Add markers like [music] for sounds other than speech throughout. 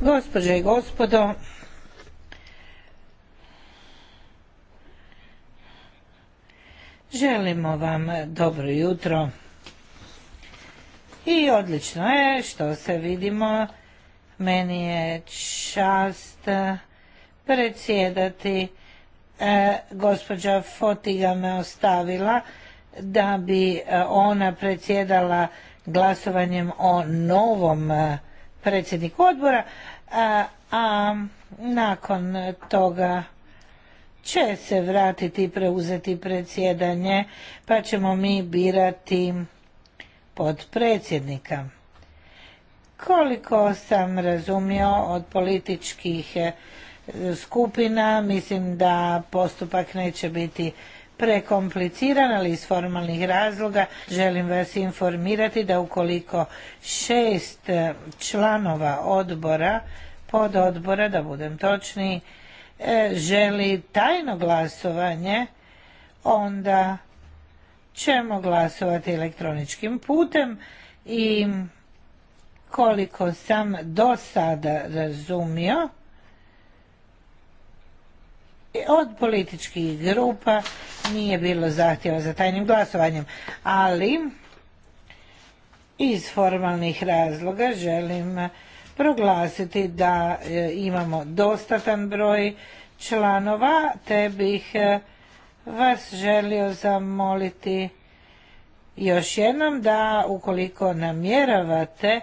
Gospođe i gospodo, želimo vam dobro jutro i odlično je što se vidimo. Meni je čast predsjedati. E, gospođa Fotiga me ostavila da bi e, ona predsjedala glasovanjem o novom e, predsjednik odbora, a, nakon toga će se vratiti i preuzeti predsjedanje, pa ćemo mi birati podpredsjednika. Koliko sam razumio od političkih e, skupina, mislim da postupak neće biti prekompliciran, ali iz formalnih razloga želim vas informirati da ukoliko šest e, članova odbora, pod odbora, da budem točni, e, želi tajno glasovanje, onda ćemo glasovati elektroničkim putem i koliko sam do sada razumio, od političkih grupa nije bilo zahtjeva za tajnim glasovanjem, ali iz formalnih razloga želim proglasiti da e, imamo dostatan broj članova, te bih e, vas želio zamoliti još jednom da ukoliko namjeravate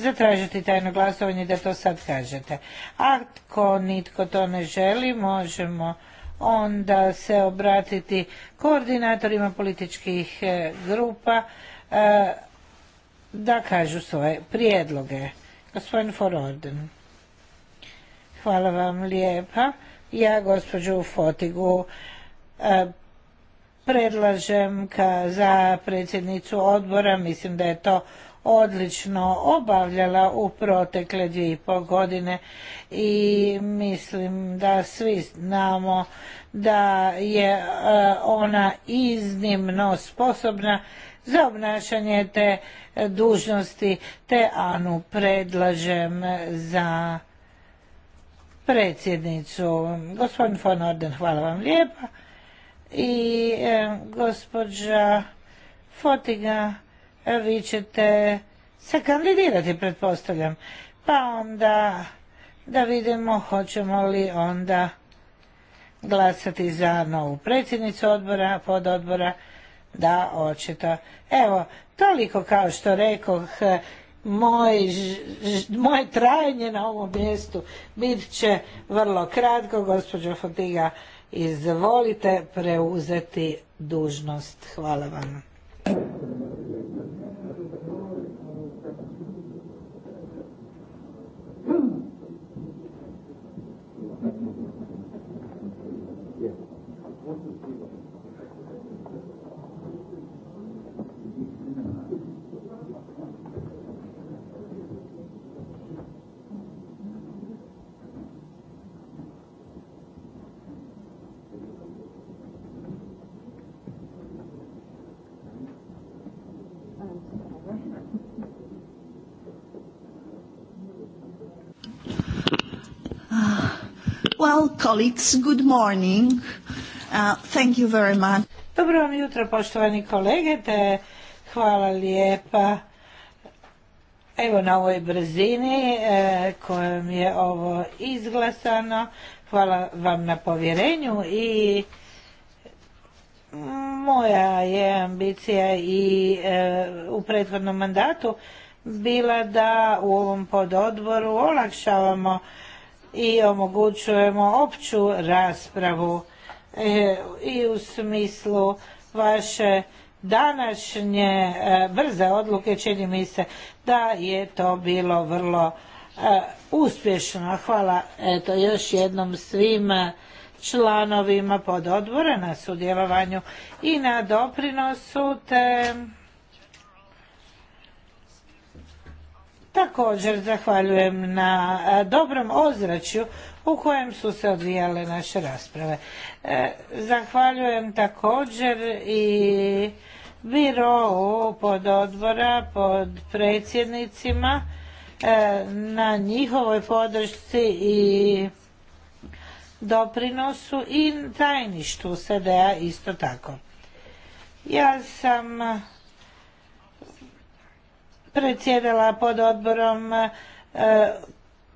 zatražiti tajno glasovanje da to sad kažete. Ako nitko to ne želi, možemo onda se obratiti koordinatorima političkih e, grupa e, da kažu svoje prijedloge. Gospodin Fororden. Hvala vam lijepa. Ja, gospođu Fotigu, e, predlažem za predsjednicu odbora. Mislim da je to odlično obavljala u protekle dvije i pol godine i mislim da svi znamo da je e, ona iznimno sposobna za obnašanje te dužnosti te Anu predlažem za predsjednicu. Gospodin von hvala vam lijepa. I e, gospođa Fotiga vi ćete se kandidirati, pretpostavljam. Pa onda da vidimo hoćemo li onda glasati za novu predsjednicu odbora, pod odbora da očito. Evo, toliko kao što rekoh, moj, moje trajanje na ovom mjestu bit će vrlo kratko. Gospođo Fotiga, izvolite preuzeti dužnost. Hvala vam. colleagues, good morning. Uh, thank you very much. Dobro vam jutro, poštovani kolege, te hvala lijepa. Evo na ovoj brzini e, kojom je ovo izglasano. Hvala vam na povjerenju i moja je ambicija i e, u prethodnom mandatu bila da u ovom pododboru olakšavamo i omogućujemo opću raspravu e, i u smislu vaše današnje e, brze odluke čini mi se da je to bilo vrlo e, uspješno. Hvala eto još jednom svim članovima pododbora na sudjelovanju i na doprinosu te Također zahvaljujem na e, dobrom ozračju u kojem su se odvijale naše rasprave. E, zahvaljujem također i birovu pod odbora, pod predsjednicima e, na njihovoj podršci i doprinosu i tajništu SDA isto tako. Ja sam predsjedala pod odborom e,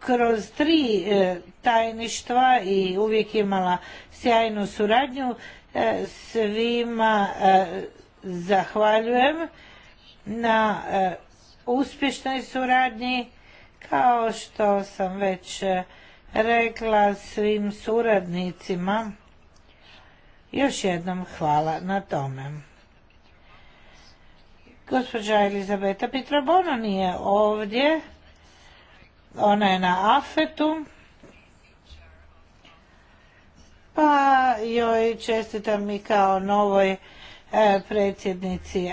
kroz tri e, tajništva i uvijek imala sjajnu suradnju. E, svima zahvaljujem na uspješnoj suradnji kao što sam već rekla svim suradnicima. Još jednom hvala na tome. Gospođa Elizabeta Pitrabono nije ovdje. Ona je na afetu. Pa joj čestitam i kao novoj e, predsjednici e,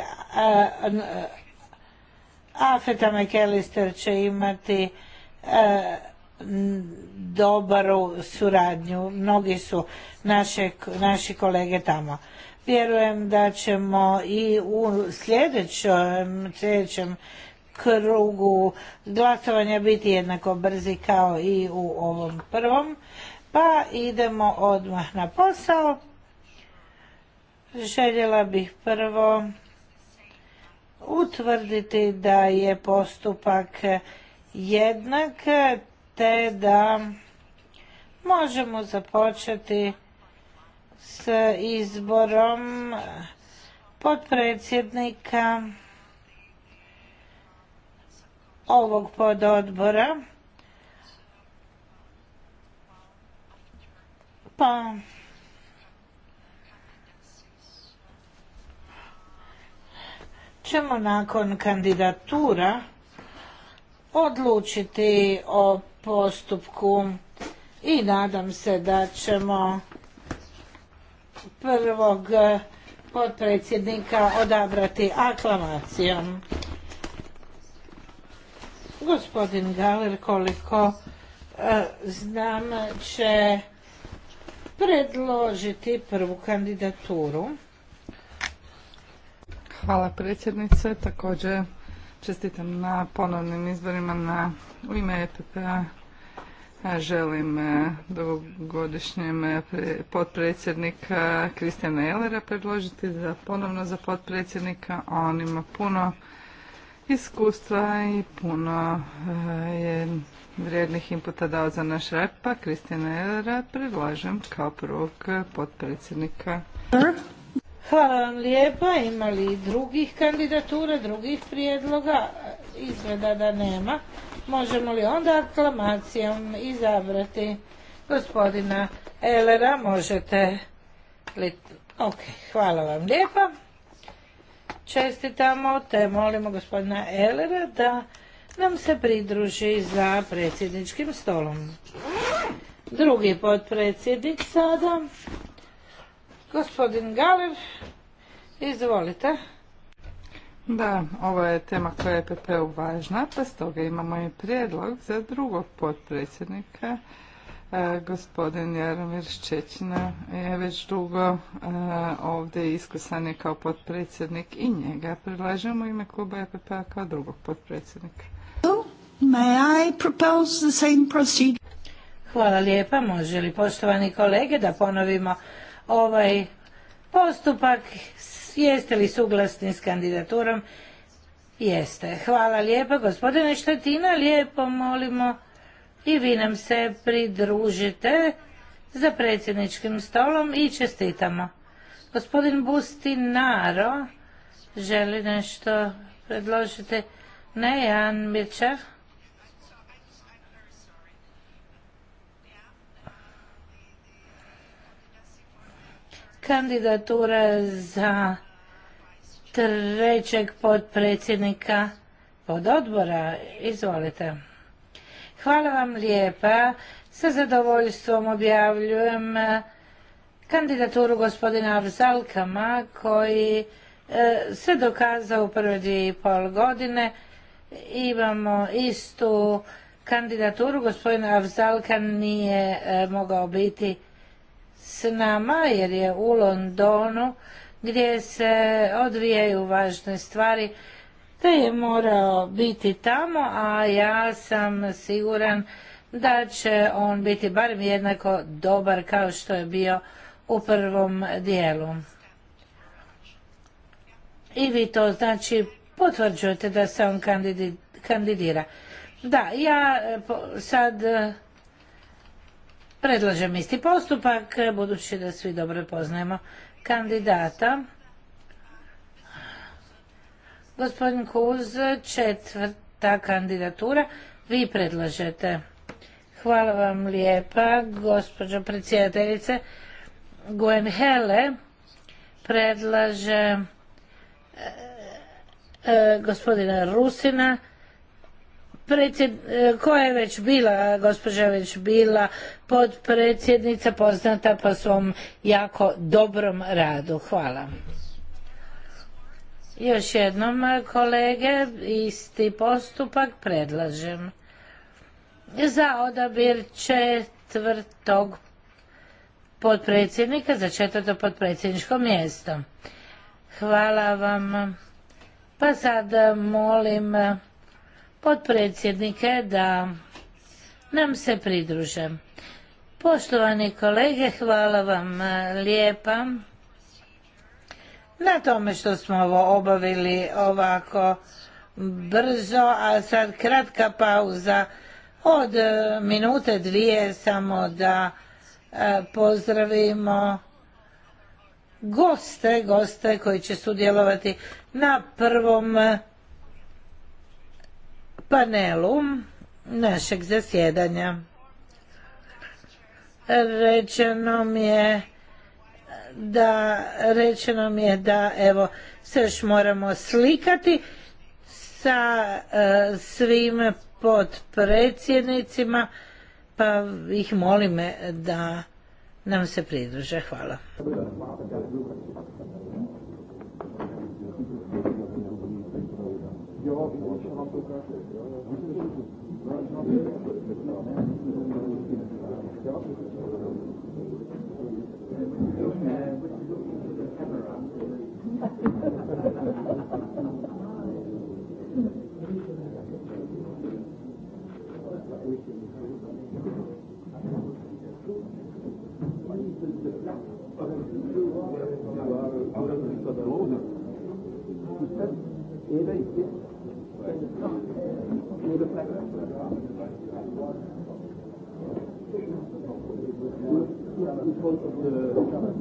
e, Afeta McAllister će imati dobaru suradnju. Mnogi su naši kolege tamo. Vjerujem da ćemo i u sljedećem, sljedećem krugu glasovanja biti jednako brzi kao i u ovom prvom. Pa idemo odmah na posao. Željela bih prvo utvrditi da je postupak jednak te da možemo započeti s izborom potpredsjednika ovog pododbora. Pa ćemo nakon kandidatura odlučiti o postupku i nadam se da ćemo prvog eh, potpredsjednika odabrati aklamacijom. Gospodin Galer, koliko eh, znam, će predložiti prvu kandidaturu. Hvala predsjednice. Također čestitam na ponovnim izborima na, u ime EPP-a Želim e, dugogodišnjem e, potpredsjednika Kristjana Jelera predložiti za ponovno za potpredsjednika. On ima puno iskustva i puno e, je vrijednih inputa dao za naš rad, pa Kristjana Jelera predlažem kao prvog potpredsjednika. Hvala vam lijepa. Ima li drugih kandidatura, drugih prijedloga? Izgleda da nema. Možemo li onda aklamacijom izabrati gospodina Elera? Možete li... Ok, hvala vam lijepa. Čestitamo te molimo gospodina Elera da nam se pridruži za predsjedničkim stolom. Drugi podpredsjednik sada, gospodin Galer, izvolite. Da, ovo je tema koja je pp u važna, pa stoga imamo i prijedlog za drugog potpredsjednika. E, gospodin Jaromir Ščećina je već dugo e, ovdje iskusan je kao potpredsjednik i njega predlažemo ime kluba EPP-a kao drugog potpredsjednika. May Hvala lijepa. Može li poštovani kolege da ponovimo ovaj postupak Jeste li suglasni s kandidaturom? Jeste. Hvala lijepa gospodine Štetina, lijepo molimo i vi nam se pridružite za predsjedničkim stolom i čestitamo. Gospodin Bustinaro želi nešto predložiti. Ne, Jan Mirčar. kandidatura za trećeg podpredsjednika pod odbora. Izvolite. Hvala vam lijepa. Sa zadovoljstvom objavljujem kandidaturu gospodina Avzalkama koji e, se dokazao u prve dvije i pol godine. Imamo istu kandidaturu. gospodina Avzalka nije e, mogao biti nama jer je u Londonu gdje se odvijaju važne stvari te je morao biti tamo, a ja sam siguran da će on biti barem jednako dobar kao što je bio u prvom dijelu. I vi to znači potvrđujete da se on kandidira. Da, ja e, sad e, Predlažem isti postupak, budući da svi dobro poznajemo kandidata. Gospodin Kuz, četvrta kandidatura, vi predlažete. Hvala vam lijepa, gospođo predsjedateljice. Gwen Hele predlaže eh, eh, gospodina Rusina E, koja je već bila, gospođa je već bila podpredsjednica poznata po svom jako dobrom radu. Hvala. Još jednom e, kolege, isti postupak predlažem. Za odabir četvrtog podpredsjednika za četvrto podpredsjedničko mjesto. Hvala vam. Pa sad molim potpredsjednike da nam se pridruže. Poštovani kolege, hvala vam e, lijepa na tome što smo ovo obavili ovako brzo, a sad kratka pauza od e, minute dvije samo da e, pozdravimo goste, goste koji će sudjelovati na prvom panelu našeg zasjedanja. Rečeno mi je da rečeno mi je da evo se još moramo slikati sa e, svim predsjednicima pa ih molim e, da nam se pridruže. Hvala. Eva de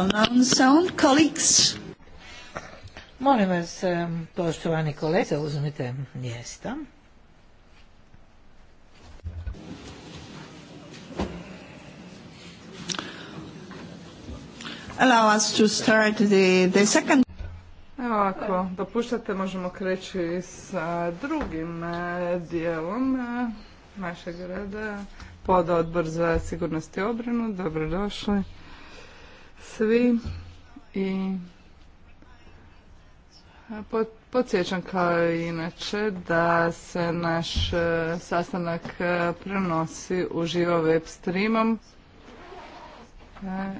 well-known sound, colleagues. Molim vas, eh, poštovani kolege, uzmite mjesta. Allow to start the, second... Evo ako dopuštate možemo kreći sa drugim eh, dijelom eh, našeg rada pod odbor za sigurnost i obranu. Dobrodošli svi i Podsjećam kao i inače da se naš e, sastanak e, prenosi uživo web streamom e,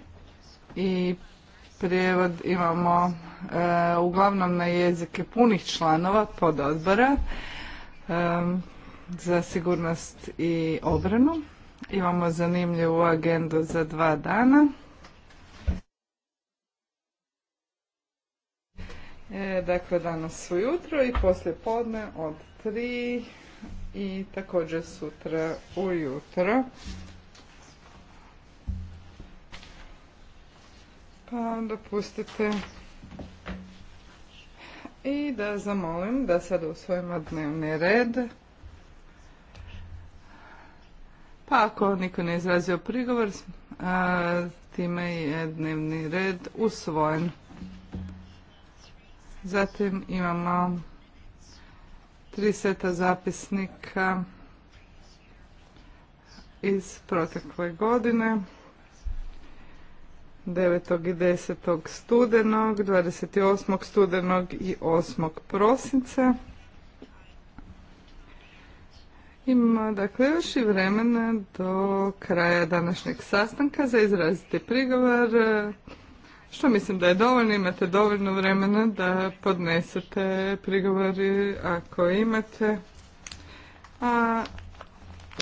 i prijevod imamo uglavnom na jezike punih članova pod odbora za sigurnost i obranu. Imamo zanimljivu agendu za dva dana. E, dakle, danas ujutro i poslije podne od 3 i također sutra ujutro. Pa dopustite i da zamolim da sad usvojimo dnevni red. Pa ako niko ne izrazio prigovor, time je dnevni red usvojen. Zatim imamo tri seta zapisnika iz protekle godine. 9. i 10. studenog, 28. studenog i 8. prosince. Imamo dakle još i vremena do kraja današnjeg sastanka za izraziti prigovor što mislim da je dovoljno, imate dovoljno vremena da podnesete prigovori ako imate. A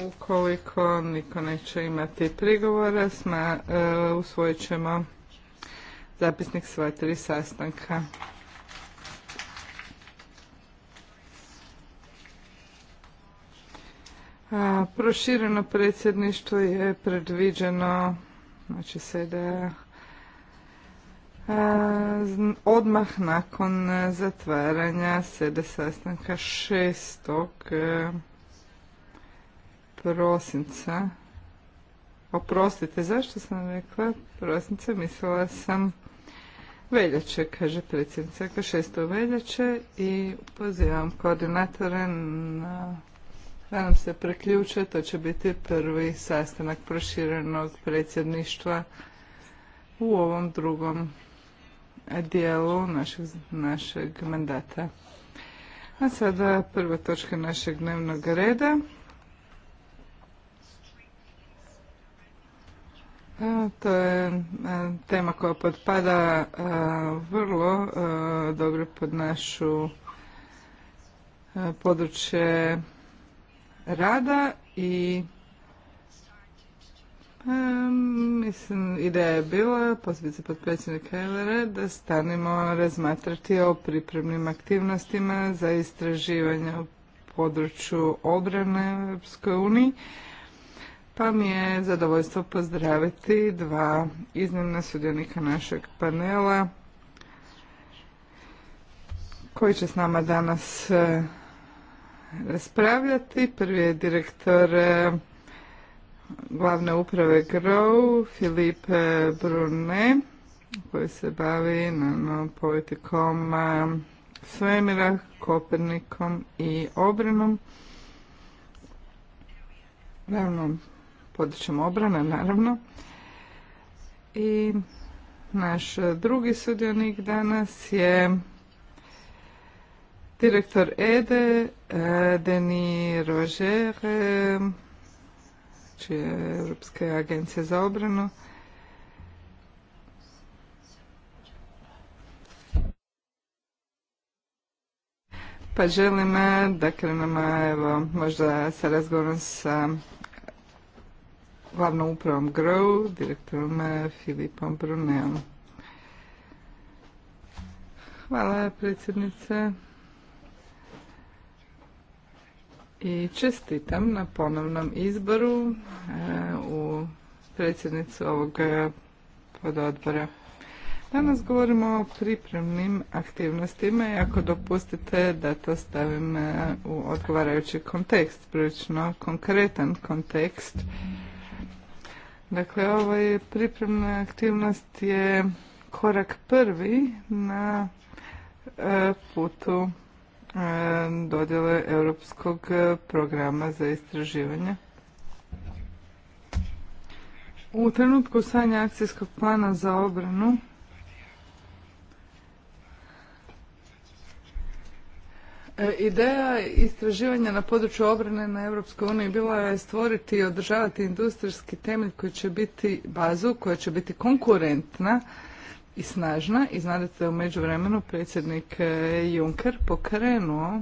ukoliko niko neće imati prigovora, sma, e, usvojit ćemo zapisnik sva tri sastanka. A, prošireno predsjedništvo je predviđeno, znači da. Odmah nakon e, zatvaranja sede sastanka 6. E, prosinca. Oprostite, zašto sam rekla prosinca? Mislila sam veljače, kaže predsjednica, 6. Dakle, veljače i pozivam koordinatore na da nam se preključe, to će biti prvi sastanak proširenog predsjedništva u ovom drugom dijelu našeg, našeg mandata. A sada prva točka našeg dnevnog reda. E, to je e, tema koja podpada e, vrlo dobro pod našu područje rada i mislim, ideja je bila, posljedice potpredsjednika Hellere, da stanemo razmatrati o pripremnim aktivnostima za istraživanje u području obrane Europskoj uniji. Pa mi je zadovoljstvo pozdraviti dva iznimna sudionika našeg panela koji će s nama danas eh, raspravljati. Prvi je direktor eh, glavne uprave GROW, Filipe Brune, koji se bavi politikom e, svemira, Kopernikom i obranom. Naravno, područjem obrana, naravno. I naš drugi sudionik danas je direktor EDE, e, Denis Roger, e, čije znači, Europske agencije za obranu. Pa želim e, da krenemo e, evo, možda sa razgovorom sa glavnom upravom GROW, direktorom e, Filipom Bruneom. Hvala predsjednice. i čestitam na ponovnom izboru e, u predsjednicu ovog e, pododbora. Danas govorimo o pripremnim aktivnostima i ako dopustite da to stavim e, u odgovarajući kontekst, prilično konkretan kontekst. Dakle, ovaj pripremna aktivnost je korak prvi na putu dodjele Europskog e, programa za istraživanje. U trenutku sanja akcijskog plana za obranu e, Ideja istraživanja na području obrane na Europskoj uniji bila je stvoriti i održavati industrijski temelj koji će biti bazu, koja će biti konkurentna i snažna i znate da u međuvremenu predsjednik e, Juncker pokrenuo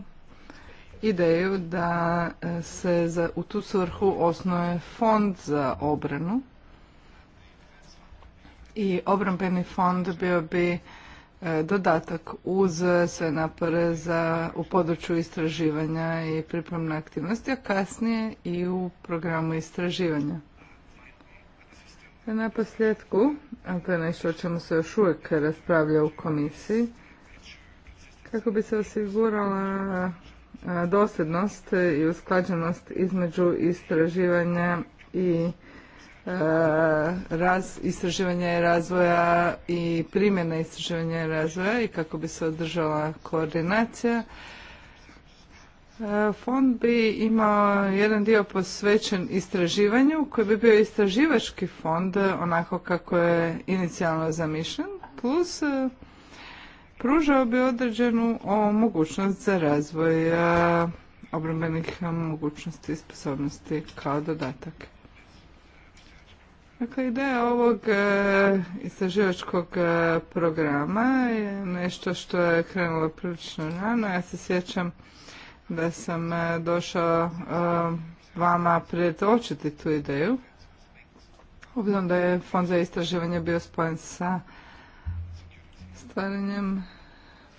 ideju da e, se u tu svrhu osnuje fond za obranu i obrambeni fond bio bi e, dodatak uz sve napore za, u području istraživanja i pripremne aktivnosti, a kasnije i u programu istraživanja. Na posljedku, a to je nešto o čemu se još uvijek raspravlja u komisiji, kako bi se osigurala dosljednost i usklađenost između istraživanja i raz, istraživanja i razvoja i primjena istraživanja i razvoja i kako bi se održala koordinacija Fond bi imao jedan dio posvećen istraživanju koji bi bio istraživački fond onako kako je inicijalno zamišljen plus e, pružao bi određenu mogućnost za razvoj e, obrambenih e, mogućnosti i sposobnosti kao dodatak. Dakle, ideja ovog istraživačkog programa je nešto što je krenulo prilično rano. Ja se sjećam da sam e, došao e, vama pretočiti tu ideju. Obzirom da je fond za istraživanje bio spojen sa stvaranjem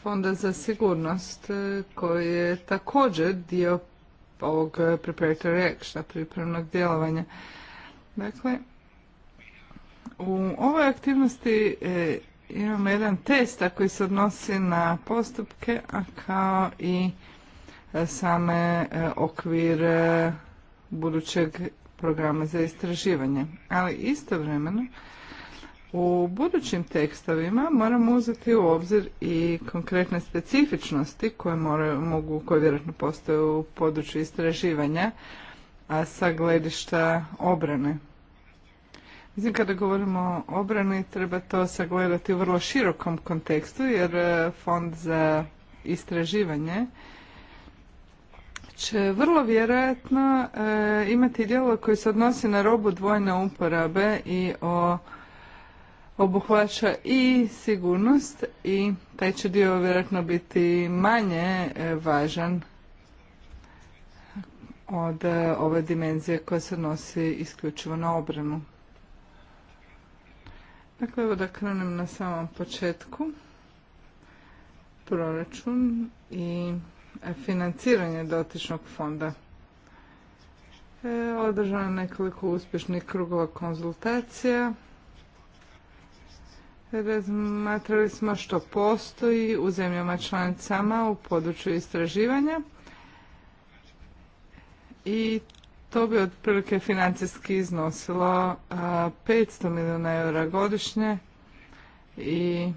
fonda za sigurnost e, koji je također dio ovog preparatory actiona, pripremnog djelovanja. Dakle, u ovoj aktivnosti imamo jedan test koji se odnosi na postupke, a kao i same e, okvire budućeg programa za istraživanje. Ali istovremeno u budućim tekstovima moramo uzeti u obzir i konkretne specifičnosti koje mogu, koje vjerojatno postoje u području istraživanja, a sa gledišta obrane. Mislim, kada govorimo o obrani, treba to sagledati u vrlo širokom kontekstu, jer e, Fond za istraživanje će vrlo vjerojatno e, imati dijelo koje se odnosi na robu dvojne uporabe i o obuhvaća i sigurnost i taj će dio vjerojatno biti manje e, važan od e, ove dimenzije koja se odnosi isključivo na obranu. Dakle, evo da krenem na samom početku. Proračun i E, financiranje dotičnog fonda. E, održano je nekoliko uspješnih krugova konzultacija. Razmatrali smo što postoji u zemljama članicama u području istraživanja i to bi otprilike financijski iznosilo 500 milijuna eura godišnje i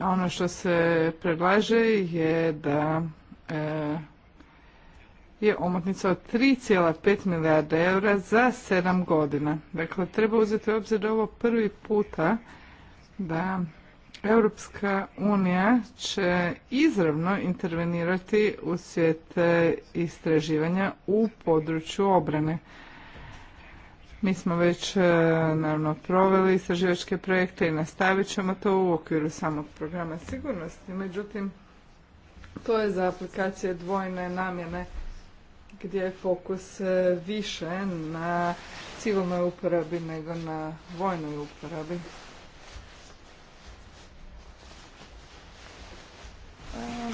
Ono što se predlaže je da e, je omotnica od 3,5 milijarda eura za 7 godina. Dakle, treba uzeti u obzir da ovo prvi puta da Europska unija će izravno intervenirati u svijet e, istraživanja u području obrane. Mi smo već e, naravno proveli istraživačke projekte i nastavit ćemo to u okviru samog programa sigurnosti. Međutim, to je za aplikacije dvojne namjene gdje je fokus e, više na civilnoj uporabi nego na vojnoj uporabi. E,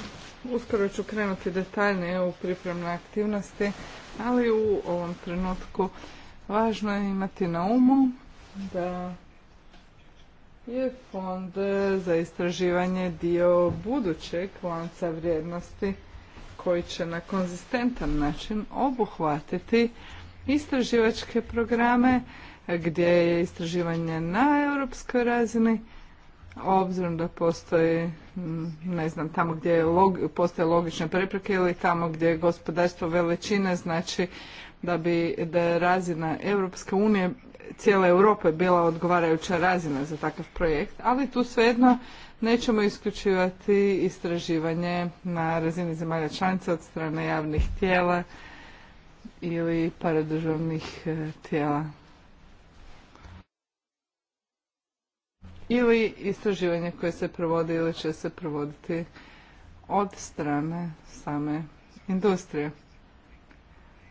uskoro ću krenuti detaljnije u pripremne aktivnosti, ali u ovom trenutku Važno je imati na umu da je fond za istraživanje dio budućeg lanca vrijednosti koji će na konzistentan način obuhvatiti istraživačke programe gdje je istraživanje na europskoj razini obzirom da postoji mm, ne znam tamo gdje postoje logične prepreke ili tamo gdje je gospodarstvo veličine znači da bi da razina Europske unije cijele Europe bila odgovarajuća razina za takav projekt, ali tu svejedno nećemo isključivati istraživanje na razini zemalja članica od strane javnih tijela ili paradržavnih e, tijela. Ili istraživanje koje se provodi ili će se provoditi od strane same industrije.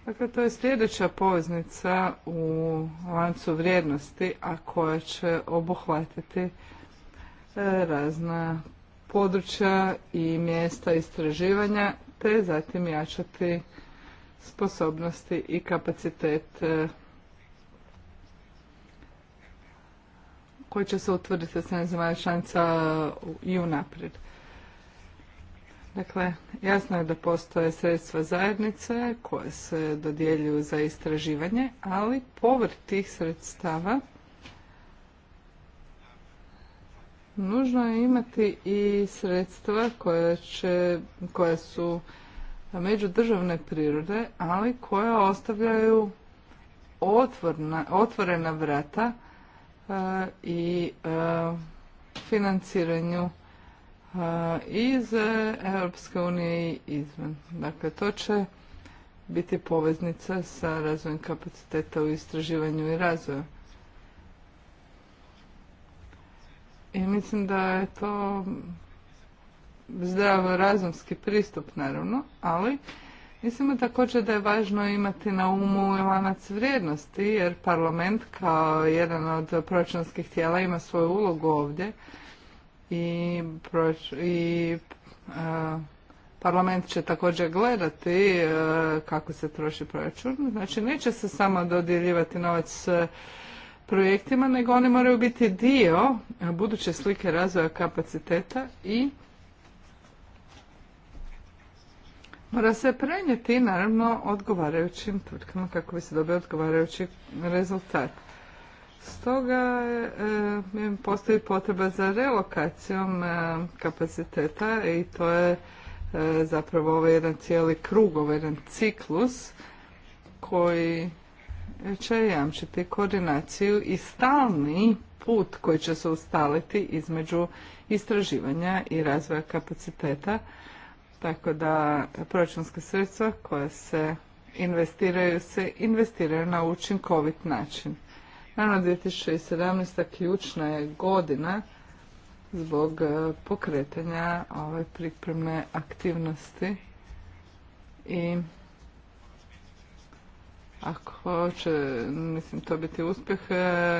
Dakle, to je sljedeća poveznica u lancu vrijednosti, a koja će obuhvatiti e, razna područja i mjesta istraživanja, te zatim jačati sposobnosti i kapacitet koji će se utvrditi sa strane zemalja članica i unaprijed. Dakle, jasno je da postoje sredstva zajednice koje se dodjeljuju za istraživanje, ali povrh tih sredstava nužno je imati i sredstva koja, će, koja su međudržavne prirode, ali koja ostavljaju otvorna, otvorena vrata e, i e, financiranju iz e, Europske unije i izvan. Dakle, to će biti poveznica sa razvojem kapaciteta u istraživanju i razvoju. I mislim da je to zdravo razumski pristup, naravno, ali mislimo također da je važno imati na umu lanac vrijednosti, jer parlament kao jedan od proračunskih tijela ima svoju ulogu ovdje i, i e, parlament će također gledati e, kako se troši proračun. Znači neće se samo dodjeljivati novac e, projektima, nego oni moraju biti dio buduće slike razvoja kapaciteta i mora se prenijeti naravno odgovarajućim tvrtkama kako bi se dobio odgovarajući rezultat. Stoga e, postoji potreba za relokacijom e, kapaciteta i to je e, zapravo ovaj jedan cijeli krug, ovaj jedan ciklus koji će jamčiti koordinaciju i stalni put koji će se ustaliti između istraživanja i razvoja kapaciteta. Tako da proračunska sredstva koja se investiraju se investiraju na učinkovit način. Naravno, 2017. ključna je godina zbog e, pokretanja ove pripreme aktivnosti i ako će, mislim, to biti uspjeh, e,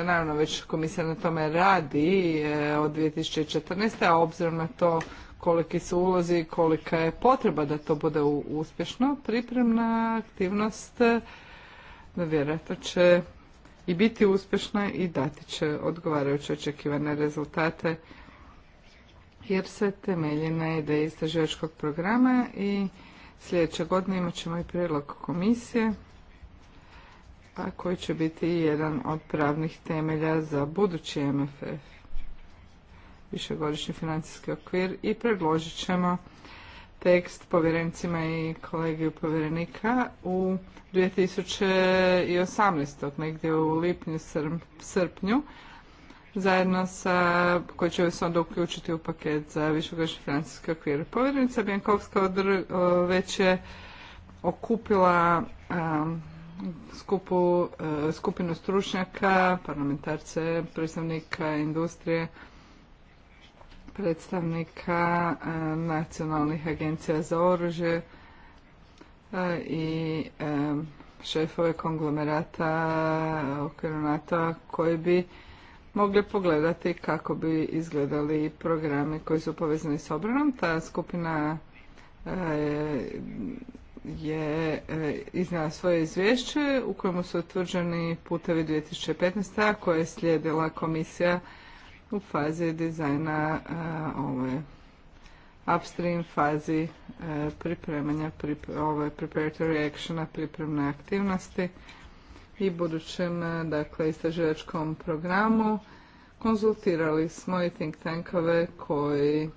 naravno već komisija na tome radi e, od 2014. a obzirom na to koliki su ulozi i kolika je potreba da to bude uspješno, pripremna aktivnost vjerojatno će i biti uspješna i dati će odgovarajuće očekivane rezultate jer se temelji na ideji istraživačkog programa i sljedeće godine imat ćemo i prilog komisije a koji će biti jedan od pravnih temelja za budući MFF višegodišnji financijski okvir i predložit ćemo tekst povjerenicima i kolegiju povjerenika u 2018. negdje u lipnju, srpnju zajedno sa, koji će se onda uključiti u paket za višegodišnji financijski okvir. Povjerenica Bjankovska već je okupila um, skupu, e, skupinu stručnjaka, parlamentarce, predstavnika industrije, predstavnika e, nacionalnih agencija za oružje e, i e, šefove konglomerata okviru NATO koji bi mogli pogledati kako bi izgledali programi koji su povezani s obranom. Ta skupina je iznijela svoje izvješće u kojemu su utvrđeni putevi 2015. a koje je slijedila komisija u fazi dizajna e, ove upstream fazi e, pripremanja ove preparatory actiona, pripremne aktivnosti i budućem e, dakle, istraživačkom programu. Konzultirali smo i think tankove koji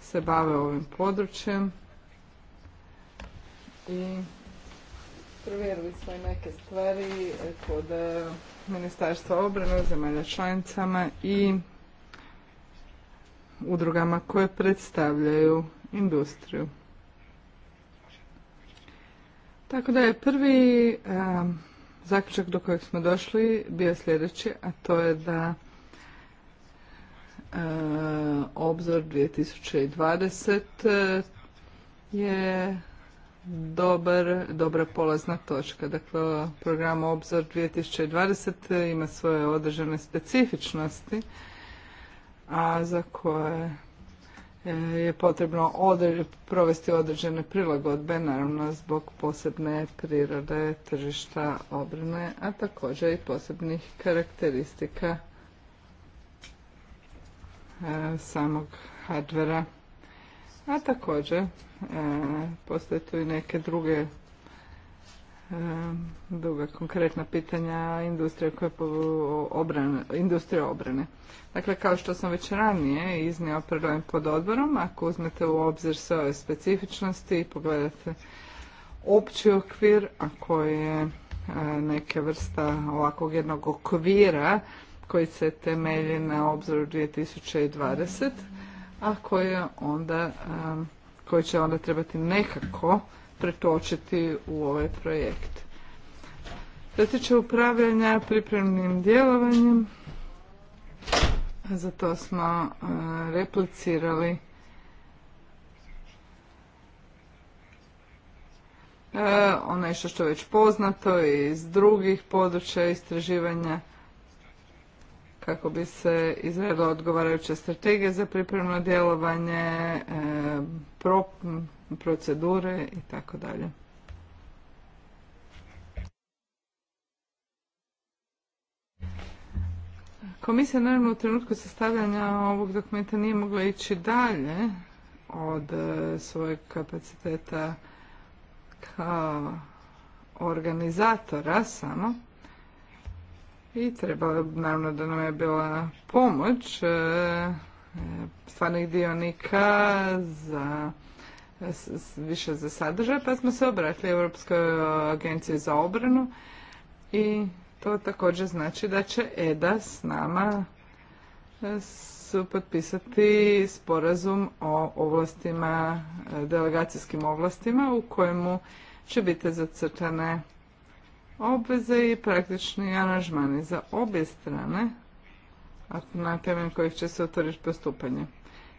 se bave ovim područjem i provjerili smo neke stvari e, kod e, Ministarstva obrane, zemalja članicama i udrugama koje predstavljaju industriju. Tako da je prvi e, zaključak do kojeg smo došli bio sljedeći, a to je da obzor 2020 je dobar, dobra polazna točka. Dakle, program Obzor 2020 ima svoje određene specifičnosti, a za koje eh, je potrebno provesti određene prilagodbe, naravno zbog posebne prirode tržišta obrne, a također i posebnih karakteristika eh, samog hardvera a također e, postoje tu i neke druge e, druga konkretna pitanja industrije koje obrane, industrije obrane. Dakle, kao što sam već ranije iznio pred pod odborom, ako uzmete u obzir sve ove specifičnosti i pogledate opći okvir, a koji je e, neke vrsta ovakvog jednog okvira koji se temelji na obzoru 2020, a koje onda koji će onda trebati nekako pretočiti u ovaj projekt. Što tiče upravljanja pripremnim djelovanjem, zato smo replicirali ono što je već poznato iz drugih područja istraživanja kako bi se izradila odgovarajuća strategija za pripremno djelovanje, procedure i tako dalje. Komisija naravno u trenutku sastavljanja ovog dokumenta nije mogla ići dalje od e, svojeg kapaciteta kao organizatora samo i trebala, naravno da nam je bila pomoć e, stvarnih dionika za više za sadržaj, pa smo se obratili Europskoj agenciji za obranu i to također znači da će EDA s nama e, su potpisati sporazum o ovlastima, e, delegacijskim ovlastima u kojemu će biti zacrtane obveze i praktični aranžmani za obje strane na temelju kojih će se otvoriti postupanje.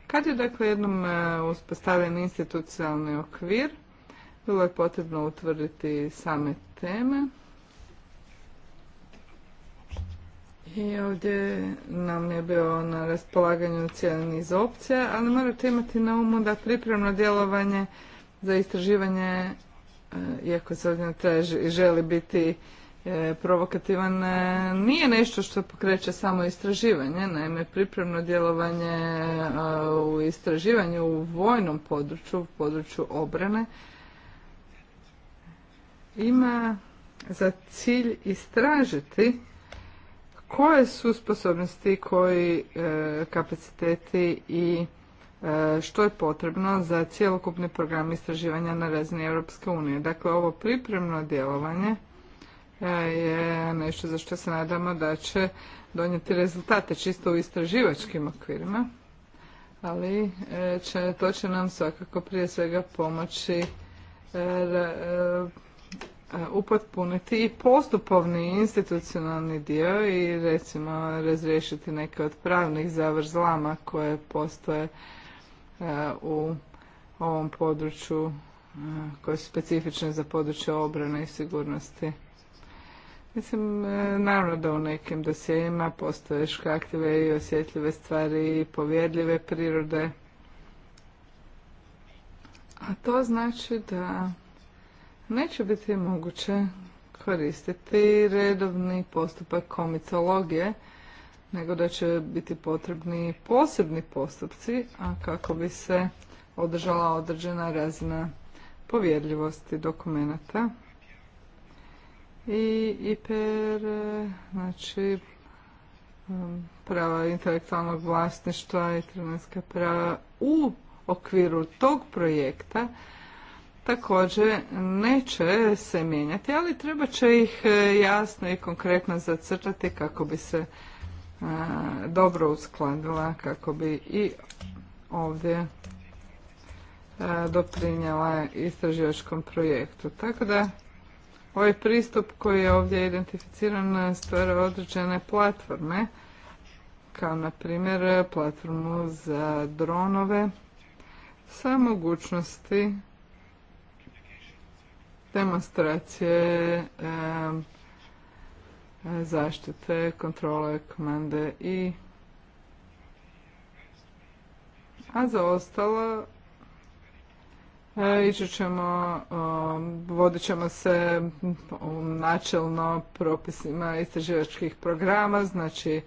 Kad je dakle jednom e, uspostavljen institucionalni okvir, bilo je potrebno utvrditi same teme. I ovdje nam je bio na raspolaganju cijeli niz opcija, ali morate imati na umu da pripremno djelovanje za istraživanje E, iako se ovdje želi biti e, provokativan, e, nije nešto što pokreće samo istraživanje, naime pripremno djelovanje u istraživanju u vojnom području, u području obrane, ima za cilj istražiti koje su sposobnosti, koji kapaciteti i E, što je potrebno za cjelokupni program istraživanja na razini Europske unije. Dakle, ovo pripremno djelovanje e, je nešto za što se nadamo da će donijeti rezultate čisto u istraživačkim okvirima, ali e, će, to će nam svakako prije svega pomoći upotpuniti i postupovni institucionalni dio i recimo razriješiti neke od pravnih zavrzlama koje postoje E, u ovom području e, koje su specifične za područje obrane i sigurnosti. Mislim, e, naravno da u nekim dosjeima postoje škakljive i osjetljive stvari i povjerljive prirode. A to znači da neće biti moguće koristiti redovni postupak komitologije nego da će biti potrebni posebni postupci, a kako bi se održala određena razina povjerljivosti dokumenata. I IPR, znači um, prava intelektualnog vlasništva i trenutska prava u okviru tog projekta također neće se mijenjati, ali treba će ih e, jasno i konkretno zacrtati kako bi se dobro uskladila kako bi i ovdje doprinjela istraživačkom projektu. Tako da ovaj pristup koji je ovdje identificiran stvara određene platforme kao na primjer platformu za dronove sa mogućnosti demonstracije zaštite, kontrole, komande i... A za ostalo e, ići ćemo, vodit ćemo se načelno propisima istraživačkih programa, znači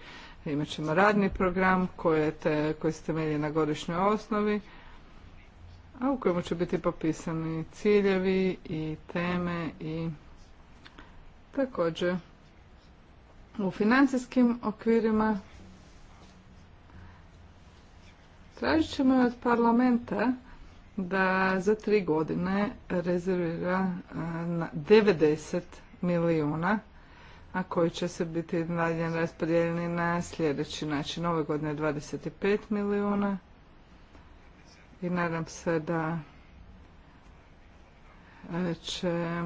imat ćemo radni program koji, koji se temelji na godišnjoj osnovi, a u kojemu će biti popisani ciljevi i teme i također u financijskim okvirima tražit ćemo od parlamenta da za tri godine rezervira 90 e, milijuna a koji će se biti dalje raspodijeljeni na sljedeći način. Ove godine 25 milijuna i nadam se da e, će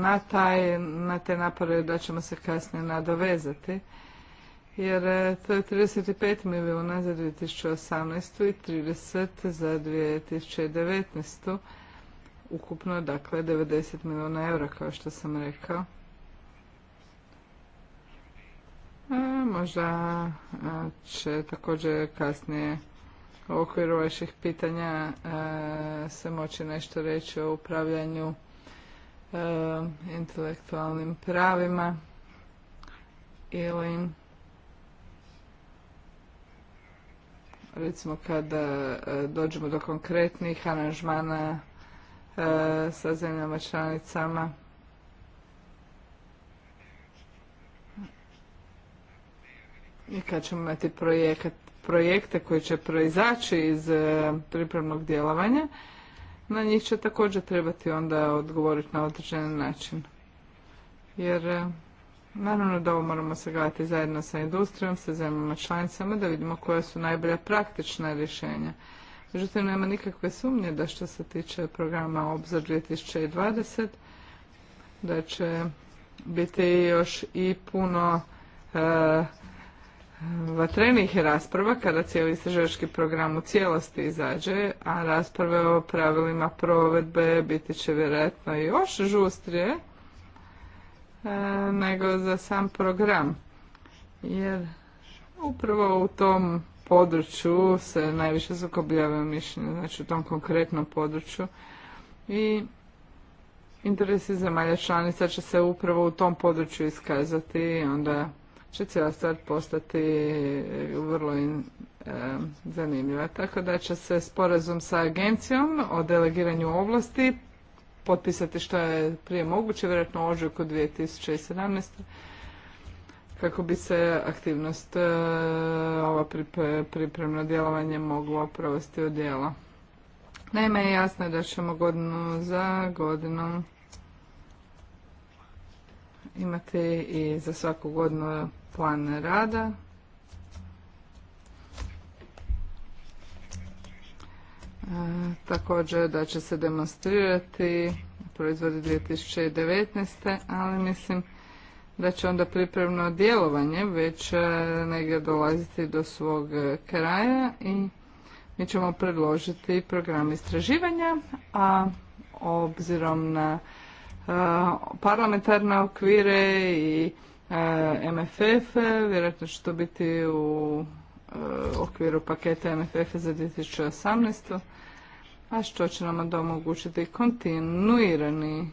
na, taj, na te napore da ćemo se kasnije nadovezati. Jer e, to je 35 milijuna za 2018. i 30 za 2019. Ukupno, dakle, 90 milijuna eura, kao što sam rekao. E, možda e, će također kasnije u okviru vaših pitanja e, se moći nešto reći o upravljanju Eh, intelektualnim pravima ili recimo kada eh, dođemo do konkretnih aranžmana eh, sa zemljama članicama i kad ćemo imati projekte koji će proizaći iz pripremnog djelovanja na njih će također trebati onda odgovoriti na određen način. Jer eh, naravno da ovo moramo sagledati zajedno sa industrijom, sa zemljama članicama da vidimo koja su najbolja praktična rješenja. Međutim, nema nikakve sumnje da što se tiče programa Obzor 2020, da će biti još i puno eh, vatrenih rasprava kada cijeli istraživački program u cijelosti izađe, a rasprave o pravilima provedbe biti će vjerojatno još žustrije e, nego za sam program. Jer upravo u tom području se najviše sukobljavaju mišljenja, znači u tom konkretnom području. I interesi zemalja članica će se upravo u tom području iskazati i onda će cijela stvar postati e, vrlo in, e, zanimljiva. Tako da će se sporazum sa agencijom o delegiranju ovlasti potpisati što je prije moguće, vjerojatno u ožujku 2017. kako bi se aktivnost, e, ova pripremno djelovanje moglo provesti u djela. Naime, jasno je da ćemo godinu za godinom imati i za svaku godinu plan rada. E, također da će se demonstrirati proizvodi 2019. ali mislim da će onda pripremno djelovanje već e, negdje dolaziti do svog kraja i mi ćemo predložiti program istraživanja, a obzirom na e, parlamentarne okvire i MFF, vjerojatno će to biti u e, okviru paketa MFF za 2018. A što će nam onda omogućiti kontinuirani e,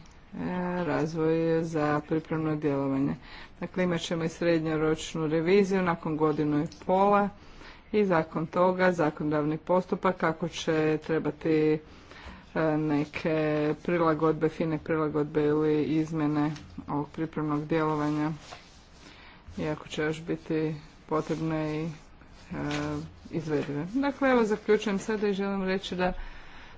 razvoj za pripremno djelovanje. Dakle, imat ćemo i srednjoročnu reviziju nakon godinu i pola i zakon toga, zakonodavni postupak, kako će trebati e, neke prilagodbe, fine prilagodbe ili izmjene ovog pripremnog djelovanja iako će još biti potrebne i e, izvedive. Dakle, evo zaključujem sada i želim reći da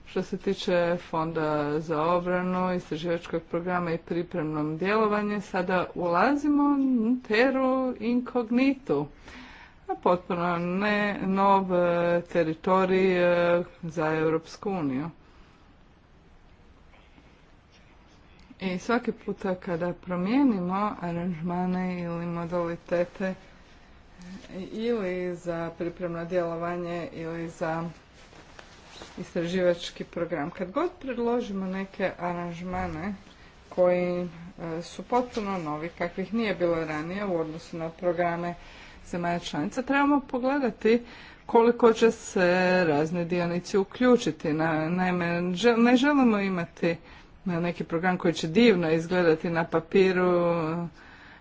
što se tiče Fonda za obranu, istraživačkog programa i pripremnom djelovanje sada ulazimo u teru inkognitu, A potpuno ne nov e, teritorij e, za Europsku uniju. I svaki puta kada promijenimo aranžmane ili modalitete e, ili za pripremno djelovanje ili za istraživački program. Kad god predložimo neke aranžmane koji e, su potpuno novi, kakvih nije bilo ranije u odnosu na programe zemalja članica, trebamo pogledati koliko će se razni dionici uključiti. Naime, ne želimo imati na neki program koji će divno izgledati na papiru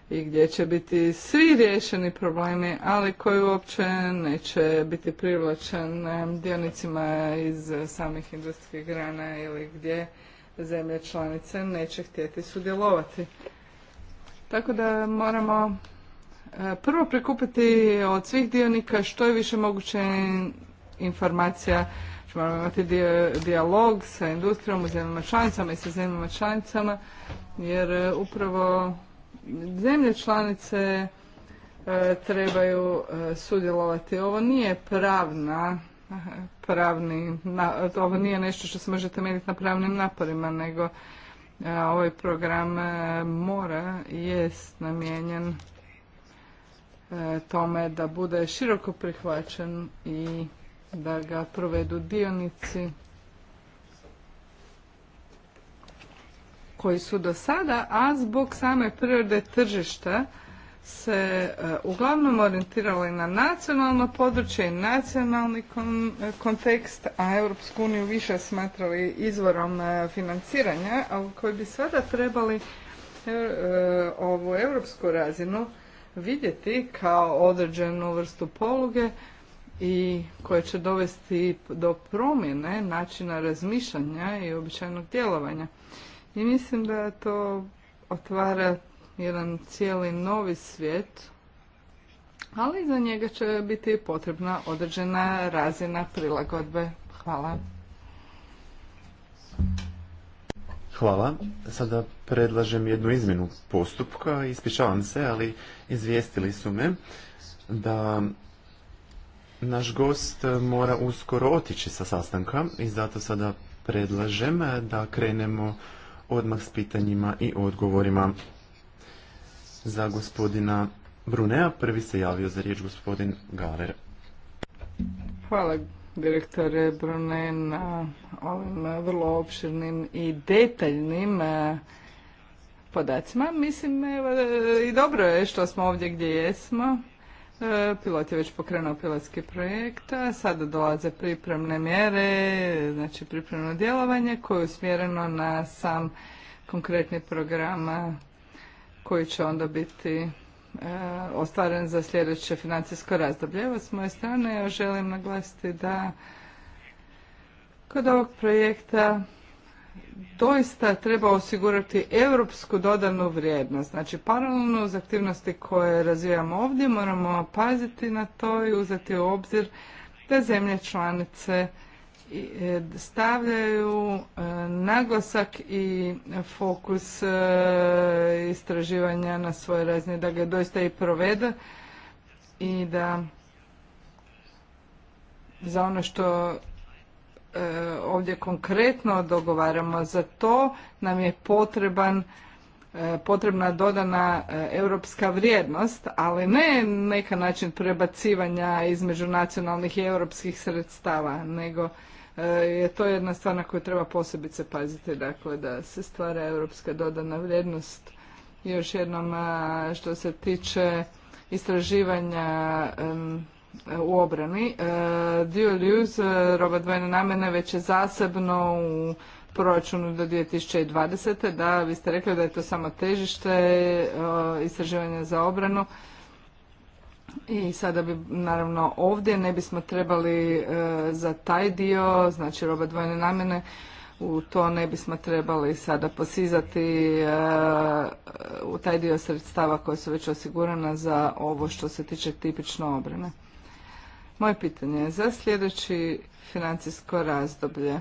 i gdje će biti svi riješeni problemi, ali koji uopće neće biti privlačen eh, dionicima iz samih industrijskih grana ili gdje zemlje članice neće htjeti sudjelovati. Tako da moramo eh, prvo prikupiti od svih dionika što je više moguće informacija moramo imati dijalog sa industrijom u zemljama članicama i sa zemljama članicama, jer e, upravo zemlje članice e, trebaju e, sudjelovati. Ovo nije pravna, pravni, ovo nije nešto što se može temeljiti na pravnim naporima, nego ovaj program mora jest namijenjen tome da bude široko prihvaćen i da ga provedu dionici koji su do sada, a zbog same prirode tržišta se e, uglavnom orijentirali na nacionalno područje i nacionalni e, kontekst, a Europsku uniju više smatrali izvorom e, financiranja, a koji bi sada trebali ovu europsku razinu vidjeti kao određenu vrstu poluge i koje će dovesti do promjene načina razmišljanja i običajnog djelovanja. I mislim da to otvara jedan cijeli novi svijet, ali za njega će biti potrebna određena razina prilagodbe. Hvala. Hvala. Sada predlažem jednu izmjenu postupka. Ispričavam se, ali izvijestili su me da naš gost mora uskoro otići sa sastanka i zato sada predlažem da krenemo odmah s pitanjima i odgovorima. Za gospodina Brunea prvi se javio za riječ gospodin Galer. Hvala direktore Brune na ovim vrlo opširnim i detaljnim e, podacima. Mislim, e, i dobro je što smo ovdje gdje jesmo E, pilot je već pokrenuo pilotski projekt, a sada dolaze pripremne mjere, znači pripremno djelovanje koje je usmjereno na sam konkretni program koji će onda biti e, ostvaren za sljedeće financijsko razdoblje. Evo s moje strane ja želim naglasiti da kod ovog projekta doista treba osigurati europsku dodanu vrijednost. Znači, paralelno uz aktivnosti koje razvijamo ovdje, moramo paziti na to i uzeti u obzir da zemlje članice e, stavljaju e, naglasak i fokus e, istraživanja na svoje razine, da ga doista i provede i da za ono što E, ovdje konkretno dogovaramo za to nam je potreban e, potrebna dodana e, europska vrijednost, ali ne neka način prebacivanja između nacionalnih i europskih sredstava, nego je to jedna stvar na koju treba posebice paziti, dakle da se stvara europska dodana vrijednost. još jednom što se tiče istraživanja E, u obrani. E, dio use roba dvojne namjene već je zasebno u proračunu do 2020. Da, vi ste rekli da je to samo težište e, istraživanja za obranu. I sada bi naravno ovdje ne bismo trebali za taj dio, znači roba dvojne namjene, u to ne bismo trebali sada posizati u taj dio sredstava koja su već osigurana za ovo što se tiče tipično obrane. Moje pitanje je za sljedeći financijsko razdoblje.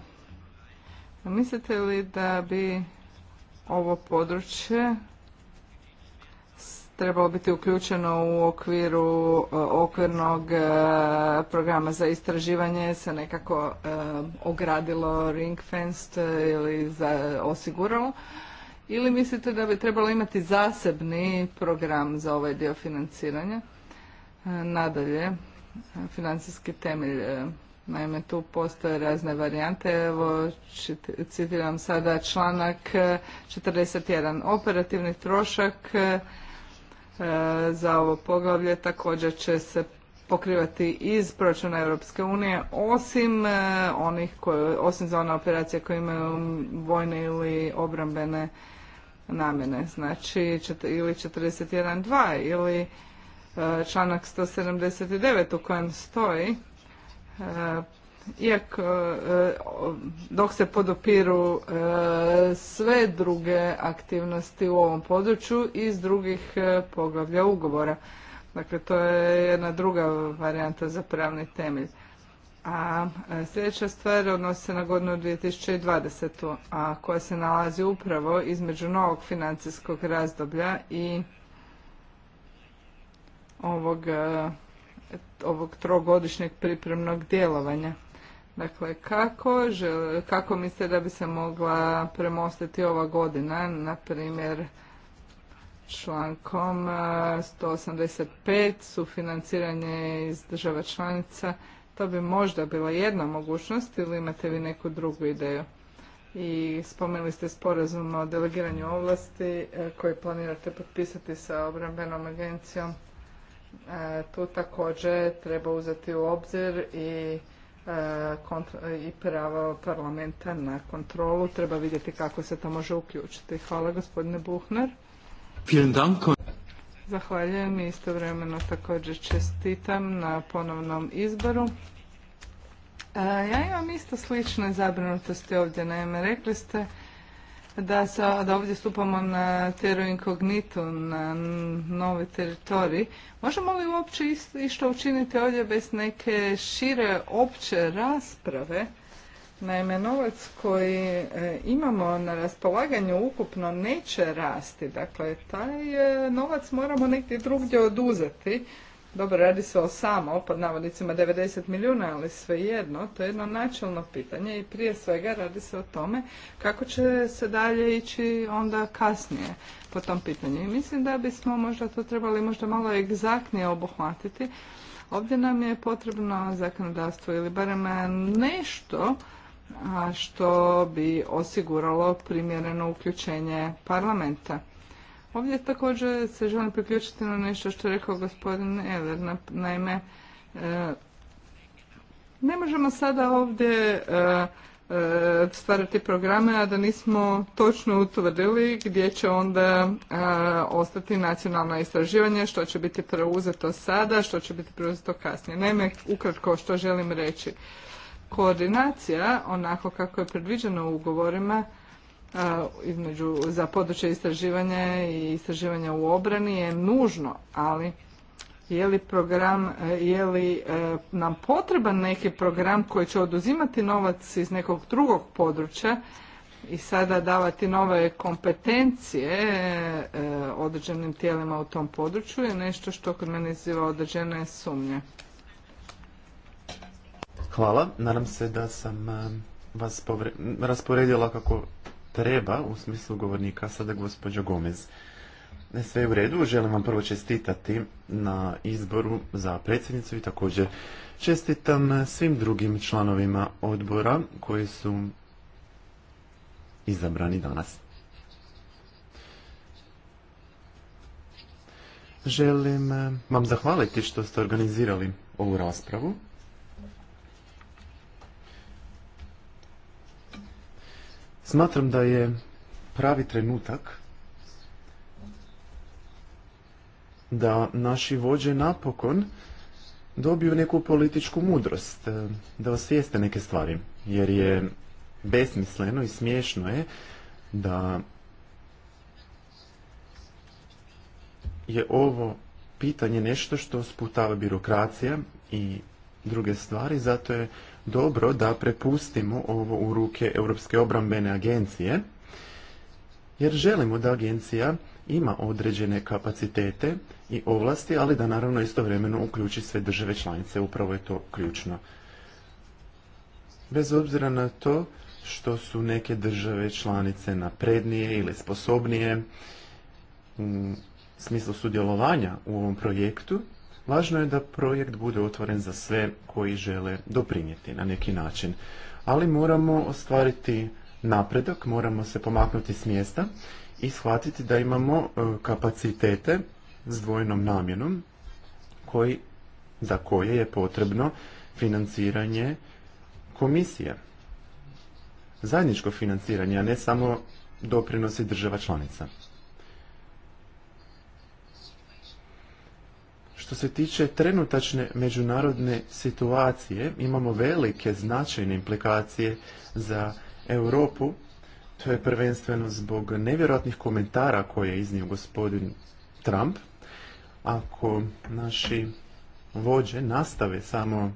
Mislite li da bi ovo područje trebalo biti uključeno u okviru e, okvirnog e, programa za istraživanje se nekako e, ogradilo ring fence ili osiguralo ili mislite da bi trebalo imati zasebni program za ovaj dio financiranja nadalje financijski temelj. E, naime, tu postoje razne varijante. Evo, citiram sada članak 41. E, Operativni trošak e, za ovo poglavlje također će se pokrivati iz proračuna Europske unije, osim onih koje, osim za one operacije koje imaju vojne ili obrambene namjene. Znači, ili 41.2 ili članak 179 u kojem stoji e, iako e, dok se podopiru e, sve druge aktivnosti u ovom području iz drugih poglavlja ugovora. Dakle, to je jedna druga varijanta za pravni temelj. A sljedeća stvar odnosi se na godinu 2020. a koja se nalazi upravo između novog financijskog razdoblja i ovog, e, ovog trogodišnjeg pripremnog djelovanja. Dakle, kako, žel, kako mislite da bi se mogla premostiti ova godina, na primjer člankom 185 e, sufinanciranje iz država članica, to bi možda bila jedna mogućnost ili imate vi neku drugu ideju? i spomenuli ste sporazum o delegiranju ovlasti e, koji planirate potpisati sa obrambenom agencijom E, tu također treba uzeti u obzir i e, i pravo parlamenta na kontrolu. Treba vidjeti kako se to može uključiti. Hvala gospodine Buhner. Zahvaljujem i istovremeno također čestitam na ponovnom izboru. E, ja imam isto slične zabrinutosti ovdje. Naime, rekli ste da sada ovdje stupamo na teru inkognitu, na novi teritorij. Možemo li uopće išto učiniti ovdje bez neke šire opće rasprave? Naime, novac koji e, imamo na raspolaganju ukupno neće rasti. Dakle, taj e, novac moramo negdje drugdje oduzeti dobro, radi se o samo, pod navodnicima 90 milijuna, ali svejedno, to je jedno načelno pitanje i prije svega radi se o tome kako će se dalje ići onda kasnije po tom pitanju. I mislim da bismo možda to trebali možda malo egzaktnije obuhvatiti. Ovdje nam je potrebno zakonodavstvo ili barem nešto što bi osiguralo primjereno uključenje parlamenta. Ovdje također se želim priključiti na nešto što je rekao gospodin Eler. Naime, e, ne možemo sada ovdje e, e, stvarati programe, a da nismo točno utvrdili gdje će onda ostati nacionalno istraživanje, što će biti preuzeto sada, što će biti preuzeto kasnije. Naime, ukratko što želim reći. Koordinacija, onako kako je predviđeno u ugovorima, između za područje istraživanja i istraživanja u obrani je nužno, ali je li program, e, je li e, nam potreban neki program koji će oduzimati novac iz nekog drugog područja i sada davati nove kompetencije e, određenim tijelima u tom području je nešto što kod mene iziva određene sumnje. Hvala, nadam se da sam vas rasporedila kako treba u smislu govornika, sada gospođo Gomez. E, sve je u redu, želim vam prvo čestitati na izboru za predsjednicu i također čestitam svim drugim članovima odbora koji su izabrani danas. Želim eh, vam zahvaliti što ste organizirali ovu raspravu. Smatram da je pravi trenutak da naši vođe napokon dobiju neku političku mudrost, e, da osvijeste neke stvari, jer je besmisleno i smiješno je da je ovo pitanje nešto što sputava birokracija i druge stvari, zato je dobro da prepustimo ovo u ruke Europske obrambene agencije, jer želimo da agencija ima određene kapacitete i ovlasti, ali da naravno istovremeno uključi sve države članice. Upravo je to ključno. Bez obzira na to što su neke države članice naprednije ili sposobnije u smislu sudjelovanja u ovom projektu, Važno je da projekt bude otvoren za sve koji žele doprinijeti na neki način. Ali moramo ostvariti napredak, moramo se pomaknuti s mjesta i shvatiti da imamo e, kapacitete s dvojnom namjenom koji, za koje je potrebno financiranje komisije. Zajedničko financiranje, a ne samo doprinosi država članica. Što se tiče trenutačne međunarodne situacije, imamo velike značajne implikacije za Europu. To je prvenstveno zbog nevjerojatnih komentara koje je iznio gospodin Trump. Ako naši vođe nastave samo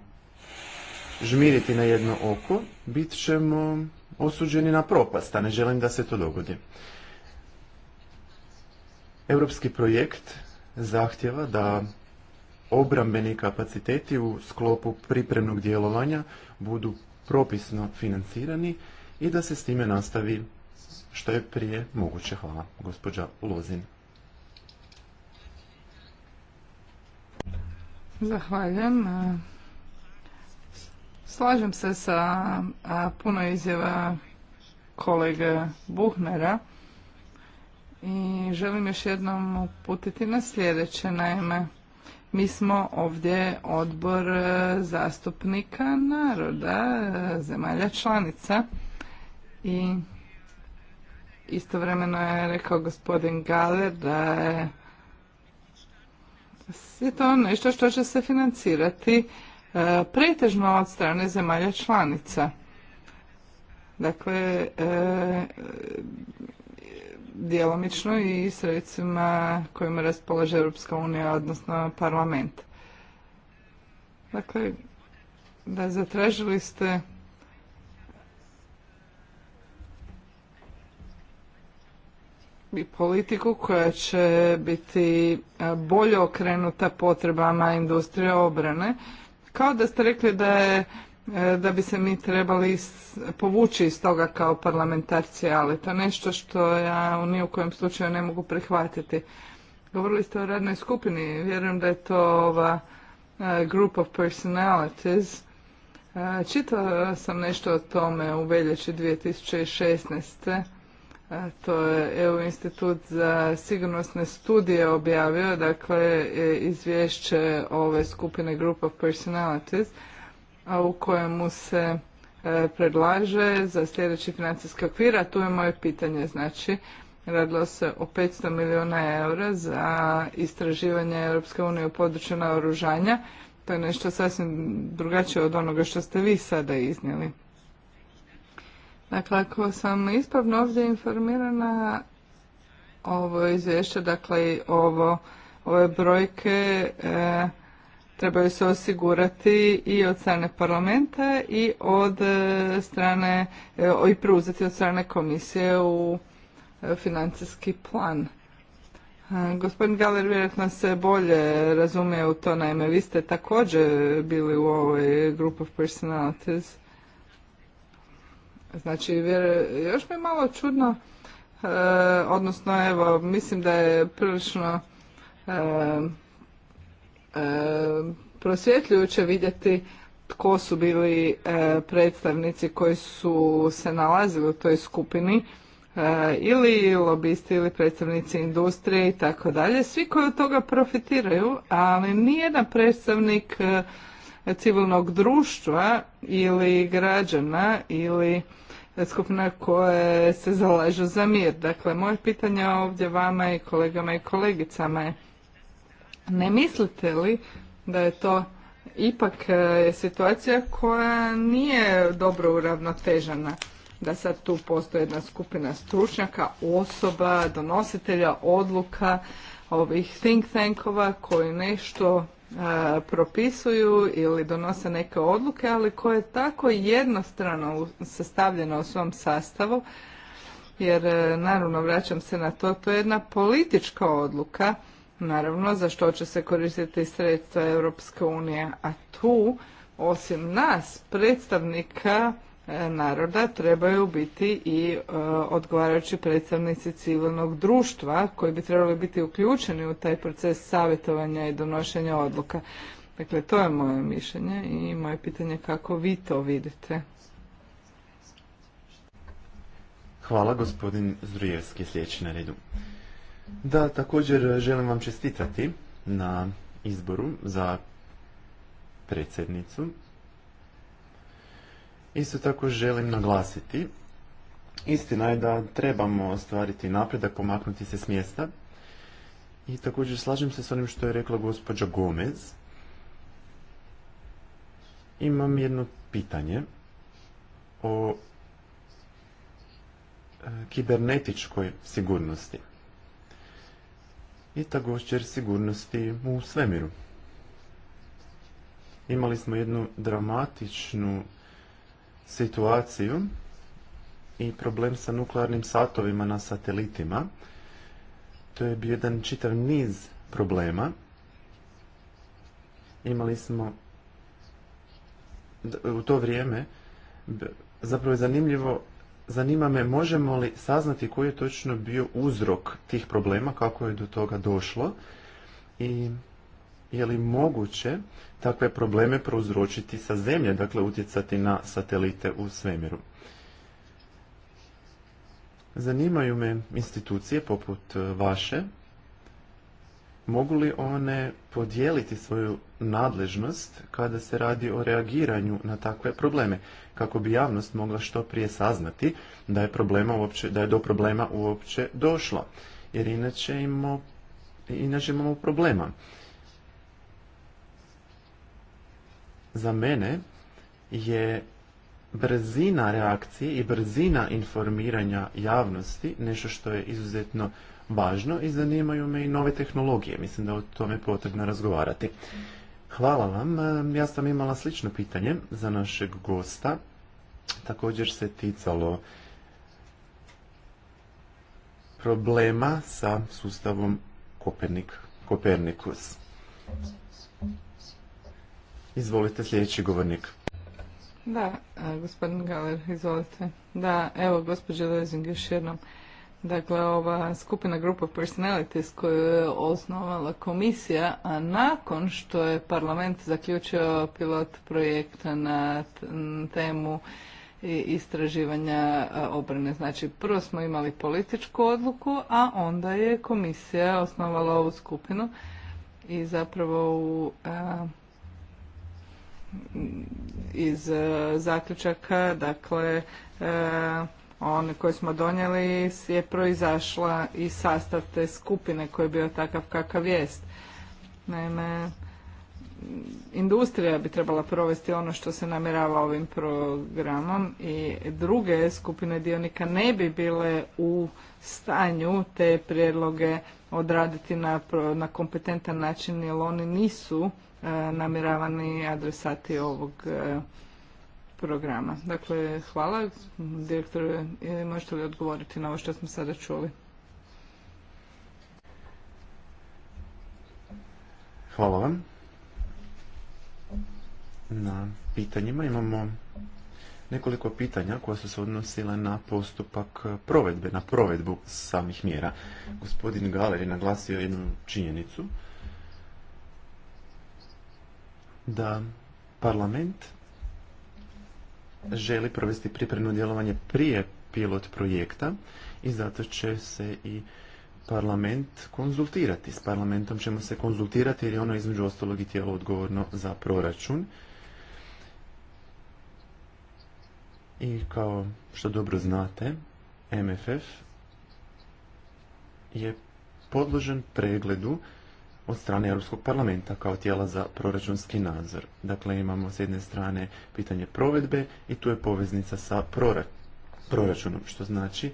žmiriti na jedno oko, bit ćemo osuđeni na propast, a ne želim da se to dogodi. Europski projekt zahtjeva da obrambeni kapaciteti u sklopu pripremnog djelovanja budu propisno financirani i da se s time nastavi što je prije moguće. Hvala, gospođa Lozin. Zahvaljujem. E, slažem se sa puno izjava kolege Buhnera i želim još jednom uputiti na sljedeće. Naime, mi smo ovdje odbor e, zastupnika naroda, e, zemalja članica i istovremeno je rekao gospodin Galer da je to nešto što će se financirati e, pretežno od strane zemalja članica. Dakle, djelomično i sredstvima kojima raspolaže Europska unija, odnosno parlament. Dakle, da zatražili ste i politiku koja će biti bolje okrenuta potrebama industrije obrane. Kao da ste rekli da je E, da bi se mi trebali povući iz toga kao parlamentarci, ali to je nešto što ja ni u kojem slučaju ne mogu prihvatiti. Govorili ste o radnoj skupini, vjerujem da je to ova e, group of personalities. E, Čitao sam nešto o tome u veljači 2016. To je EU institut za sigurnosne studije objavio, dakle, izvješće ove skupine Group of Personalities – a u kojemu se e, predlaže za sljedeći financijski okvir, a tu je moje pitanje, znači radilo se o 500 milijuna eura za istraživanje Europske unije u području naoružanja. To je nešto sasvim drugačije od onoga što ste vi sada iznijeli. Dakle, ako sam ispravno ovdje informirana, ovo izvješće, dakle, ovo, ove brojke e, trebaju se osigurati i od strane parlamenta i od e, strane e, i preuzeti od strane komisije u e, financijski plan. Gospodin Galer vjerojatno se bolje razumije u to, naime vi ste također bili u ovoj group of personalities. Znači, još mi je malo čudno, odnosno evo, mislim da je prilično prosvjetljujuće vidjeti tko su bili e, predstavnici koji su se nalazili u toj skupini e, ili lobisti ili predstavnici industrije i tako dalje, svi koji od toga profitiraju, ali nijedan predstavnik e, civilnog društva ili građana ili skupina koje se zalažu za mir. Dakle, moje pitanje ovdje vama i kolegama i kolegicama je ne mislite li da je to ipak e, situacija koja nije dobro uravnotežena? Da sad tu postoji jedna skupina stručnjaka, osoba, donositelja, odluka, ovih think tankova koji nešto e, propisuju ili donose neke odluke, ali koje je tako jednostrano sastavljeno u svom sastavu, jer e, naravno vraćam se na to, to je jedna politička odluka naravno za što će se koristiti sredstva Europske unije, a tu osim nas predstavnika e, naroda trebaju biti i e, odgovarajući predstavnici civilnog društva koji bi trebali biti uključeni u taj proces savjetovanja i donošenja odluka. Dakle, to je moje mišljenje i moje pitanje kako vi to vidite. Hvala gospodin Zdrujevski, sljedeći na redu. Da, također e, želim vam čestitati na izboru za predsjednicu. Isto tako želim naglasiti, istina je da trebamo ostvariti napredak, pomaknuti se s mjesta. I također slažem se s onim što je rekla gospođa Gomez. Imam jedno pitanje o e, kibernetičkoj sigurnosti i također sigurnosti u svemiru. Imali smo jednu dramatičnu situaciju i problem sa nuklearnim satovima na satelitima. To je bio jedan čitav niz problema. Imali smo u to vrijeme, zapravo je zanimljivo zanima me možemo li saznati koji je točno bio uzrok tih problema, kako je do toga došlo i je li moguće takve probleme prouzročiti sa zemlje, dakle utjecati na satelite u svemiru. Zanimaju me institucije poput vaše mogu li one podijeliti svoju nadležnost kada se radi o reagiranju na takve probleme kako bi javnost mogla što prije saznati da je, problema uopće, da je do problema uopće došlo jer inače imamo, inače imamo problema. Za mene je brzina reakcije i brzina informiranja javnosti nešto što je izuzetno važno i zanimaju me i nove tehnologije. Mislim da o tome potrebno razgovarati. Hvala vam. Ja sam imala slično pitanje za našeg gosta. Također se ticalo problema sa sustavom Kopernik, Kopernikus. Izvolite sljedeći govornik. Da, gospodin Galer, izvolite. Da, evo, gospođe Lezing, još jednom. Dakle, ova skupina Grupa of Personalities koju je osnovala komisija, a nakon što je parlament zaključio pilot projekta na temu istraživanja e, obrane. Znači, prvo smo imali političku odluku, a onda je komisija osnovala ovu skupinu i zapravo u e, iz e, zaključaka, dakle, on koji smo donijeli je proizašla i sastav te skupine koji je bio takav kakav jest. Naime, industrija bi trebala provesti ono što se namjerava ovim programom i druge skupine dionika ne bi bile u stanju te prijedloge odraditi na, na kompetentan način jer oni nisu e, namjeravani adresati ovog e, programa. Dakle, hvala. Direktore, e, možete li odgovoriti na ovo što smo sada čuli? Hvala vam. Na pitanjima imamo nekoliko pitanja koja su se odnosila na postupak provedbe, na provedbu samih mjera. Gospodin Galer je naglasio jednu činjenicu da parlament želi provesti pripremno djelovanje prije pilot projekta i zato će se i parlament konzultirati. S parlamentom ćemo se konzultirati jer je ono između ostalog i tijelo odgovorno za proračun. I kao što dobro znate, MFF je podložen pregledu od strane Europskog parlamenta kao tijela za proračunski nadzor. Dakle, imamo s jedne strane pitanje provedbe i tu je poveznica sa proračunom, što znači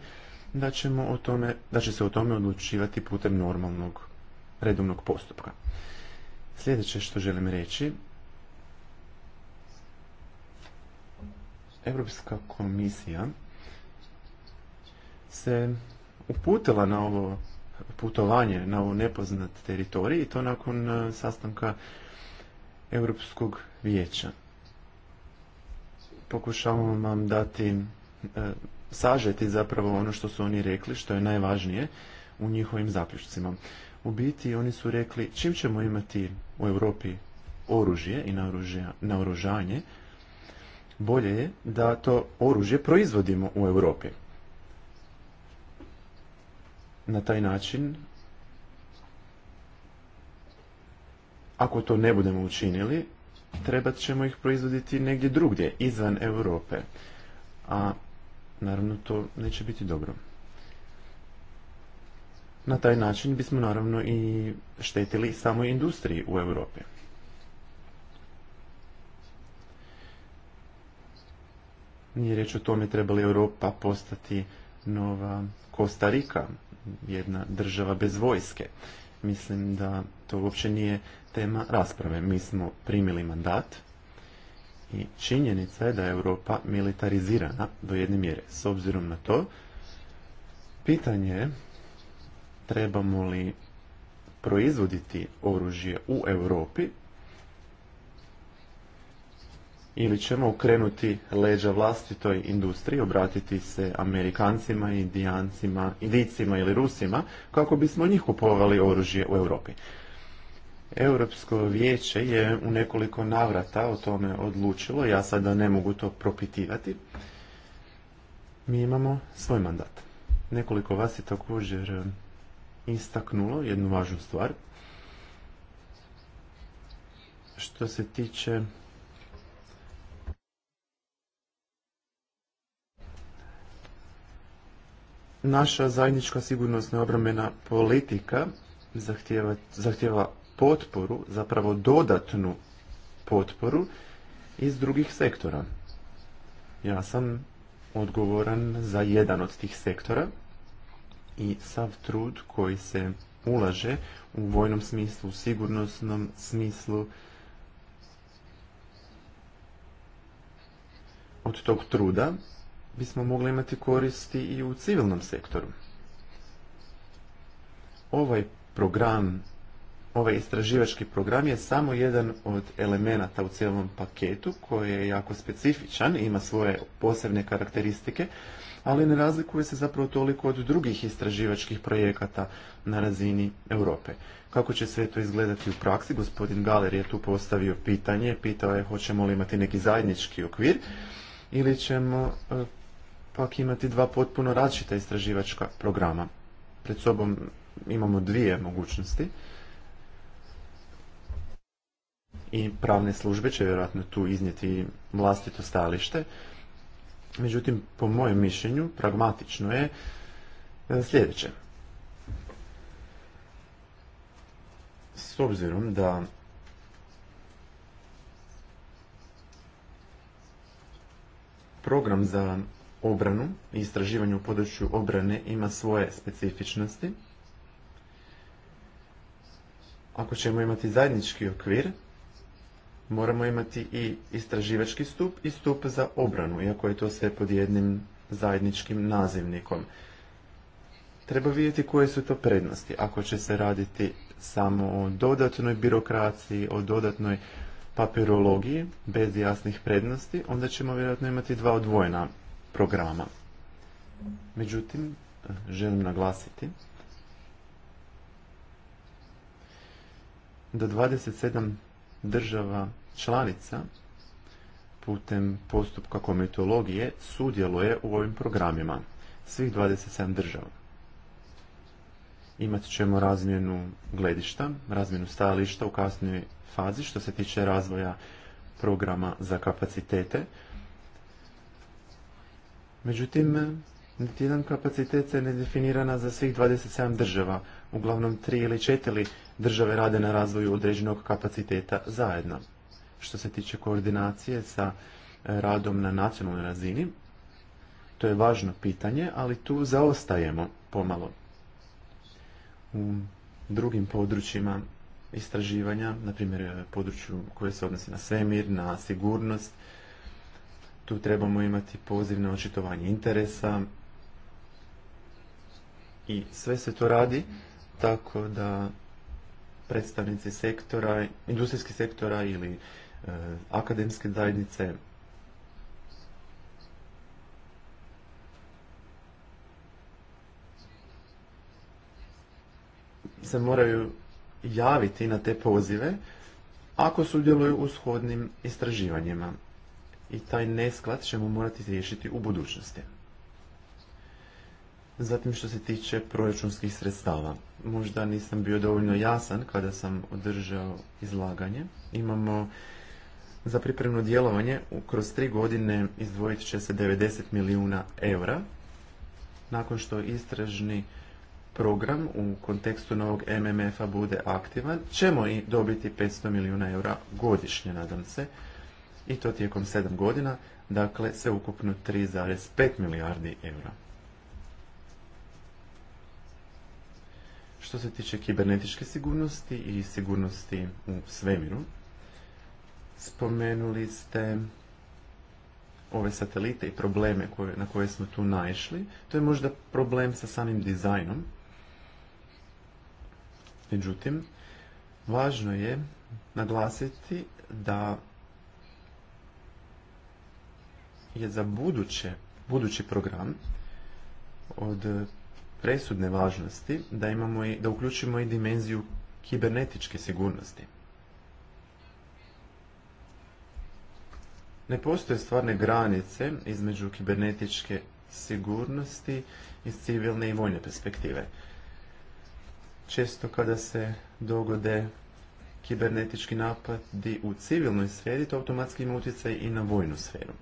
da, ćemo o tome, da će se o tome odlučivati putem normalnog redovnog postupka. Sljedeće što želim reći, Europska komisija se uputila na ovo putovanje na ovo nepoznat teritorij i to nakon e, sastanka Europskog vijeća. Pokušavamo vam dati e, sažeti zapravo ono što su oni rekli, što je najvažnije u njihovim zaključcima. U biti oni su rekli čim ćemo imati u Europi oružje i naoružanje, bolje je da to oružje proizvodimo u Europi na taj način, ako to ne budemo učinili, trebat ćemo ih proizvoditi negdje drugdje, izvan Europe. A naravno to neće biti dobro. Na taj način bismo naravno i štetili samoj industriji u Europi. Nije reč o tome treba li Europa postati nova Kostarika, jedna država bez vojske. Mislim da to uopće nije tema rasprave. Mi smo primili mandat i činjenica je da je Europa militarizirana do jedne mjere. S obzirom na to, pitanje je trebamo li proizvoditi oružje u Europi ili ćemo ukrenuti leđa vlastitoj industriji, obratiti se Amerikancima, Indijancima, Indijcima ili Rusima kako bismo njih kupovali oružje u Europi. Europsko vijeće je u nekoliko navrata o tome odlučilo, ja sada ne mogu to propitivati. Mi imamo svoj mandat. Nekoliko vas je također istaknulo jednu važnu stvar. Što se tiče Naša zajednička sigurnosna obrambena politika zahtjeva, zahtjeva potporu, zapravo dodatnu potporu iz drugih sektora. Ja sam odgovoran za jedan od tih sektora i sav trud koji se ulaže u vojnom smislu, u sigurnosnom smislu, od tog truda bismo mogli imati koristi i u civilnom sektoru. Ovaj program, ovaj istraživački program je samo jedan od elemenata u cijelom paketu koji je jako specifičan, ima svoje posebne karakteristike, ali ne razlikuje se zapravo toliko od drugih istraživačkih projekata na razini Europe. Kako će sve to izgledati u praksi? Gospodin Galer je tu postavio pitanje, pitao je hoćemo li imati neki zajednički okvir ili ćemo e, pak imati dva potpuno različita istraživačka programa. Pred sobom imamo dvije mogućnosti i pravne službe će vjerojatno tu iznijeti vlastito stajalište, Međutim, po mojem mišljenju, pragmatično je e, sljedeće. S obzirom da program za obranu i istraživanje u području obrane ima svoje specifičnosti. Ako ćemo imati zajednički okvir, moramo imati i istraživački stup i stup za obranu, iako je to sve pod jednim zajedničkim nazivnikom. Treba vidjeti koje su to prednosti. Ako će se raditi samo o dodatnoj birokraciji, o dodatnoj papirologiji bez jasnih prednosti, onda ćemo vjerojatno imati dva odvojena programa. Međutim, želim naglasiti da 27 država članica putem postupka komitologije sudjeluje u ovim programima svih 27 država. Imat ćemo razmjenu gledišta, razmjenu stajališta u kasnijoj fazi što se tiče razvoja programa za kapacitete, Međutim, niti jedan kapacitet se ne definirana za svih 27 država. Uglavnom, tri ili četiri države rade na razvoju određenog kapaciteta zajedno. Što se tiče koordinacije sa e, radom na nacionalnoj razini, to je važno pitanje, ali tu zaostajemo pomalo. U drugim područjima istraživanja, na primjer e, području koje se odnosi na svemir, na sigurnost, tu trebamo imati pozivno očitovanje interesa i sve se to radi tako da predstavnici sektora, industrijskih sektora ili e, akademske zajednice se moraju javiti na te pozive ako sudjeluju u shodnim istraživanjima i taj nesklad ćemo morati riješiti u budućnosti. Zatim što se tiče proračunskih sredstava. Možda nisam bio dovoljno jasan kada sam održao izlaganje. Imamo za pripremno djelovanje kroz tri godine izdvojit će se 90 milijuna eura. Nakon što istražni program u kontekstu novog MMF-a bude aktivan, ćemo i dobiti 500 milijuna eura godišnje, nadam se, i to tijekom sedam godina, dakle sve ukupno 3,5 milijardi eura. Što se tiče kibernetičke sigurnosti i sigurnosti u svemiru, spomenuli ste ove satelite i probleme na koje smo tu naišli. To je možda problem sa samim dizajnom. Međutim, važno je naglasiti da je za buduće, budući program od presudne važnosti da, imamo i, da uključimo i dimenziju kibernetičke sigurnosti. Ne postoje stvarne granice između kibernetičke sigurnosti iz civilne i vojne perspektive. Često kada se dogode kibernetički napadi u civilnoj sferi, to automatski ima utjecaj i na vojnu sferu.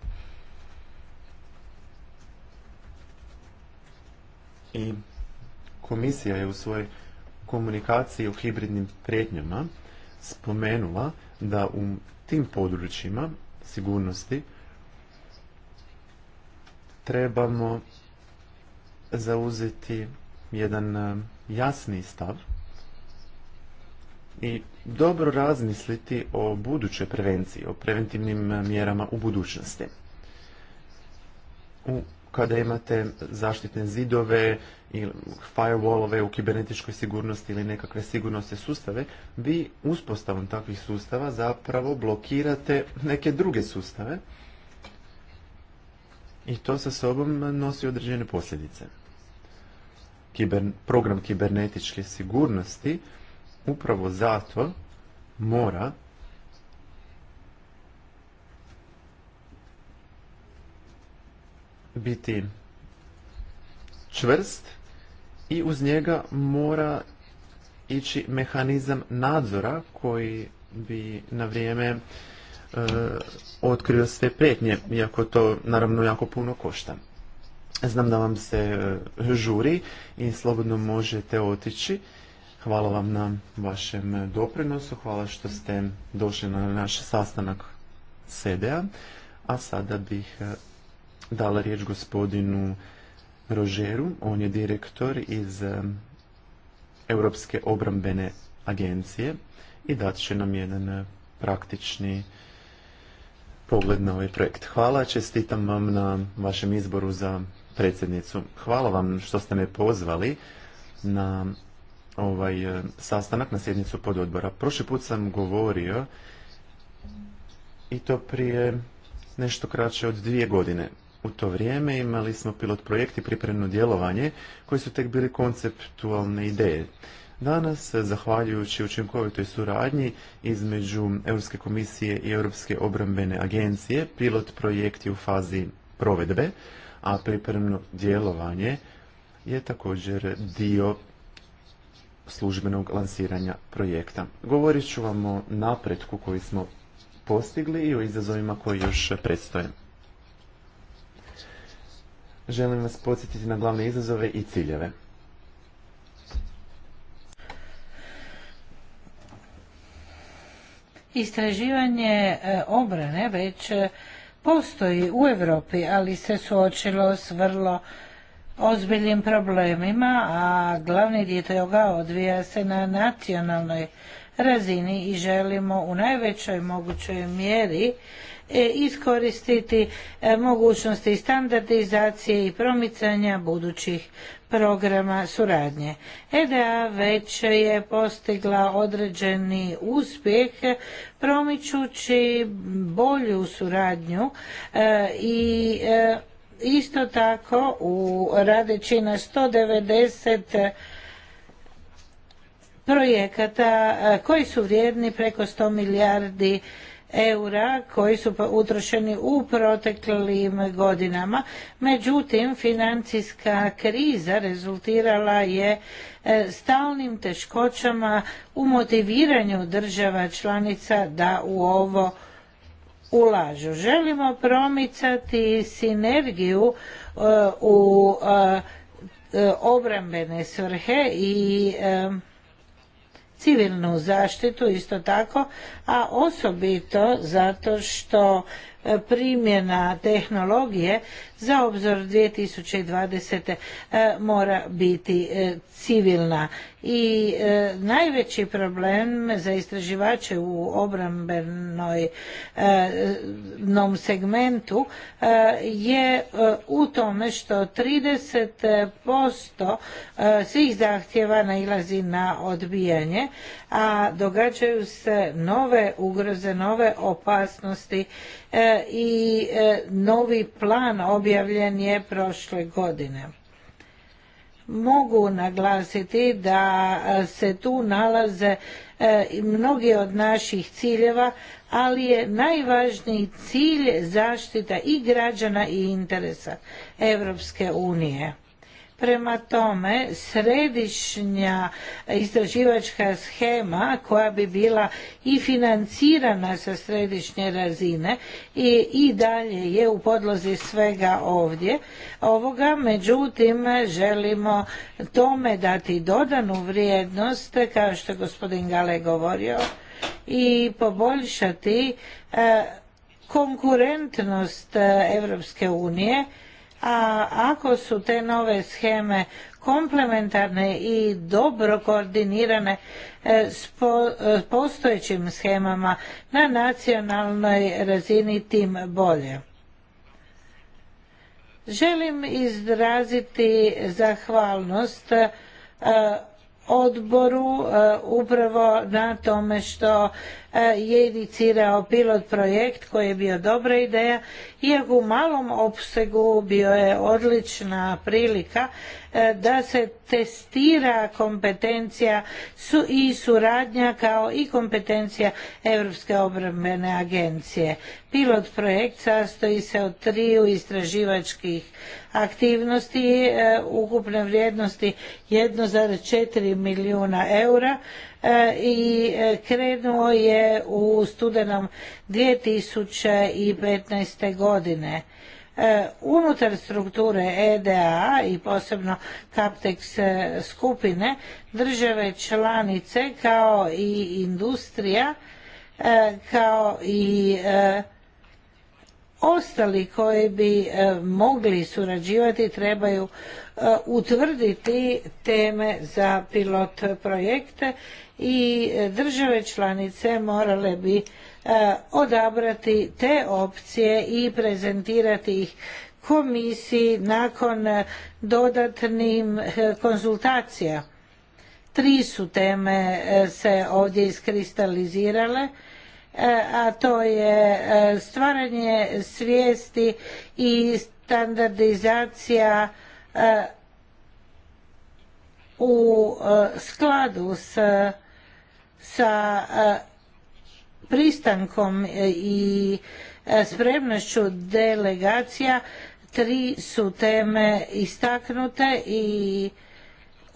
i komisija je u svojoj komunikaciji o hibridnim prijetnjama spomenula da u tim područjima sigurnosti trebamo zauzeti jedan e, jasni stav i dobro razmisliti o budućoj prevenciji, o preventivnim e, mjerama u budućnosti. U kada imate zaštitne zidove ili firewallove u kibernetičkoj sigurnosti ili nekakve sigurnosne sustave, vi uspostavom takvih sustava zapravo blokirate neke druge sustave i to sa sobom nosi određene posljedice. program kibernetičke sigurnosti upravo zato mora biti čvrst i uz njega mora ići mehanizam nadzora koji bi na vrijeme e, otkrio sve prijetnje, iako to naravno jako puno košta. Znam da vam se e, žuri i slobodno možete otići. Hvala vam na vašem doprinosu, hvala što ste došli na naš sastanak SEDEA, a sada bih e, dala riječ gospodinu Rožeru. On je direktor iz Europske obrambene agencije i dat će nam jedan praktični pogled na ovaj projekt. Hvala, čestitam vam na vašem izboru za predsjednicu. Hvala vam što ste me pozvali na ovaj sastanak na sjednicu pododbora. Prošli put sam govorio i to prije nešto kraće od dvije godine u to vrijeme imali smo pilot projekti i pripremno djelovanje koji su tek bili konceptualne ideje. Danas, zahvaljujući učinkovitoj suradnji između Europske komisije i Europske obrambene agencije, pilot projekti u fazi provedbe, a pripremno djelovanje je također dio službenog lansiranja projekta. Govorit ću vam o napretku koji smo postigli i o izazovima koji još predstoje želim vas podsjetiti na glavne izazove i ciljeve. Istraživanje e, obrane već e, postoji u Europi, ali se suočilo s vrlo ozbiljnim problemima, a glavni dio toga odvija se na nacionalnoj razini i želimo u najvećoj mogućoj mjeri E, iskoristiti e, mogućnosti standardizacije i promicanja budućih programa suradnje. EDA već je postigla određeni uspjeh promičući bolju suradnju e, i isto tako u radeći na 190 projekata koji su vrijedni preko 100 milijardi eura koji su pa- utrošeni u proteklim godinama. Međutim, financijska kriza rezultirala je e, stalnim teškoćama u motiviranju država članica da u ovo ulažu. Želimo promicati sinergiju e, u e, obrambene svrhe i civilnu zaštitu isto tako, a osobito zato što E, primjena tehnologije za obzor 2020. E, mora biti e, civilna i najveći problem za istraživače u obrambenom segmentu je u tome što 30% svih zahtjeva nailazi na odbijanje a događaju se nove ugroze, nove opasnosti e, i e, novi plan objavljen je prošle godine. Mogu naglasiti da e, se tu nalaze mnogi od naših ciljeva, ali je najvažniji cilj zaštita i građana i interesa Europske unije. Prema tome, središnja istraživačka schema koja bi bila i financirana sa središnje razine i, i dalje je u podlozi svega ovdje ovoga, međutim želimo tome dati dodanu vrijednost kao što je gospodin Gale govorio i poboljšati e, konkurentnost Europske unije a ako su te nove scheme komplementarne i dobro koordinirane e, s e, postojećim schemama na nacionalnoj razini tim bolje. Želim izraziti zahvalnost e, odboru e, upravo na tome što e, je inicirao pilot projekt koji je bio dobra ideja iako u malom opsegu bio je odlična prilika E, da se testira kompetencija i suradnja kao i kompetencija Europske obrambene agencije. Pilot projekt sastoji se od triju istraživačkih aktivnosti e, ukupne vrijednosti 1,4 milijuna eura e, i krenuo je u studenom 2015. godine. E, unutar strukture EDA i posebno CAPTEX e, skupine države članice kao i industrija e, kao i ostali koji bi mogli surađivati trebaju utvrditi teme za pilot projekte i države članice morale bi E, odabrati te opcije i prezentirati ih komisiji nakon dodatnim e, konzultacija. Tri su teme e, se ovdje iskristalizirale a to je stvaranje svijesti i standardizacija u skladu s, sa pristankom e, i e, spremnošću delegacija tri su teme istaknute i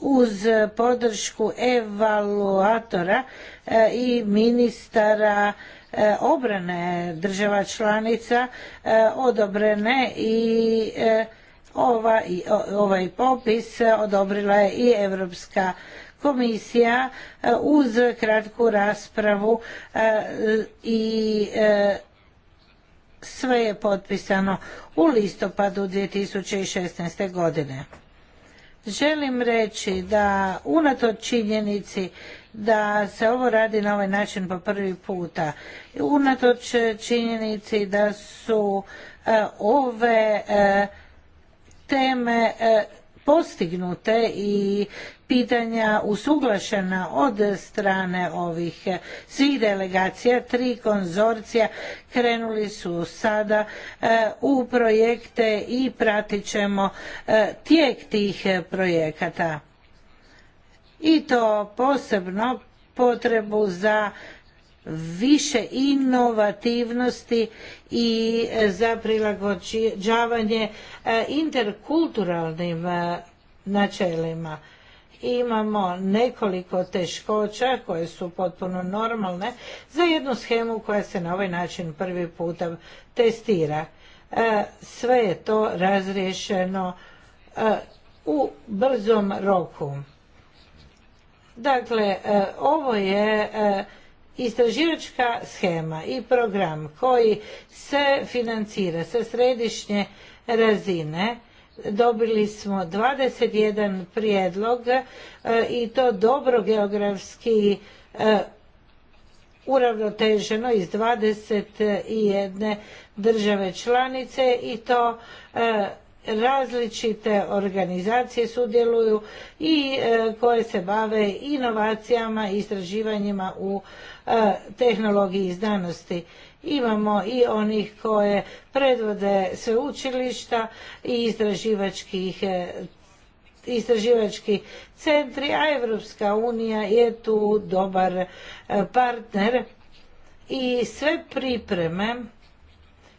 uz podršku evaluatora e, i ministara obrane država članica odobrene i ovaj popis odobrila je i Europska komisija e, uz kratku raspravu e, i e, sve je potpisano u listopadu 2016. godine. Želim reći da unatoč činjenici da se ovo radi na ovaj način po prvi puta, unatoč činjenici da su ove teme postignute i pitanja usuglašena od strane ovih svih delegacija. Tri konzorcija krenuli su sada e, u projekte i pratit ćemo e, tijek tih projekata. I to posebno potrebu za više inovativnosti i e, za prilagođavanje e, interkulturalnim e, načelima. Imamo nekoliko teškoća koje su potpuno normalne za jednu schemu koja se na ovaj način prvi puta testira. Sve je to razriješeno u brzom roku. Dakle, ovo je istraživačka schema i program koji se financira sa središnje razine dobili smo 21 prijedlog e, i to dobro geografski e, uravnoteženo iz 21 države članice i to e, različite organizacije sudjeluju i koje se bave inovacijama i istraživanjima u E, tehnologiji i znanosti. Imamo i onih koje predvode sveučilišta i istraživačkih e, istraživački centri, a Evropska unija je tu dobar e, partner i sve pripreme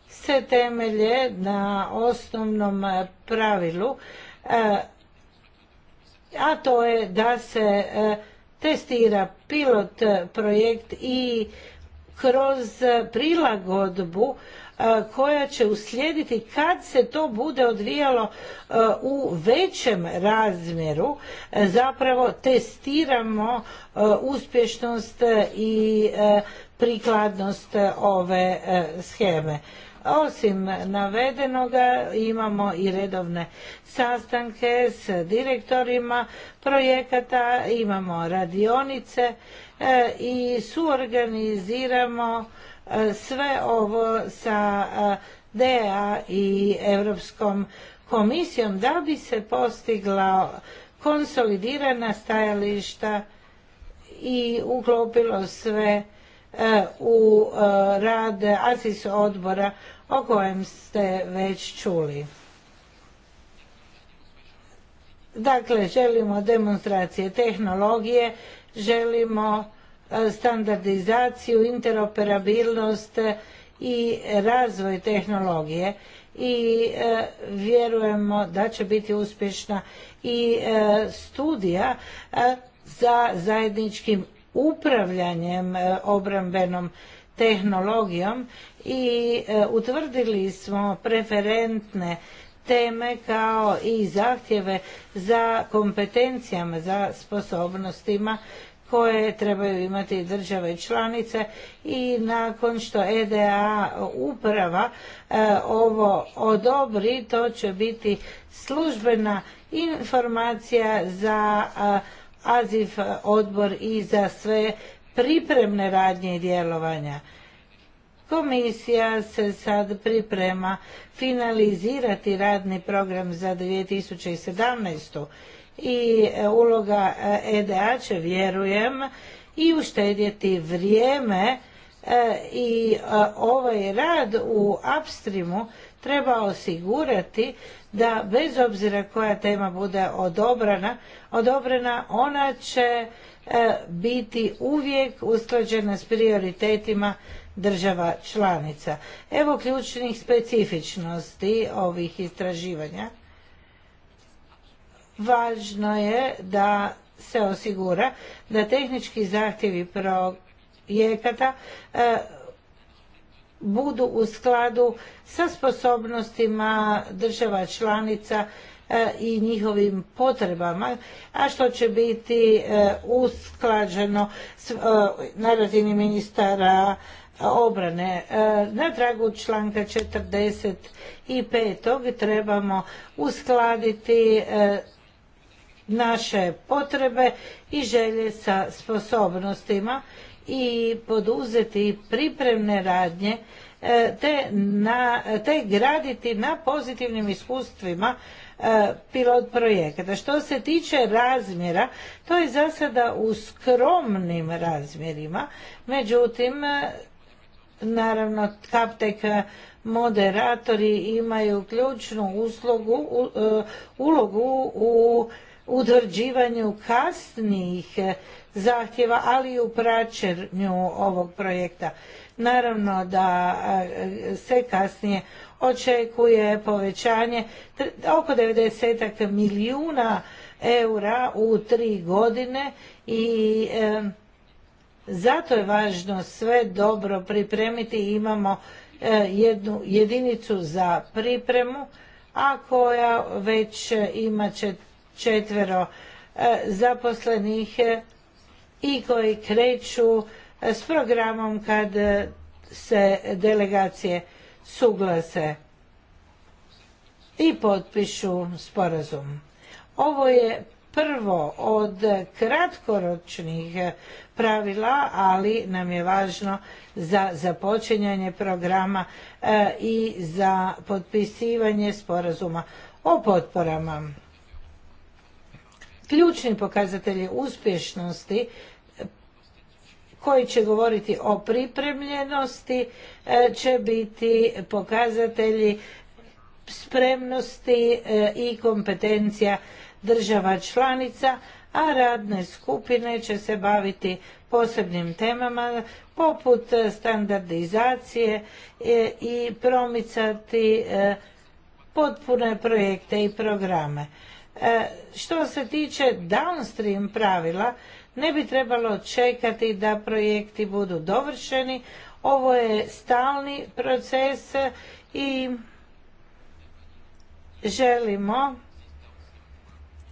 se temelje na osnovnom pravilu, a to je da se testira pilot projekt i kroz prilagodbu e, koja će uslijediti kad se to bude odvijalo e, u većem razmjeru e, zapravo testiramo uspješnost i prikladnost ove scheme. Osim navedenoga imamo i redovne sastanke s direktorima projekata, imamo radionice e, i suorganiziramo e, sve ovo sa e, DEA i Europskom komisijom da bi se postigla konsolidirana stajališta i uklopilo sve u rad ASIS odbora o kojem ste već čuli. Dakle, želimo demonstracije tehnologije, želimo e, standardizaciju, interoperabilnost e, i razvoj tehnologije i e, vjerujemo da će biti uspješna i studija za zajedničkim upravljanjem obrambenom tehnologijom i e, utvrdili smo preferentne teme kao i zahtjeve za kompetencijama, za sposobnostima koje trebaju imati države članice i nakon što EDA uprava e, ovo odobri, to će biti službena informacija za e, AZIF odbor i za sve pripremne radnje i djelovanja. Komisija se sad priprema finalizirati radni program za 2017. i uloga EDA e će, vjerujem, i uštedjeti vrijeme e, i e, ovaj rad u upstreamu treba osigurati da bez obzira koja tema bude odobrana, odobrena ona će E, biti uvijek usklađena s prioritetima država članica. Evo ključnih specifičnosti ovih istraživanja. Važno je da se osigura da tehnički zahtjevi projekata e, budu u skladu sa sposobnostima država članica E, i njihovim potrebama, a što će biti e, usklađeno e, na razini ministara obrane. Na tragu članka 45. trebamo uskladiti naše potrebe i želje sa sposobnostima i poduzeti pripremne radnje E, te, te graditi na pozitivnim iskustvima e, pilot projekata. Što se tiče razmjera, to je za sada u skromnim razmjerima, međutim, e, naravno, Kaptek moderatori imaju ključnu ulogu u utvrđivanju kasnijih zahtjeva, ali i u praćenju ovog projekta. Naravno da se kasnije očekuje povećanje oko 90 milijuna eura u tri godine i zato je važno sve dobro pripremiti. Imamo e, jednu jedinicu za pripremu, a koja već ima četvero e, zaposlenih e, i koji kreću s programom kad e, se delegacije suglase i potpišu sporazum. Ovo je prvo od kratkoročnih e, pravila, ali nam je važno za započinjanje programa e, i za potpisivanje sporazuma o potporama. Ključni pokazatelji uspješnosti koji će govoriti o pripremljenosti e, će biti pokazatelji spremnosti e, i kompetencija država članica, a radne skupine će se baviti posebnim temama poput standardizacije e, i promicati potpune projekte i programe. Što se tiče downstream pravila, ne bi trebalo čekati da projekti budu dovršeni. Ovo je stalni proces i želimo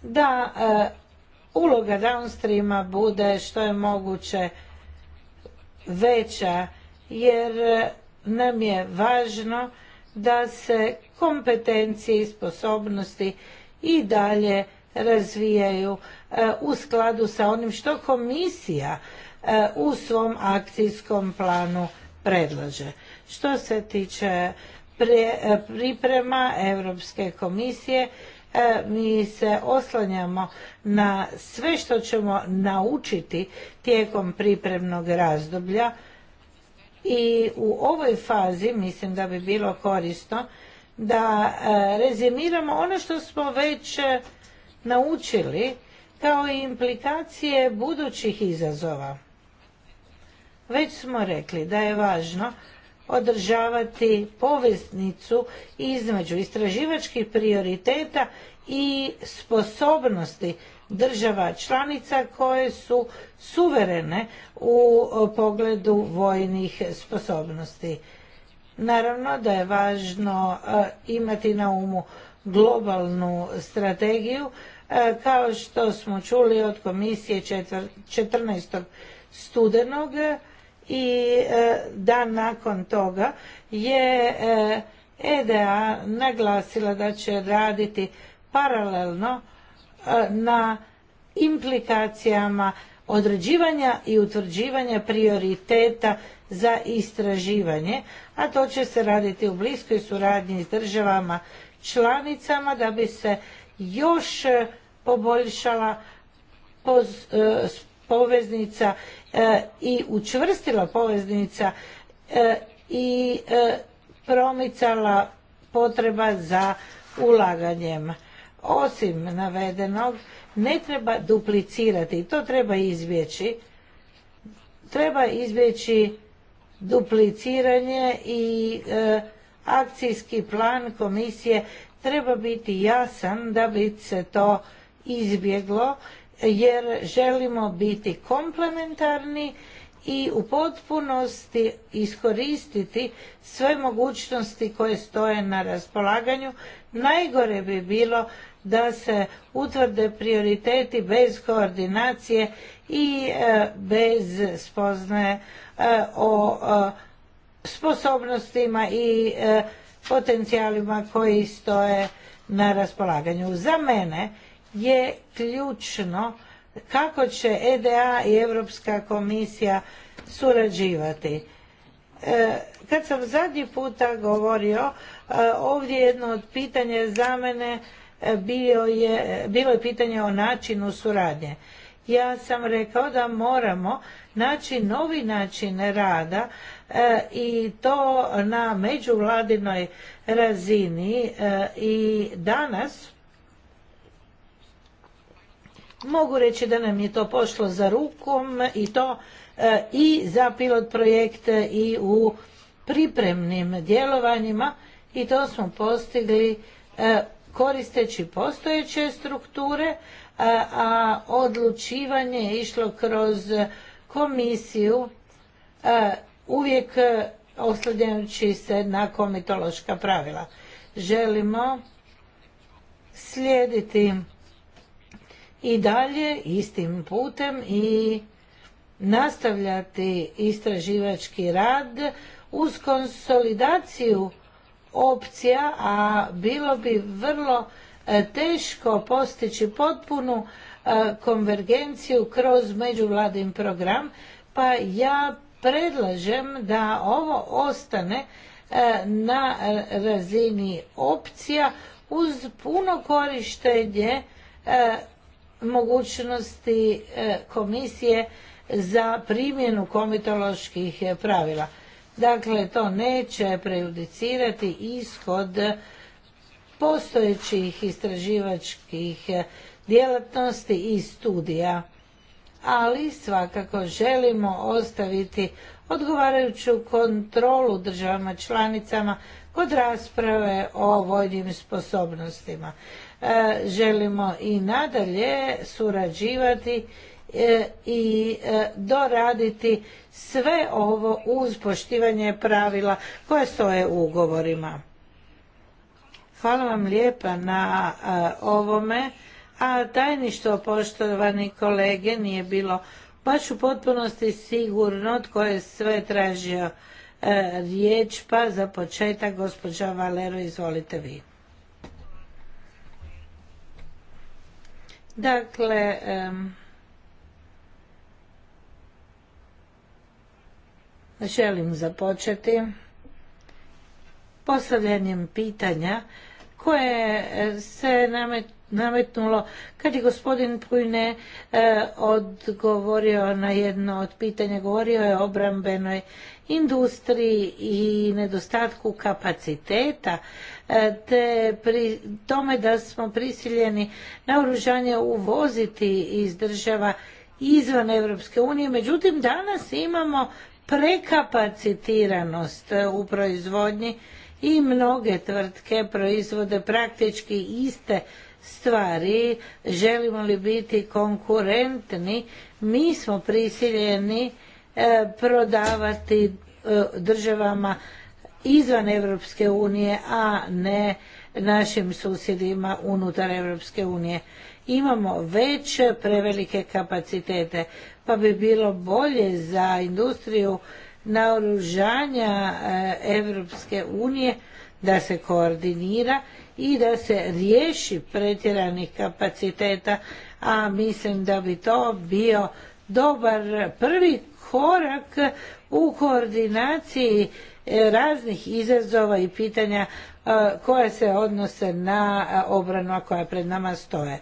da e, uloga downstreama bude što je moguće veća jer nam je važno da se kompetencije i sposobnosti i dalje razvijaju e, u skladu sa onim što komisija e, u svom akcijskom planu predlaže. Što se tiče e, priprema Europske komisije, mi se oslanjamo na sve što ćemo naučiti tijekom pripremnog razdoblja i u ovoj fazi mislim da bi bilo korisno da rezimiramo ono što smo već naučili kao i implikacije budućih izazova. Već smo rekli da je važno održavati poveznicu između istraživačkih prioriteta i sposobnosti država članica koje su suverene u pogledu vojnih sposobnosti. Naravno da je važno e, imati na umu globalnu strategiju E, kao što smo čuli od komisije 14. studenog e, i e, dan nakon toga je EDA naglasila da će raditi paralelno na implikacijama određivanja i utvrđivanja prioriteta za istraživanje, a to će se raditi u bliskoj suradnji s državama članicama da bi se još poboljšala e, poveznica e, i učvrstila poveznica e, i promicala potreba za ulaganjem. Osim navedenog, ne treba duplicirati, to treba izbjeći. Treba izbjeći dupliciranje i akcijski plan komisije treba biti jasan da bi se to izbjeglo jer želimo biti komplementarni i u potpunosti iskoristiti sve mogućnosti koje stoje na raspolaganju. Najgore bi bilo da se utvrde prioriteti bez koordinacije i e, bez spoznaje e, o e, sposobnostima i potencijalima koji stoje na raspolaganju. Za mene je ključno kako će EDA i Europska komisija surađivati. E, kad sam zadnji puta govorio, e, ovdje jedno od pitanja za mene e, bilo je pitanje o načinu suradnje. Ja sam rekao da moramo naći novi način rada i to na međuvladinoj razini i danas Mogu reći da nam je to pošlo za rukom i to e, i za pilot projekte i u pripremnim djelovanjima i to smo postigli e, koristeći postojeće strukture, e, a odlučivanje je išlo kroz komisiju uvijek oslanjajući se na komitološka pravila. Želimo slijediti i dalje istim putem i nastavljati istraživački rad uz konsolidaciju opcija, a bilo bi vrlo e, teško postići potpunu e, konvergenciju kroz međuvladin program, pa ja predlažem da ovo ostane e, na razini opcija uz puno korištenje mogućnosti e, komisije za primjenu komitoloških e, pravila. Dakle, to neće prejudicirati ishod postojećih istraživačkih e, djelatnosti i studija, ali svakako želimo ostaviti odgovarajuću kontrolu državama članicama kod rasprave o vojnim sposobnostima. E, želimo i nadalje surađivati e, i e, doraditi sve ovo uz poštivanje pravila koje stoje u ugovorima. Hvala vam lijepa na ovome, a tajništvo poštovani kolege nije bilo baš u potpunosti sigurno tko je sve tražio riječ, pa za početak gospođa Valero izvolite vi. Dakle, želim započeti postavljanjem pitanja koje se nametnulo kad je gospodin Pujne e, odgovorio na jedno od pitanja, govorio je o obrambenoj industriji i nedostatku kapaciteta E, te pri tome da smo prisiljeni naoružanje uvoziti iz država izvan Europske unije. Međutim, danas imamo prekapacitiranost e, u proizvodnji i mnoge tvrtke proizvode praktički iste stvari. Želimo li biti konkurentni, mi smo prisiljeni e, prodavati državama izvan Europske unije, a ne našim susjedima unutar Europske unije. Imamo već prevelike kapacitete, pa bi bilo bolje za industriju naoružanja Europske eh, unije da se koordinira i da se riješi pretjeranih kapaciteta, a mislim da bi to bio dobar prvi korak u koordinaciji E, raznih izazova i pitanja e, koja se odnose na e, obranu a koja pred nama stoje.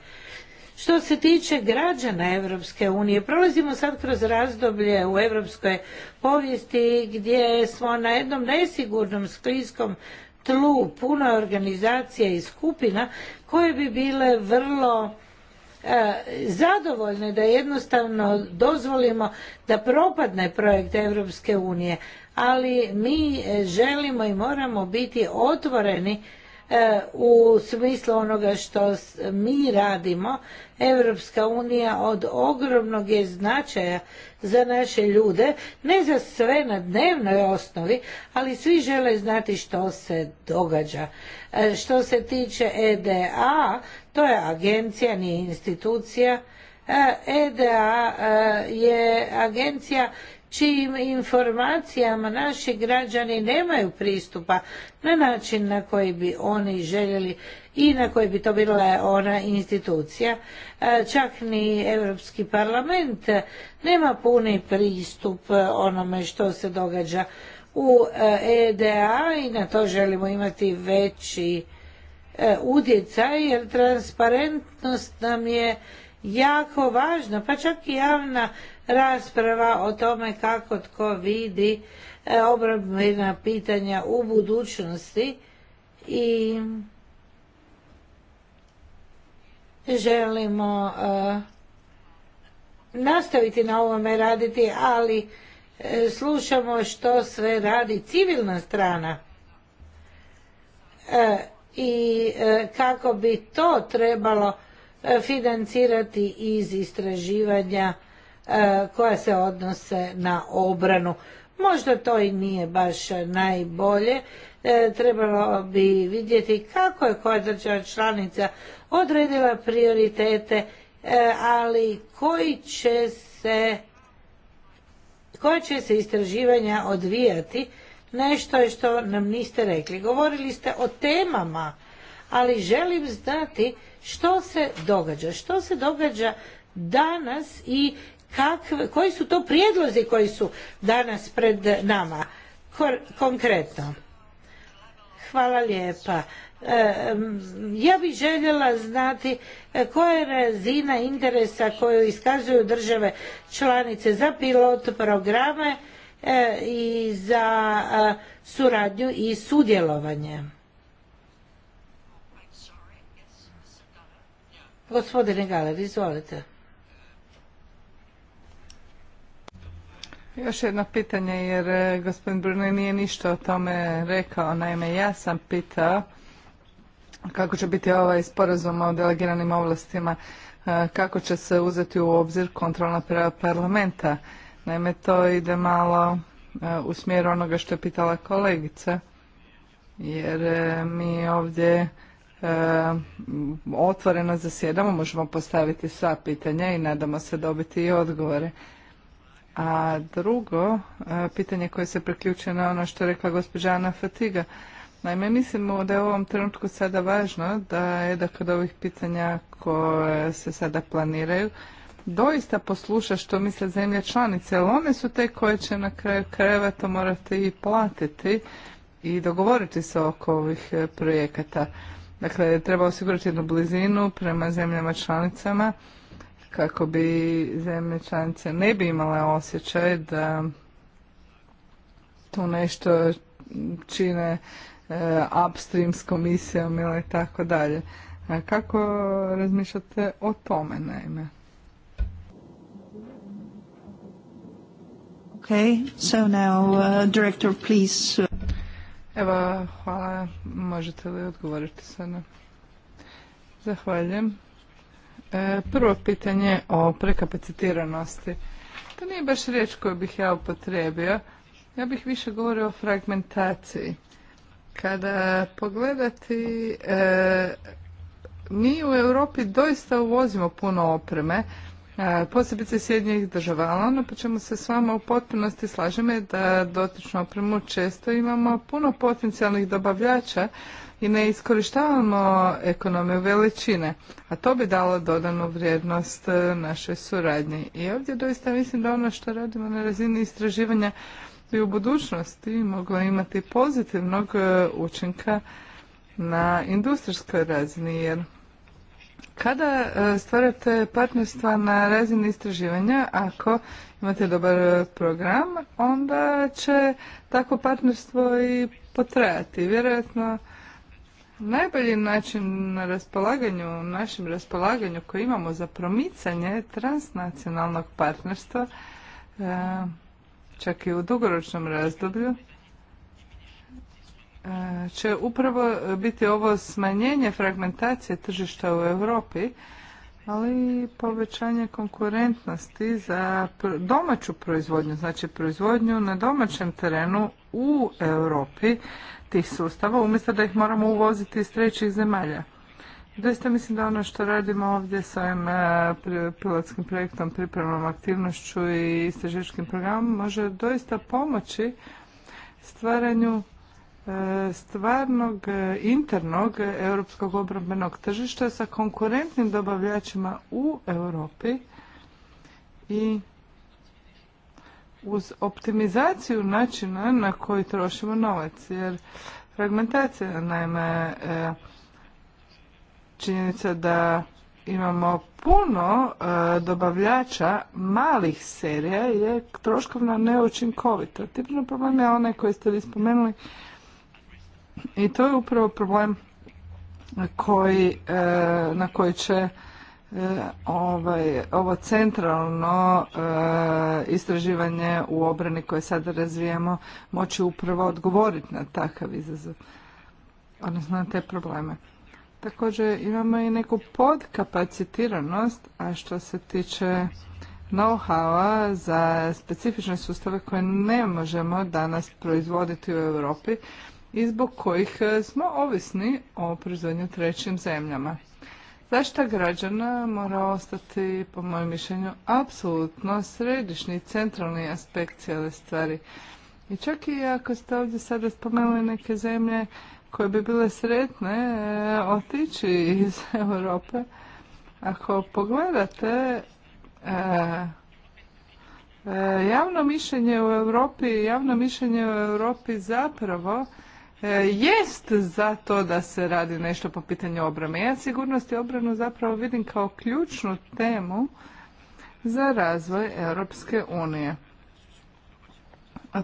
Što se tiče građana Europske unije, prolazimo sad kroz razdoblje u europskoj povijesti gdje smo na jednom nesigurnom skliskom tlu puno organizacija i skupina koje bi bile vrlo zadovoljne da jednostavno dozvolimo da propadne projekt Europske unije, ali mi e, želimo i moramo biti otvoreni e, u smislu onoga što mi radimo. Evropska unija od ogromnog je značaja za naše ljude, ne za sve na dnevnoj osnovi, ali svi žele znati što se događa. E, što se tiče EDA, to je agencija, nije institucija, EDA je agencija čijim informacijama naši građani nemaju pristupa na način na koji bi oni željeli i na koji bi to bila ona institucija. E, čak ni Europski parlament nema puni pristup e, onome što se događa u EDA e i na to želimo imati veći utjecaj jer transparentnost nam je jako važna, pa čak i javna rasprava o tome kako tko vidi e, obrambena pitanja u budućnosti i želimo e, nastaviti na ovome raditi, ali e, slušamo što sve radi civilna strana i kako bi to trebalo financirati iz istraživanja E, koja se odnose na obranu. Možda to i nije baš najbolje, e, trebalo bi vidjeti kako je koja država članica odredila prioritete, e, ali koji će se koje će se istraživanja odvijati, nešto je što nam niste rekli. Govorili ste o temama, ali želim znati što se događa. Što se događa danas i koji su to prijedlozi koji su danas pred nama konkretno. Hvala lijepa. E, ja bih željela znati e, koja je razina interesa koju iskazuju države članice za pilot programe e, i za suradnju i sudjelovanje. Gospodine Galer, izvolite. Još jedno pitanje jer e, gospodin Brune nije ništa o tome rekao. Naime, ja sam pitao kako će biti ovaj sporazum o delegiranim ovlastima, e, kako će se uzeti u obzir kontrolna prava parlamenta. Naime, to ide malo e, u smjeru onoga što je pitala kolegica, jer mi ovdje otvoreno zasjedamo, možemo postaviti sva pitanja i nadamo se dobiti i odgovore. A drugo, e, pitanje koje se priključuje na ono što je rekla gospođa Ana Fatiga. Naime, mislimo da je u ovom trenutku sada važno da je da kod ovih pitanja koje se sada planiraju, doista posluša što misle zemlje članice, jer one su te koje će na kraju krajeva to morati i platiti i dogovoriti se oko ovih e, projekata. Dakle, treba osigurati jednu blizinu prema zemljama članicama kako bi zemlje članice ne bi imale osjećaj da tu nešto čine e, upstream s komisijom ili tako dalje. E, kako razmišljate o tome, naime? Okay, so now, uh, director, please. Uh, Evo, hvala. Možete li odgovoriti sada? Zahvaljujem. E, prvo pitanje o prekapacitiranosti. To nije baš riječ koju bih ja upotrijebio. Ja bih više govorio o fragmentaciji. Kada pogledati, e, mi u Europi doista uvozimo puno opreme, e, posebice Sjedinjenih država, ali ono po čemu se s vama u potpunosti slažem da dotičnu opremu često imamo puno potencijalnih dobavljača i ne iskorištavamo ekonomiju veličine, a to bi dalo dodanu vrijednost e, našoj suradnji. I ovdje doista mislim da ono što radimo na razini istraživanja bi u budućnosti moglo imati pozitivnog e, učinka na industrijskoj razini, jer kada e, stvarate partnerstva na razini istraživanja, ako imate dobar program, onda će tako partnerstvo i potrajati. Vjerojatno Najbolji način na raspolaganju, našem raspolaganju koji imamo za promicanje transnacionalnog partnerstva, e, čak i u dugoročnom razdoblju, e, će upravo biti ovo smanjenje fragmentacije tržišta u Europi, ali i povećanje konkurentnosti za domaću proizvodnju, znači proizvodnju na domaćem terenu u Europi tih sustava umjesto da ih moramo uvoziti iz trećih zemalja. Doista mislim da ono što radimo ovdje sa ovim e, pilotskim projektom, pripremom aktivnošću i istraživačkim programom može doista pomoći stvaranju e, stvarnog e, internog europskog obrambenog tržišta sa konkurentnim dobavljačima u Europi i uz optimizaciju načina na koji trošimo novac. Jer fragmentacija, naime, e, činjenica da imamo puno e, dobavljača malih serija je troškovno neučinkovita. Tipno problem je onaj koji ste vi spomenuli i to je upravo problem koji, e, na koji će E, ovaj, ovo centralno e, istraživanje u obrani koje sada razvijemo moći upravo odgovoriti na takav izazov, odnosno na te probleme. Također imamo i neku podkapacitiranost, a što se tiče know a za specifične sustave koje ne možemo danas proizvoditi u Europi i zbog kojih smo ovisni o proizvodnju trećim zemljama. Zaštita građana mora ostati, po mojem mišljenju, apsolutno središnji, centralni aspekt cijele stvari. I čak i ako ste ovdje sada spomenuli neke zemlje koje bi bile sretne e, otići iz [laughs] Europe, ako pogledate e, e, javno mišljenje u Europi, javno mišljenje u Europi zapravo E, jest za to da se radi nešto po pitanju obrane. Ja sigurnost i obranu zapravo vidim kao ključnu temu za razvoj Europske unije.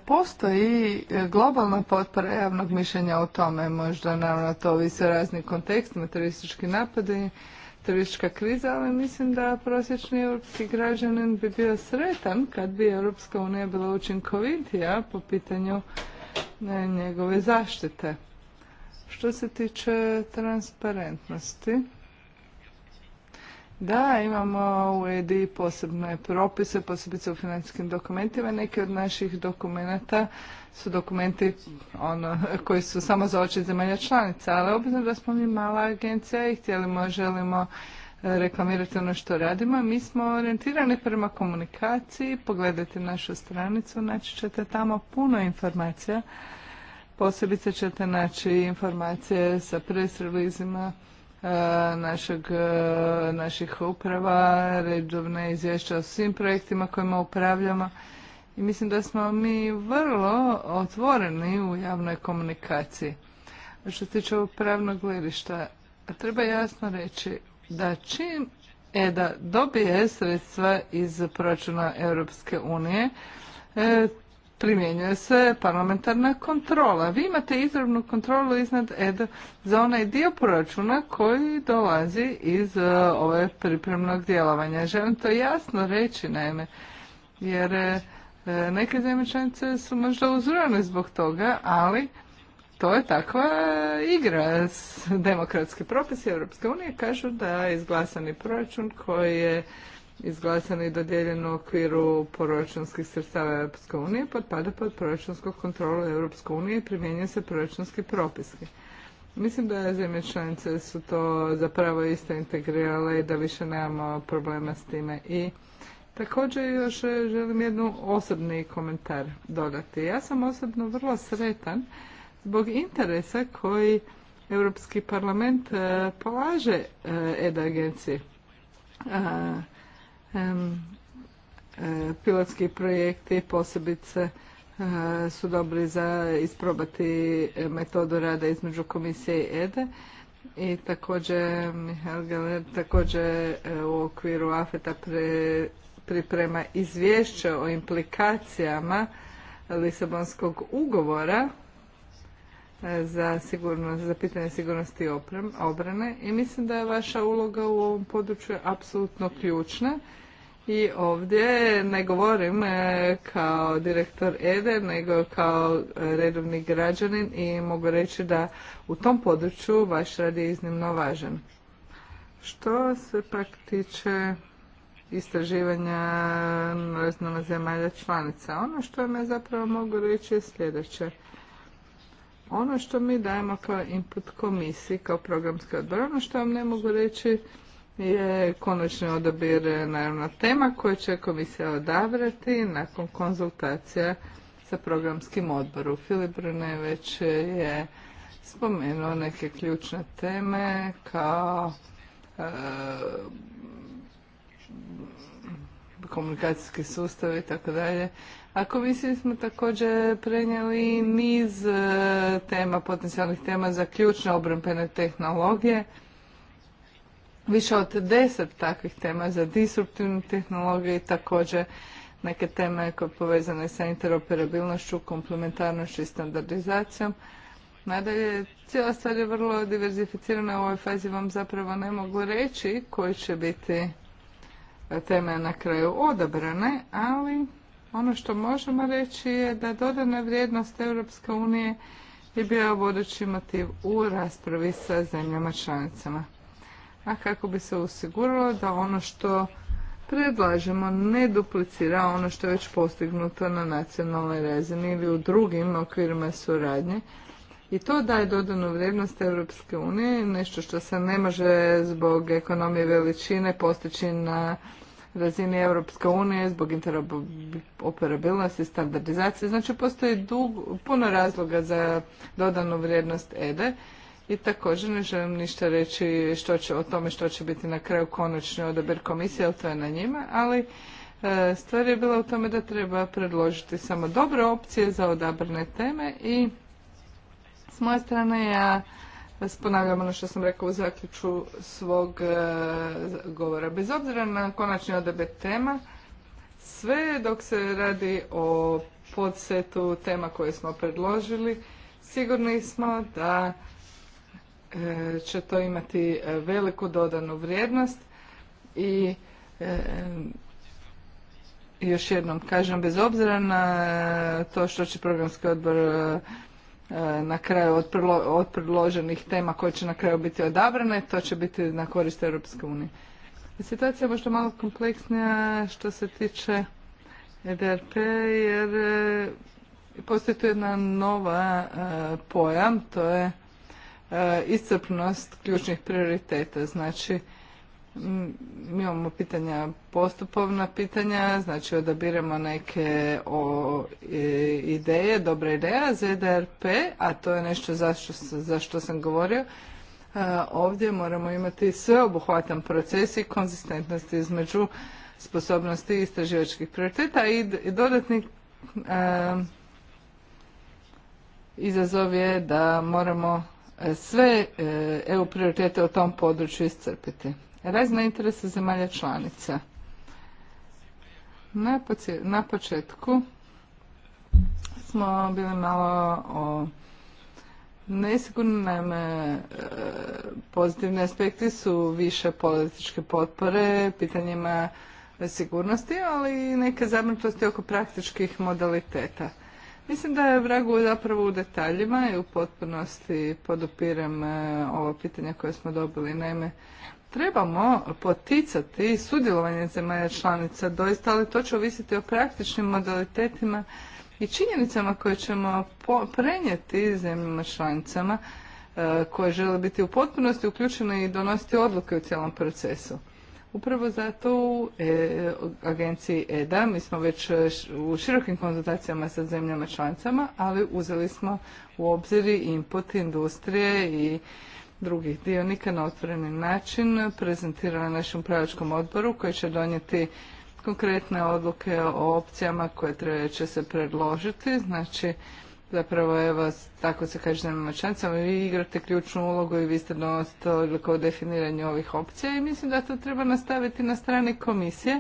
Postoji globalna potpora javnog mišljenja o tome, možda naravno to ovisi o raznim kontekstima, teroristički napadi, teroristička kriza, ali mislim da prosječni europski građanin bi bio sretan kad bi Europska unija bila učinkovitija po pitanju njegove zaštite. Što se tiče transparentnosti, da, imamo u EDI posebne propise, posebice u financijskim dokumentima. Neki od naših dokumenata su dokumenti ono, koji su samo za oči zemalja članica, ali obzirom da smo mi mala agencija i htjelimo, želimo reklamirati ono što radimo. Mi smo orijentirani prema komunikaciji, pogledajte našu stranicu, naći ćete tamo puno informacija. Posebice ćete naći informacije sa presrelizima e, našeg, e, naših uprava, redovne izvješća o svim projektima kojima upravljamo. I mislim da smo mi vrlo otvoreni u javnoj komunikaciji. Što se tiče ovog pravnog gledišta, treba jasno reći, da čim EDA dobije sredstva iz proračuna Europske unije, e, primjenjuje se parlamentarna kontrola. Vi imate izravnu kontrolu iznad EDA za onaj dio proračuna koji dolazi iz e, ove pripremnog djelovanja. Želim to jasno reći, naime, jer e, neke zemlje članice su možda uzrojene zbog toga, ali to je takva igra. Demokratski propisi Europske unije kažu da izglasani proračun koji je izglasan i dodijeljen u okviru proračunskih sredstava Europske unije potpada pod proračunsku kontrolu Europske unije i primjenjuje se proračunski propiski. Mislim da zemlje članice su to zapravo isto integrirale i da više nemamo problema s time. I također još želim jednu osobni komentar dodati. Ja sam osobno vrlo sretan zbog interesa koji Europski parlament e, polaže e, ED agenciji. E, pilotski projekti posebice su dobri za isprobati metodu rada između komisije i EDA i također Mihael Galer također u okviru AFETA priprema izvješće o implikacijama Lisabonskog ugovora za, sigurnost, za pitanje sigurnosti oprem, obrane i mislim da je vaša uloga u ovom području apsolutno ključna. I ovdje ne govorim e, kao direktor EDE, nego kao redovni građanin i mogu reći da u tom području vaš rad je iznimno važan. Što se pak tiče istraživanja na zemalja članica, ono što me zapravo mogu reći je sljedeće ono što mi dajemo kao input komisiji, kao programski odbor, ono što vam ne mogu reći je konačni odabir naravno tema koju će komisija odabrati nakon konzultacija sa programskim odborom. Filip Brune već je spomenuo neke ključne teme kao e, komunikacijski sustav i tako dalje. A komisiji smo također prenijeli niz e, tema, potencijalnih tema za ključne obrambene tehnologije. Više od deset takvih tema za disruptivne tehnologije i također neke teme koje povezane sa interoperabilnošću, komplementarnošću i standardizacijom. Nadalje, cijela stvar je vrlo diverzificirana. U ovoj fazi vam zapravo ne mogu reći koji će biti teme na kraju odabrane, ali ono što možemo reći je da dodana vrijednost Europske unije je bio vodeći motiv u raspravi sa zemljama članicama. A kako bi se osiguralo da ono što predlažemo ne duplicira ono što je već postignuto na nacionalnoj razini ili u drugim okvirima suradnje. I to daje dodanu vrijednost Europske unije, nešto što se ne može zbog ekonomije veličine postići na razini Europske unije zbog interoperabilnosti i standardizacije. Znači postoji dug, puno razloga za dodanu vrijednost EDE e. i također ne želim ništa reći o tome što će biti na kraju konačni odabir komisije, ali to je na njima, ali e, stvar je bila u tome da treba predložiti samo dobre opcije za odabrane teme i s moje strane ja ponavljam ono što sam rekao u zaključu svog e, govora. Bez obzira na konačni odabir tema, sve dok se radi o podsetu tema koje smo predložili, sigurni smo da e, će to imati e, veliku dodanu vrijednost i još jednom kažem, bez obzira na to što će programski odbor E, na kraju od, predloženih tema koje će na kraju biti odabrane, to će biti na korist Europske unije. Situacija je možda malo kompleksnija što se tiče EDRP jer e, postoji tu jedna nova e, pojam, to je iscrpnost ključnih prioriteta. Znači, mi mm, imamo pitanja, postupovna pitanja, znači odabiramo neke o, e, ideje, dobra ideja ZDRP, a to je nešto za što sam govorio. E, ovdje moramo imati sveobuhvatan proces i konzistentnost između sposobnosti istraživačkih prioriteta i, i dodatni e, izazov je da moramo sve EU prioritete u tom području iscrpiti razne interese zemalja članica. Na početku smo bili malo o nesigurno, naime e, pozitivni aspekti su više političke potpore, pitanjima sigurnosti, ali i neke zamrtosti oko praktičkih modaliteta. Mislim da je vragu zapravo u detaljima i u potpunosti podupiram e, ovo pitanje koje smo dobili. Naime, trebamo poticati sudjelovanje zemalja članica doista, ali to će ovisiti o praktičnim modalitetima i činjenicama koje ćemo prenijeti zemljama članicama e, koje žele biti u potpunosti uključene i donositi odluke u cijelom procesu. Upravo zato u e, agenciji EDA mi smo već e, u širokim konzultacijama sa zemljama članicama, ali uzeli smo u obzir input industrije i drugih dionika na otvoreni način na našem pravačkom odboru koji će donijeti konkretne odluke o opcijama koje treba će se predložiti. Znači, zapravo evo, tako se kaže zemljama članicama, vi igrate ključnu ulogu i vi ste donosili odluku definiranju ovih opcija i mislim da to treba nastaviti na strani komisije.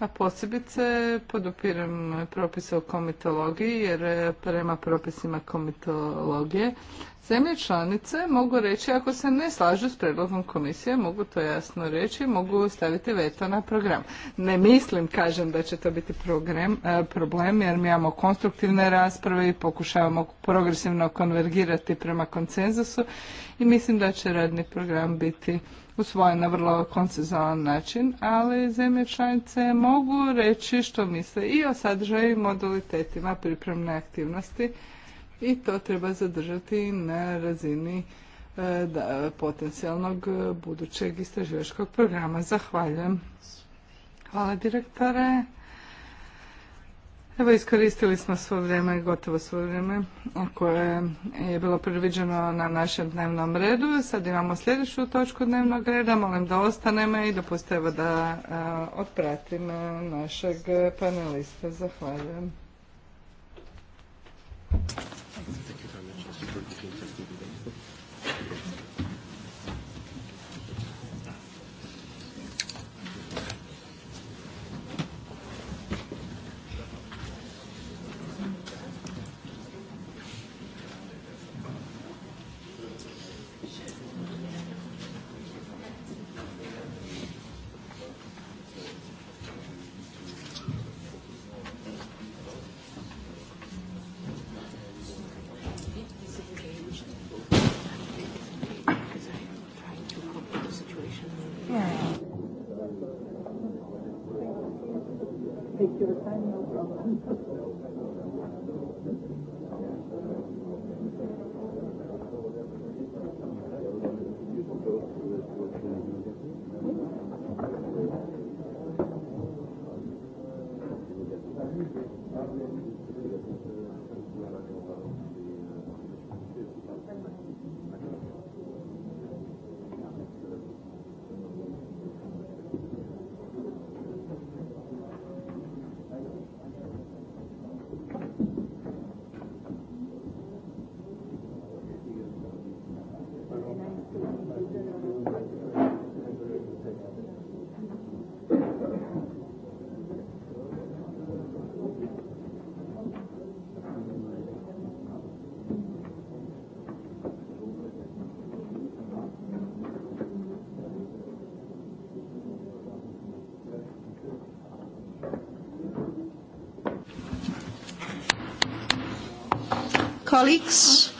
A posebice podupiram propise o komitologiji jer prema propisima komitologije Zemlje članice mogu reći ako se ne slažu s predlogom komisije, mogu to jasno reći, mogu staviti veto na program. Ne mislim, kažem da će to biti program, e, problem jer mi imamo konstruktivne rasprave i pokušavamo progresivno konvergirati prema konsenzusu i mislim da će radni program biti usvojen na vrlo konsenzualan način, ali zemlje članice mogu reći što misle i o sadržaju i modalitetima pripremne aktivnosti i to treba zadržati na razini e, potencijalnog budućeg istraživačkog programa. Zahvaljujem. Hvala direktore. Evo iskoristili smo svo vrijeme, gotovo svo vrijeme koje je bilo predviđeno na našem dnevnom redu. Sad imamo sljedeću točku dnevnog reda. Molim da ostaneme i dopustite evo da a, e, otpratim našeg panelista. Zahvaljujem. Thank Colleagues,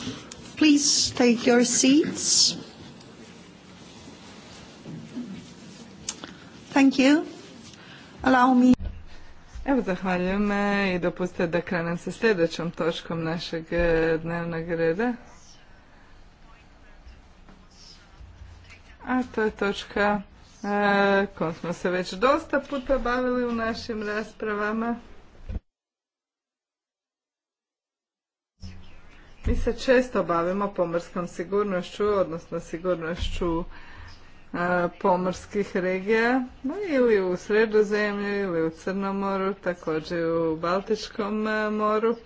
please take your seats. Thank you. Allow me... Evo zahvaljujem e, i dopustite da krenem sa sljedećom točkom našeg e, dnevnog reda. A to je točka e, kojom smo se već dosta puta bavili u našim raspravama. Mi se često bavimo pomorskom sigurnošću, odnosno sigurnošću e, pomorskih regija, ili u Sredozemlju, ili u Crnom moru, također u Baltičkom e, moru.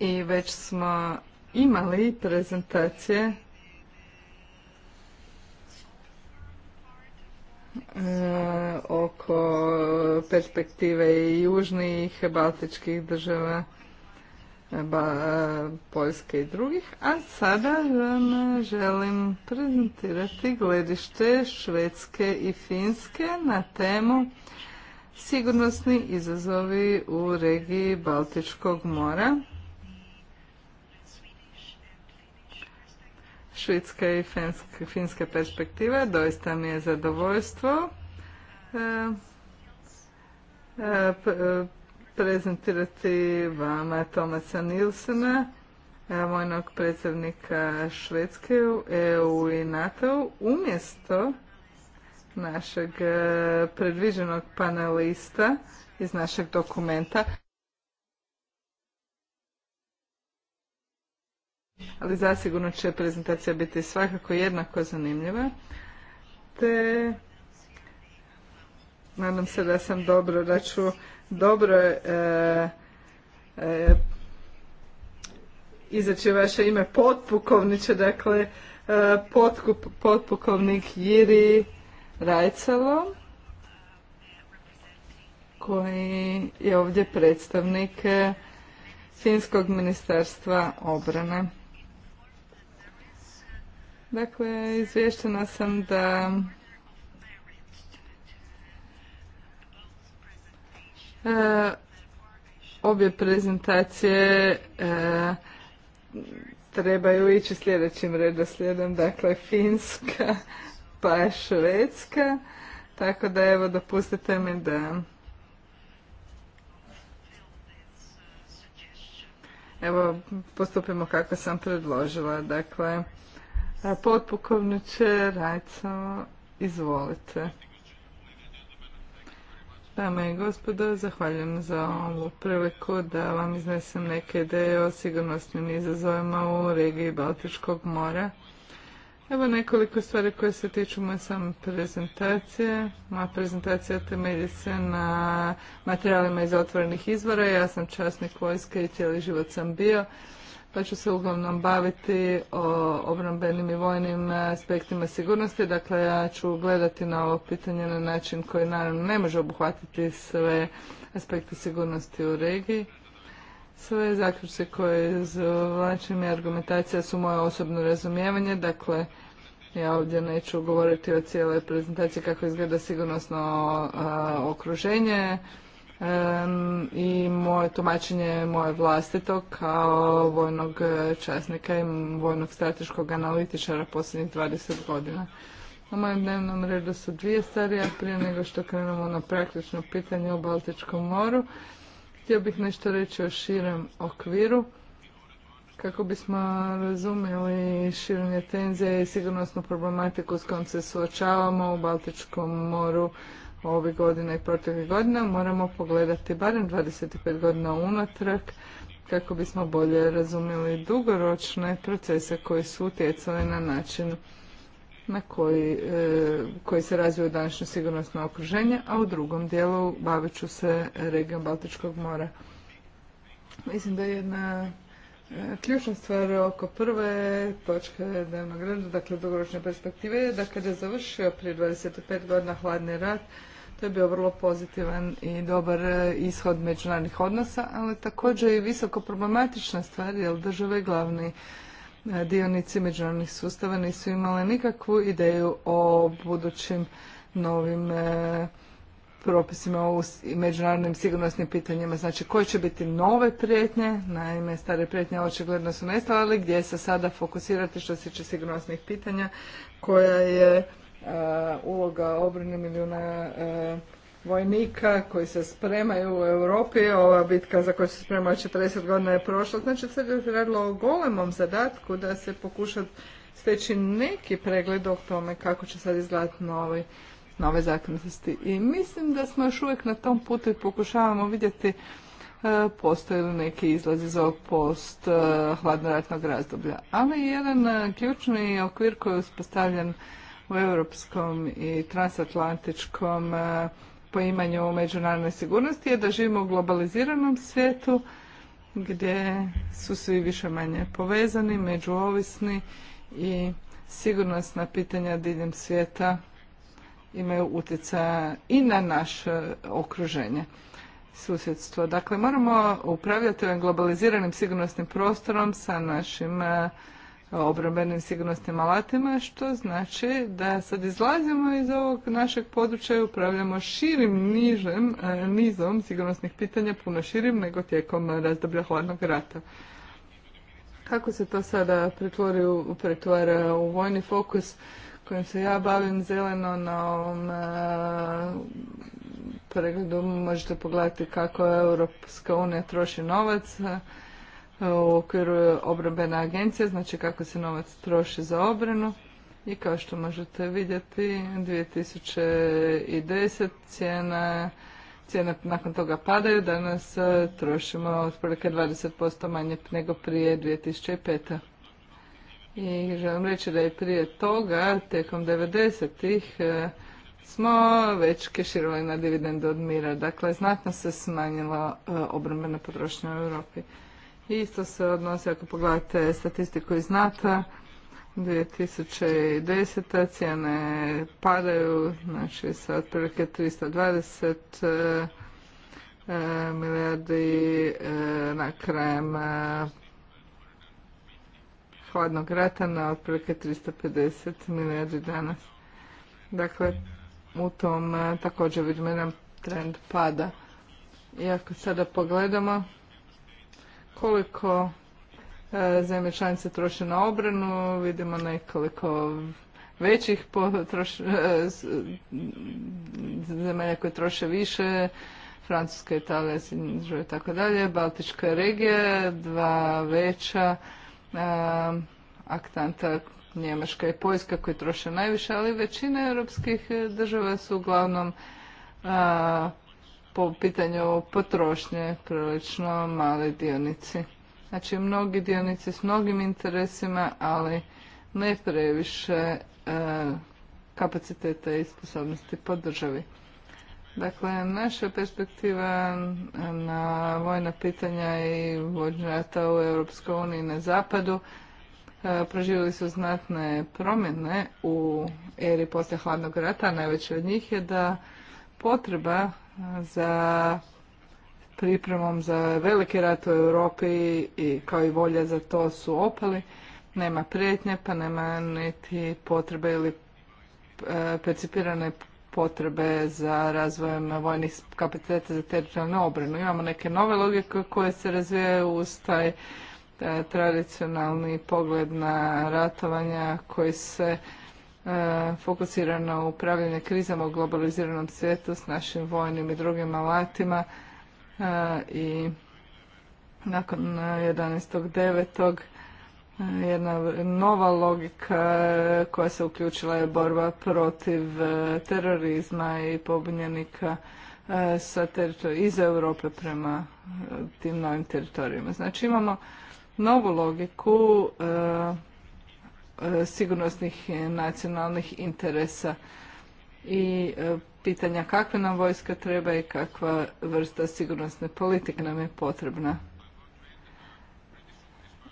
I već smo imali prezentacije e, oko perspektive i južnih baltičkih država E, Poljske i drugih. A sada vam želim prezentirati gledište Švedske i Finske na temu sigurnosni izazovi u regiji Baltičkog mora. Švedska i finska perspektiva, doista mi je zadovoljstvo e, e, prezentirati vama Tomasa Nilsena, e, vojnog predsjednika Švedske u EU i NATO, umjesto našeg e, predviđenog panelista iz našeg dokumenta. Ali zasigurno će prezentacija biti svakako jednako zanimljiva. Te nadam se da sam dobro, da ću dobro je e, e, izaći vaše ime potpukovniče, dakle e, potpukovnik Jiri Rajcalo koji je ovdje predstavnik Finskog ministarstva obrane. Dakle, izvještena sam da E, obje prezentacije e, trebaju ići sljedećim redoslijedom, dakle Finska pa Švedska, tako da evo dopustite mi da evo postupimo kako sam predložila, dakle e, potpukovniče Rajco, izvolite. Dame i gospodo, zahvaljujem za ovu priliku da vam iznesem neke ideje o sigurnosnim izazovima u regiji Baltičkog mora. Evo nekoliko stvari koje se tiču moje same prezentacije. Moja prezentacija temelji se na materijalima iz otvorenih izvora. Ja sam časnik vojske i cijeli život sam bio pa ću se uglavnom baviti o obrambenim i vojnim aspektima sigurnosti. Dakle, ja ću gledati na ovo pitanje na način koji naravno ne može obuhvatiti sve aspekte sigurnosti u regiji. Sve zaključke koje izvlačim i argumentacija su moje osobno razumijevanje, dakle ja ovdje neću govoriti o cijeloj prezentaciji kako izgleda sigurnosno okruženje, i moje tumačenje moje vlastito kao vojnog e, časnika i vojnog strateškog analitičara posljednjih 20 godina. Na mojem dnevnom redu su dvije stvari, a prije nego što krenemo na praktično pitanje o Baltičkom moru, htio bih nešto reći o širem okviru. Kako bismo razumjeli širenje tenzije i sigurnosnu problematiku s kojom se suočavamo u Baltičkom moru, ove godina i protivih godina, moramo pogledati barem 25 godina unatrag kako bismo bolje razumjeli dugoročne procese koji su utjecali na način na koji, e, koji se razviju današnje sigurnosno okruženje, a u drugom dijelu bavit ću se regijom Baltičkog mora. Mislim da je jedna e, Ključna stvar oko prve točke dnevnog reda, dakle dugoročne perspektive, je da kada je završio prije 25 godina hladni rat, to je bio vrlo pozitivan i dobar e, ishod međunarodnih odnosa, ali također i visoko problematična stvar, jer države glavni e, dionici međunarodnih sustava nisu imale nikakvu ideju o budućim novim e, propisima o međunarodnim sigurnosnim pitanjima. Znači, koje će biti nove prijetnje, naime, stare prijetnje očigledno su nestale, ali gdje se sada fokusirati što se tiče sigurnosnih pitanja koja je Uh, uloga obrane milijuna uh, vojnika koji se spremaju u Europi, ova bitka za koju se spremaju 40 godina je prošla, znači sad je radilo o golemom zadatku da se pokuša steći neki pregled o tome kako će sad izgledati nove zakonitosti. I mislim da smo još uvijek na tom putu i pokušavamo vidjeti uh, postoje li neki izlazi za ovog post hladnoratnog razdoblja. Ali jedan ključni okvir koji je uspostavljen u europskom i transatlantičkom e, poimanju međunarodnoj sigurnosti je da živimo u globaliziranom svijetu gdje su svi više manje povezani, međuovisni i sigurnosna pitanja diljem svijeta imaju utjecaja i na naše okruženje susjedstvo. Dakle, moramo upravljati ovim globaliziranim sigurnosnim prostorom sa našim e, obrambenim sigurnosnim alatima, što znači da sad izlazimo iz ovog našeg područja i upravljamo širim nižem, e, nizom sigurnosnih pitanja, puno širim nego tijekom razdoblja hladnog rata. Kako se to sada pretvara u vojni fokus kojim se ja bavim zeleno na ovom e, pregledu možete pogledati kako Europska unija troši novac u okviru obrambena agencija znači kako se novac troši za obranu. I kao što možete vidjeti, 2010 cijena, cijena nakon toga padaju, danas e, trošimo otprilike 20% manje nego prije 2005. I želim reći da je prije toga, tijekom 90-ih, e, smo već keširali na dividendu od mira. Dakle, znatno se smanjila e, obrambena potrošnja u Europi. Isto se odnosi, ako pogledate statistiku iz NATO-a, 2010. cijene padaju, znači sa otprilike 320 e, e, milijardi e, na krajem hladnog rata na otprilike 350 milijardi danas. Dakle, u tom također vidimo trend pada. I ako sada pogledamo, koliko e, zemlje članice troše na obranu, vidimo nekoliko većih e, zemlje koje troše više, Francuska, Italija, i tako dalje, Baltička regija, dva veća, e, aktanta Njemačka i Poljska koje troše najviše, ali većina europskih država su uglavnom po pitanju potrošnje prilično mali dionici. Znači mnogi dionici s mnogim interesima, ali ne previše e, kapaciteta i sposobnosti po državi. Dakle, naša perspektiva na vojna pitanja i rata u Europskoj uniji na zapadu e, proživjeli su znatne promjene u eri poslije hladnog rata. Najveće od njih je da potreba za pripremom za veliki rat u Europi i kao i volja za to su opali. Nema prijetnje, pa nema niti potrebe ili percipirane potrebe za razvojem vojnih kapaciteta za teritorijalnu obranu. Imamo neke nove logike koje se razvijaju uz taj tradicionalni pogled na ratovanja koji se E, fokusirano upravljanje krizama u globaliziranom svijetu s našim vojnim i drugim alatima e, i nakon 11.9. E, jedna nova logika koja se uključila je borba protiv terorizma i pobunjenika sa iz Europe prema tim novim teritorijima. Znači imamo novu logiku E, sigurnosnih nacionalnih interesa i e, pitanja kakva nam vojska treba i kakva vrsta sigurnosne politike nam je potrebna.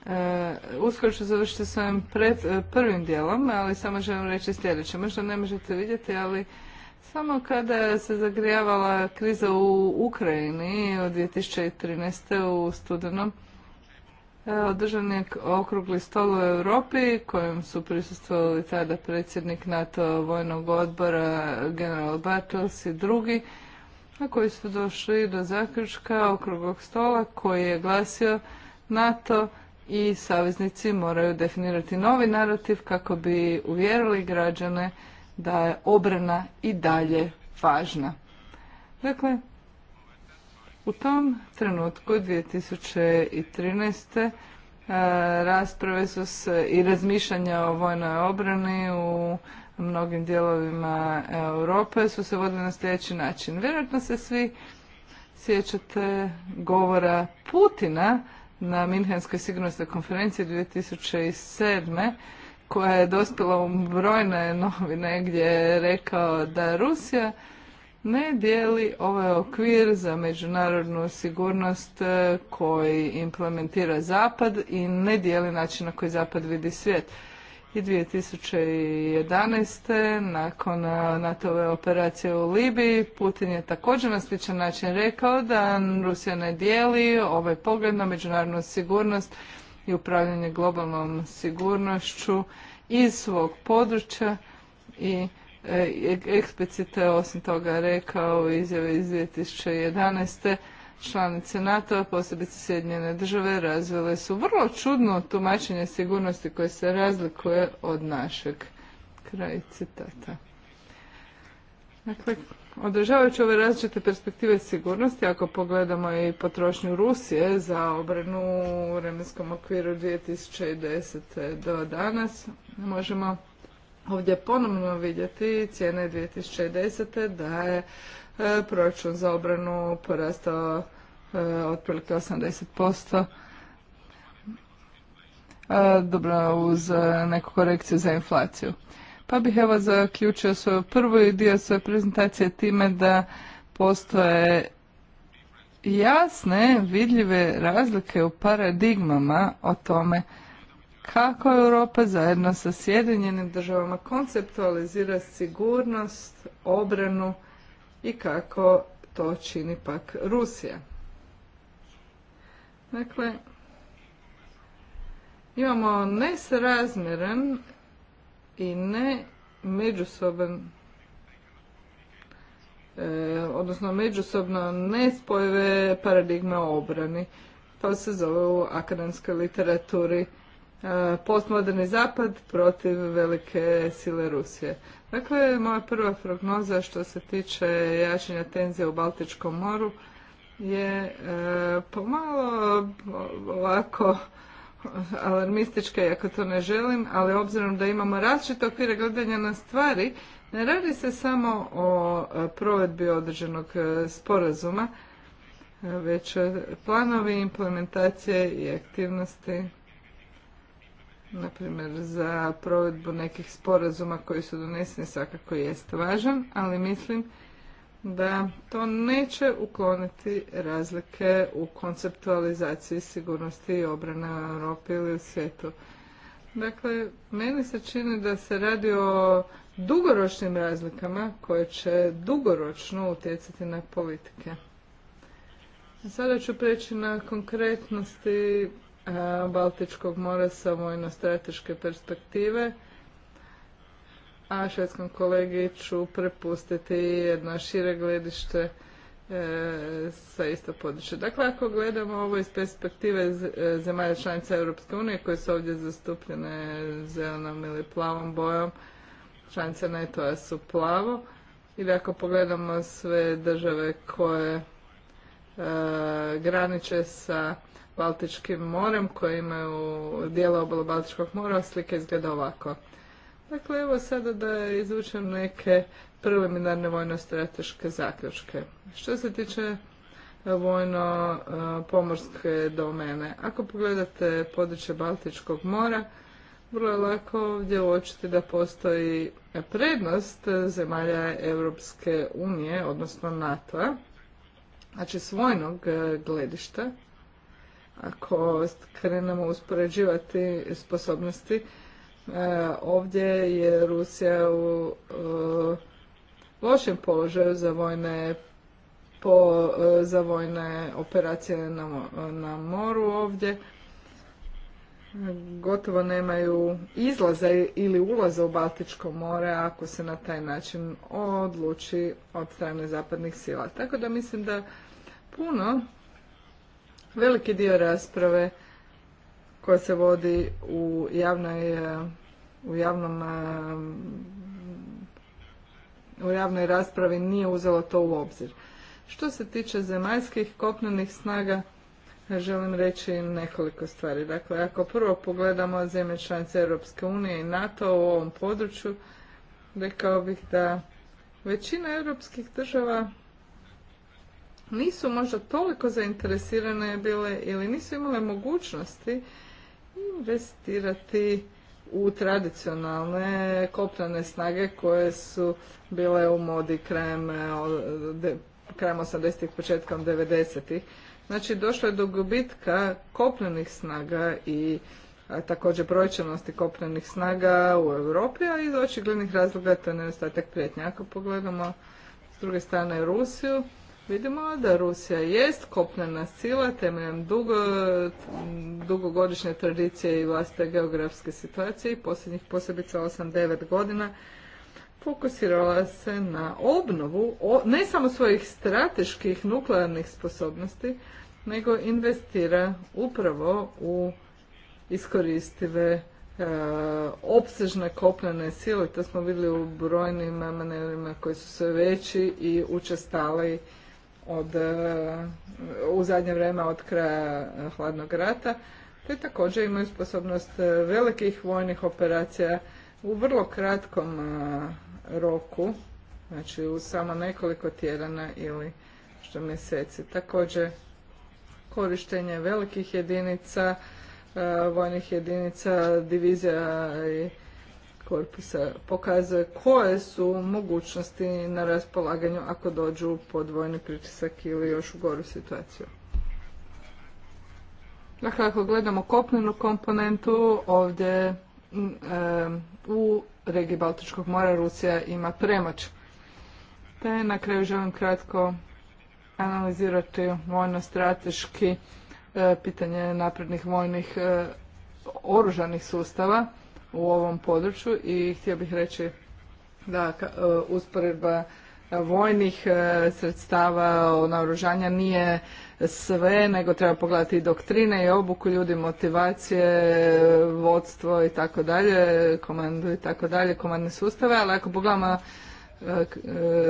E, uskoro ću završiti s ovim prvim dijelom, ali samo želim reći sljedeće. Možda ne možete vidjeti, ali samo kada se zagrijavala kriza u Ukrajini od 2013. u studenom, E, održan je okrugli stol u Europi kojem su prisustvovali tada predsjednik NATO vojnog odbora general Bartels i drugi a koji su došli do zaključka okruglog stola koji je glasio NATO i saveznici moraju definirati novi narativ kako bi uvjerili građane da je obrana i dalje važna. Dakle, u tom trenutku 2013. rasprave su se i razmišljanja o vojnoj obrani u mnogim dijelovima Europe su se vodili na sljedeći način. Vjerojatno se svi sjećate govora Putina na Minhenskoj sigurnosnoj konferenciji 2007. koja je dospjela u brojne [laughs] novine gdje je rekao da Rusija ne dijeli ovaj okvir za međunarodnu sigurnost e, koji implementira Zapad i ne dijeli način na koji Zapad vidi svijet. I 2011. nakon e, nato operacije u Libiji, Putin je također na sličan način rekao da Rusija ne dijeli ovaj pogled na međunarodnu sigurnost i upravljanje globalnom sigurnošću iz svog područja i E, eksplicite osim toga rekao izjave iz 2011. Članice NATO, posebice Sjedinjene države, razvile su vrlo čudno tumačenje sigurnosti koje se razlikuje od našeg. Kraj citata. Dakle, održavajući ove različite perspektive sigurnosti, ako pogledamo i potrošnju Rusije za obranu u vremenskom okviru 2010. do danas, možemo ovdje ponovno vidjeti cijene 2010. da je e, proračun za obranu porastao e, otprilike 80%. E, dobro, uz neku korekciju za inflaciju. Pa bih evo zaključio svoj i dio svoje prezentacije time da postoje jasne, vidljive razlike u paradigmama o tome kako Europa zajedno sa Sjedinjenim državama konceptualizira sigurnost, obranu i kako to čini pak Rusija. Dakle, imamo nesrazmjeran i ne međusoban e, odnosno međusobno nespojive paradigme obrani. To se zove u akademskoj literaturi E, postmoderni zapad protiv velike sile Rusije. Dakle, moja prva prognoza što se tiče jačanja tenzija u Baltičkom moru je e, pomalo ovako alarmistička, iako to ne želim, ali obzirom da imamo različite okvire gledanja na stvari, ne radi se samo o e, provedbi određenog sporazuma, već planovi, implementacije i aktivnosti na primjer za provedbu nekih sporazuma koji su doneseni svakako jest važan, ali mislim da to neće ukloniti razlike u konceptualizaciji sigurnosti i obrane u Europi ili u svijetu. Dakle, meni se čini da se radi o dugoročnim razlikama koje će dugoročno utjecati na politike. Sada ću preći na konkretnosti E, Baltičkog mora sa vojno-strateške perspektive, a švedskom kolegi ću prepustiti jedno šire gledište e, sa isto područje. Dakle, ako gledamo ovo iz perspektive e, zemalja članica Europske unije koje su ovdje zastupljene zelenom ili plavom bojom, članice NATO-a su plavo, ili ako pogledamo sve države koje graniče sa Baltičkim morem koje imaju dijela obalo Baltičkog mora, slika izgleda ovako. Dakle, evo sada da izvučem neke preliminarne vojno-strateške zaključke. Što se tiče e, vojno-pomorske e, domene, ako pogledate područje Baltičkog mora, vrlo je lako ovdje uočiti da postoji prednost zemalja Europske unije, odnosno NATO-a, znači s vojnog e, gledišta, ako krenemo uspoređivati sposobnosti, e, ovdje je Rusija u e, lošem položaju za vojne e, za vojne operacije na, na moru ovdje. Gotovo nemaju izlaza ili ulaza u Baltičko more ako se na taj način odluči od strane zapadnih sila. Tako da mislim da puno Veliki dio rasprave koja se vodi u javnoj e, u javnom e, raspravi nije uzelo to u obzir. Što se tiče zemaljskih kopnenih snaga, želim reći nekoliko stvari. Dakle, ako prvo pogledamo zemlje članice Europske unije i NATO u ovom području, rekao bih da većina europskih država nisu možda toliko zainteresirane bile ili nisu imale mogućnosti investirati u tradicionalne kopnene snage koje su bile u modi krajem, krajem 80-ih, početkom 90-ih. Znači, došlo je do gubitka kopnenih snaga i također brojčanosti kopnenih snaga u Europi, a iz očiglednih razloga to je nedostatak prijetnja. Ako pogledamo s druge strane Rusiju, Vidimo da Rusija jest kopnena sila temeljem dugo, dugogodišnje tradicije i vlastite geografske situacije i posljednjih posebica 8-9 godina fokusirala se na obnovu ne samo svojih strateških nuklearnih sposobnosti, nego investira upravo u iskoristive e, opsežne kopnene sile. To smo vidjeli u brojnim manevrima koji su sve veći i učestali od, e, u zadnje vrijeme od kraja hladnog rata, te također imaju sposobnost e, velikih vojnih operacija u vrlo kratkom e, roku, znači u samo nekoliko tjedana ili što mjeseci. Također korištenje velikih jedinica, vojnih jedinica, divizija i korpusa pokazuje koje su mogućnosti na raspolaganju ako dođu pod vojni pritisak ili još u goru situaciju. Dakle, ako gledamo kopnenu komponentu, ovdje mm, u regiji Baltičkog mora Rusija ima premoć. Te na kraju želim kratko analizirati vojno-strateški e, pitanje naprednih vojnih e, oružanih sustava u ovom području i htio bih reći da e, usporedba vojnih e, sredstava naoružanja nije sve, nego treba pogledati i doktrine i obuku ljudi, motivacije, vodstvo i tako dalje, komandu i tako dalje, komandne sustave, ali ako pogledamo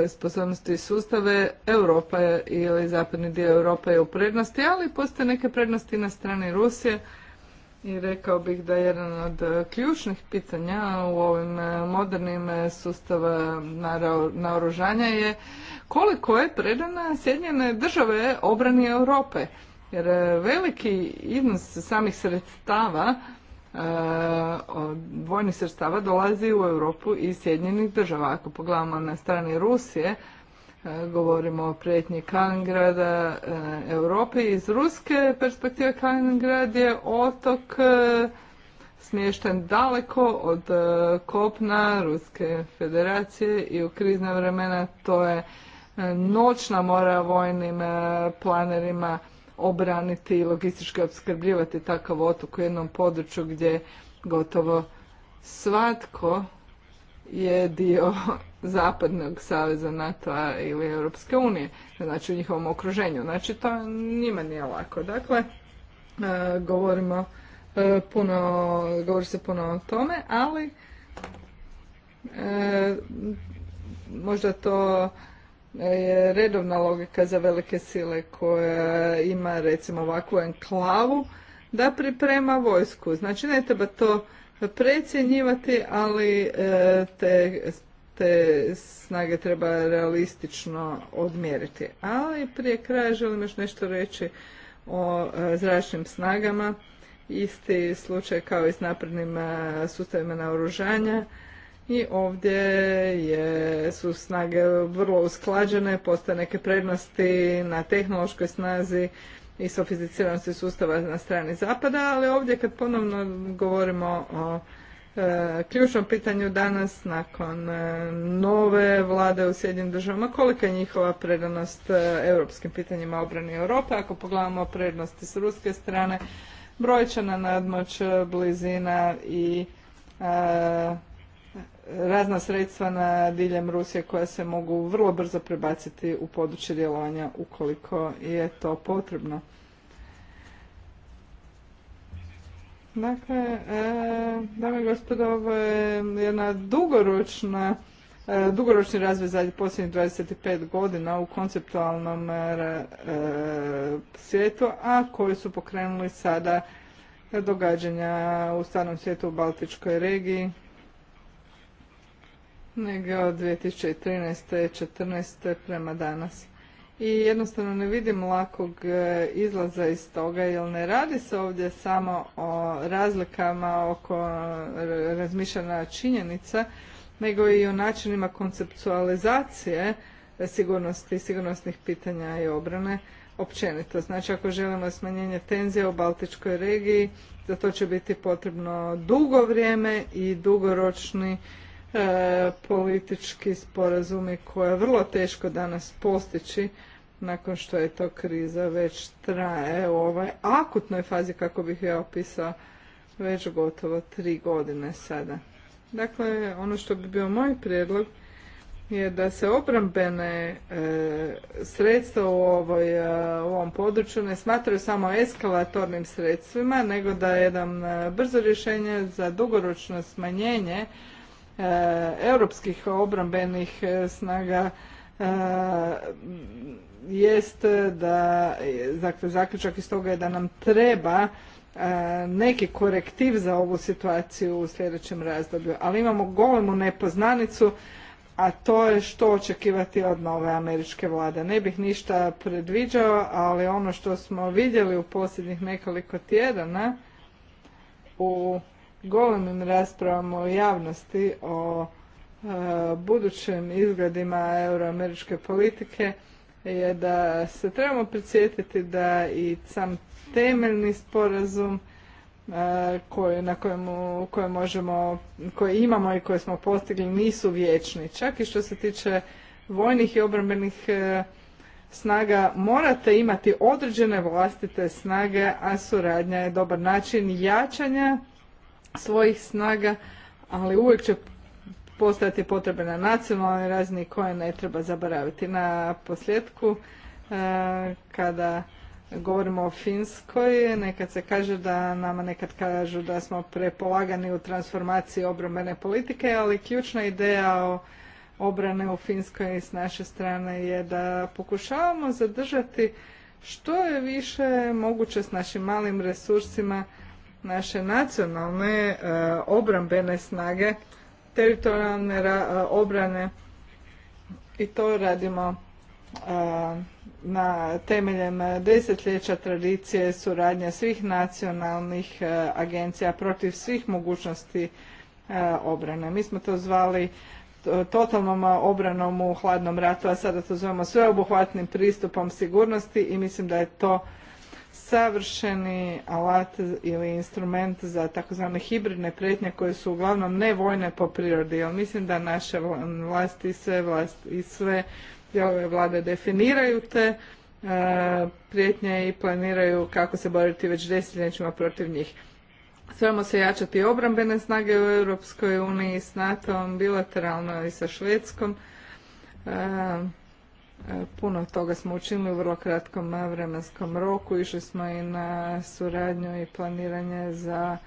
e, sposobnosti i sustave, Europa ili zapadni dio Europe je u prednosti, ali postoje neke prednosti na strani Rusije i rekao bih da je jedan od e, ključnih pitanja u ovim e, modernim e, sustava naoružanja je koliko je predana Sjedinjene države obrani Europe. Jer veliki iznos samih sredstava vojnih sredstava dolazi u Europu iz Sjedinjenih država. Ako pogledamo na strani Rusije, E, govorimo o prijetnji Kaliningrada e, Europi. Iz ruske perspektive Kaliningrad je otok e, smješten daleko od kopna Ruske federacije i u krizna vremena to je noćna mora vojnim planerima obraniti i logistički opskrbljivati takav otok u jednom području gdje gotovo svatko je dio [laughs] zapadnog saveza NATO-a ili Europske unije, znači u njihovom okruženju. Znači to njima nije lako. Dakle, e, govorimo e, puno, govori se puno o tome, ali e, možda to je redovna logika za velike sile koja ima recimo ovakvu enklavu da priprema vojsku. Znači ne treba to precjenjivati, ali e, te, te snage treba realistično odmjeriti. Ali prije kraja želim još nešto reći o e, zračnim snagama. Isti slučaj kao i s naprednim e, sustavima naoružanja. I ovdje je, su snage vrlo usklađene, postoje neke prednosti na tehnološkoj snazi, i sofisticiranosti sustava na strani zapada, ali ovdje kad ponovno govorimo o e, ključnom pitanju danas nakon e, nove vlade u Sjedinim državama, kolika je njihova predanost e, europskim pitanjima obrani Europe, ako pogledamo prednosti s ruske strane, brojčana nadmoć, blizina i razna sredstva na diljem Rusije koja se mogu vrlo brzo prebaciti u područje djelovanja ukoliko je to potrebno. Dakle, e, dame i gospodo, ovo je jedna dugoročna e, dugoročni razvoj zadnjih posljednjih 25 godina u konceptualnom e, e, svijetu, a koji su pokrenuli sada događanja u stanom svijetu u Baltičkoj regiji, nego od 2013. 14. prema danas. I jednostavno ne vidim lakog e, izlaza iz toga, jer ne radi se ovdje samo o razlikama oko e, razmišljanja činjenica, nego i o načinima konceptualizacije e, sigurnosti i sigurnosnih pitanja i obrane općenito. Znači ako želimo smanjenje tenzija u Baltičkoj regiji, za to će biti potrebno dugo vrijeme i dugoročni E, politički sporazumi koje je vrlo teško danas postići nakon što je to kriza već traje u ovoj akutnoj fazi kako bih ja opisao već gotovo tri godine sada. Dakle, ono što bi bio moj prijedlog je da se obrambene e, sredstva e, u, ovom području ne smatraju samo eskalatornim sredstvima, nego da je jedan brzo rješenje za dugoročno smanjenje Eh, europskih obrambenih eh, snaga eh, jest da, dakle zaključak iz toga je da nam treba neki korektiv za ovu situaciju u sljedećem razdoblju, ali imamo golemu nepoznanicu, a to je što očekivati od nove američke vlade. Ne bih ništa predviđao, ali ono što smo vidjeli u posljednjih nekoliko tjedana u golemim raspravama u javnosti o e, budućim izgledima euroameričke politike je da se trebamo prisjetiti da i sam temeljni sporazum e, na kojemu, koje možemo, koje imamo i koje smo postigli nisu vječni. Čak i što se tiče vojnih i obrambenih e, snaga morate imati određene vlastite snage, a suradnja je dobar način jačanja svojih snaga, ali uvijek će postojati potrebe na nacionalnoj razini koje ne treba zaboraviti. Na posljedku, e, kada govorimo o Finskoj, nekad se kaže da nama nekad kažu da smo prepolagani u transformaciji obrambene politike, ali ključna ideja o obrane u Finskoj s naše strane je da pokušavamo zadržati što je više moguće s našim malim resursima naše nacionalne e, obrambene snage, teritorijalne e, obrane i to radimo e, na temeljem desetljeća tradicije suradnja svih nacionalnih agencija protiv svih mogućnosti obrane. Mi smo to zvali totalnom obranom u hladnom ratu, a sada to zovemo sveobuhvatnim pristupom sigurnosti i mislim da je to savršeni alat ili instrument za takozvane hibridne prijetnje koje su uglavnom ne vojne po prirodi, jer mislim da naše vlasti i sve vlasti i sve dijelove vlade definiraju te e, prijetnje i planiraju kako se boriti već desetljećima protiv njih. Svemo se jačati obrambene snage u Europskoj uniji s NATO-om, bilateralno i sa Švedskom. E, Puno toga smo učinili u vrlo kratkom vremenskom roku. Išli smo i na suradnju i planiranje za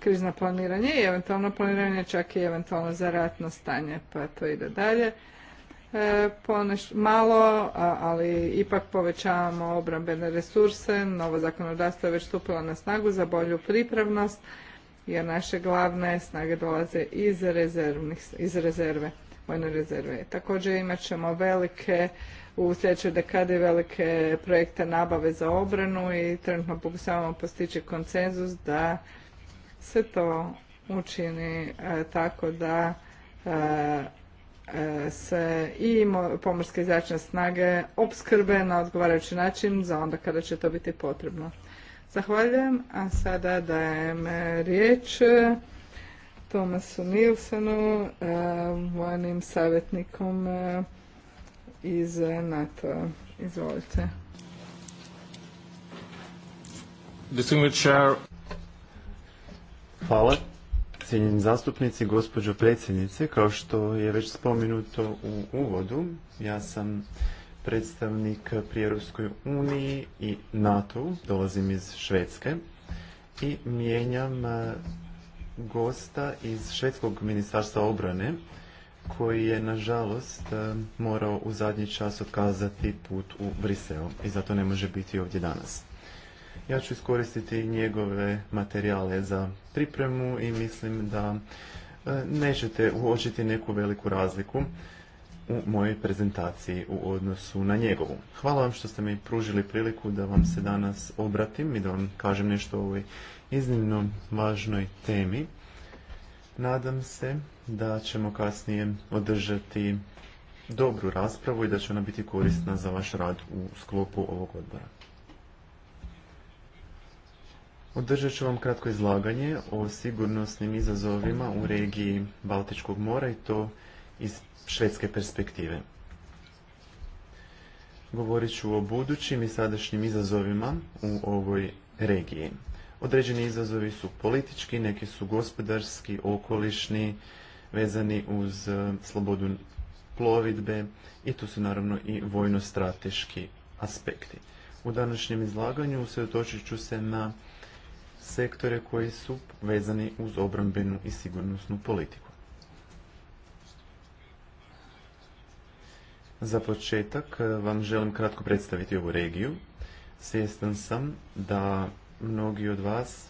krizno planiranje i eventualno planiranje čak i eventualno za ratno stanje, pa to ide dalje. E, malo, ali ipak povećavamo obrambene resurse. Novo zakonodavstvo je već stupilo na snagu za bolju pripravnost, jer naše glavne snage dolaze iz, rezervnih, iz rezerve vojne rezerve. Također imat ćemo velike u sljedećoj dekadi velike projekte nabave za obranu i trenutno pokušavamo postići konsenzus da se to učini e, tako da e, e, se i pomorske izračne snage opskrbe na odgovarajući način za onda kada će to biti potrebno. Zahvaljujem, a sada dajem riječ Tomasu Nilsenu, e, vojnim savjetnikom e, iz nato Izvolite. Hvala. Cijenjeni zastupnici, gospođo predsjednice, kao što je već spomenuto u uvodu, ja sam predstavnik pri Europskoj uniji i NATO, dolazim iz Švedske i mijenjam e, gosta iz Švedskog ministarstva obrane koji je nažalost e, morao u zadnji čas otkazati put u Brisel i zato ne može biti ovdje danas. Ja ću iskoristiti njegove materijale za pripremu i mislim da e, nećete uočiti neku veliku razliku u mojoj prezentaciji u odnosu na njegovu. Hvala vam što ste mi pružili priliku da vam se danas obratim i da vam kažem nešto o ovoj iznimno važnoj temi. Nadam se da ćemo kasnije održati dobru raspravu i da će ona biti korisna za vaš rad u sklopu ovog odbora. Održat ću vam kratko izlaganje o sigurnosnim izazovima u regiji Baltičkog mora i to iz švedske perspektive. Govorit ću o budućim i sadašnjim izazovima u ovoj regiji. Određeni izazovi su politički, neki su gospodarski, okolišni, vezani uz e, slobodu plovidbe i tu su naravno i vojno-strateški aspekti. U današnjem izlaganju usredotočit ću se na sektore koji su vezani uz obrambenu i sigurnosnu politiku. Za početak e, vam želim kratko predstaviti ovu regiju. Svjestan sam da mnogi od vas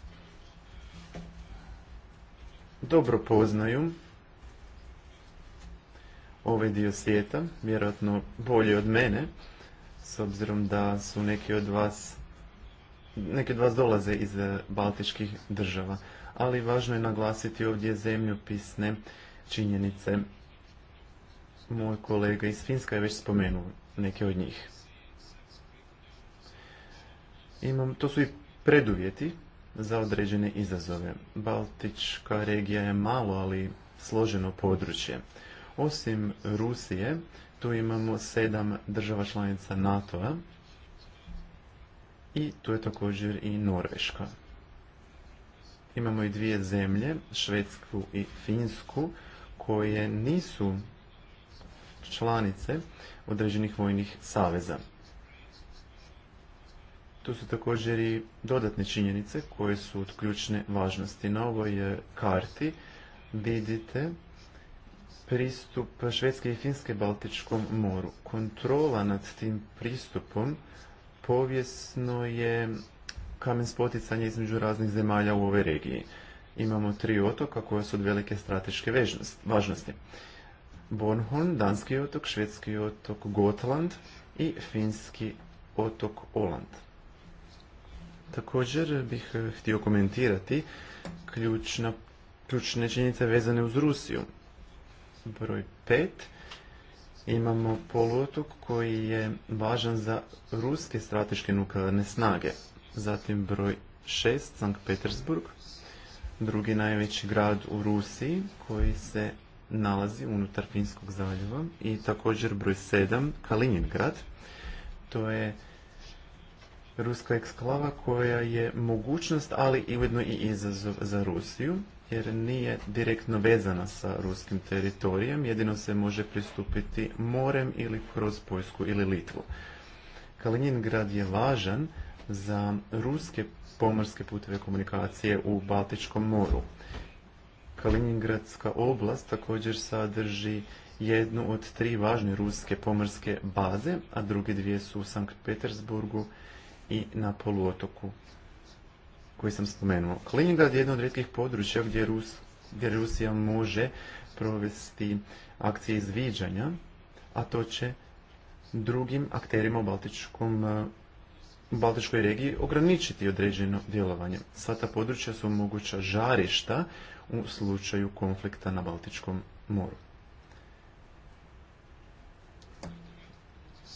dobro poznaju ovaj dio svijeta, vjerojatno bolje od mene, s obzirom da su neki od vas neki od vas dolaze iz eh, baltičkih država, ali važno je naglasiti ovdje zemljopisne činjenice. Moj kolega iz Finska je već spomenuo neke od njih. Imam, to su i preduvjeti za određene izazove. Baltička regija je malo, ali složeno područje. Osim Rusije, tu imamo sedam država članica NATO-a i tu je također i Norveška. Imamo i dvije zemlje, Švedsku i Finsku, koje nisu članice određenih vojnih saveza. Tu su također i dodatne činjenice koje su od ključne važnosti. Na ovoj e, karti vidite pristup Švedske i Finske Baltičkom moru. Kontrola nad tim pristupom povijesno je kamen spoticanja između raznih zemalja u ovoj regiji. Imamo tri otoka koje su od velike strateške važnosti. Bornholm, danski otok, švedski otok Gotland i finski otok Oland. Također bih e, htio komentirati ključna, ključne činjenice vezane uz Rusiju. Broj 5. Imamo poluotok koji je važan za ruske strateške nuklearne snage. Zatim broj 6, Sankt Petersburg, drugi najveći grad u Rusiji koji se nalazi unutar Finskog zaljeva i također broj 7, Kaliningrad. To je ruska eksklava koja je mogućnost, ali i ujedno i izazov za Rusiju, jer nije direktno vezana sa ruskim teritorijem, jedino se može pristupiti morem ili kroz Poljsku ili Litvu. Kaliningrad je važan za ruske pomorske puteve komunikacije u Baltičkom moru. Kaliningradska oblast također sadrži jednu od tri važne ruske pomorske baze, a druge dvije su u Sankt Petersburgu i na poluotoku koji sam spomenuo. Kaliningrad je jedno od rijetkih područja gdje, Rus, gdje Rusija može provesti akcije izviđanja, a to će drugim akterima u Baltičkom u e, Baltičkoj regiji ograničiti određeno djelovanje. Sva ta područja su moguća žarišta u slučaju konflikta na Baltičkom moru.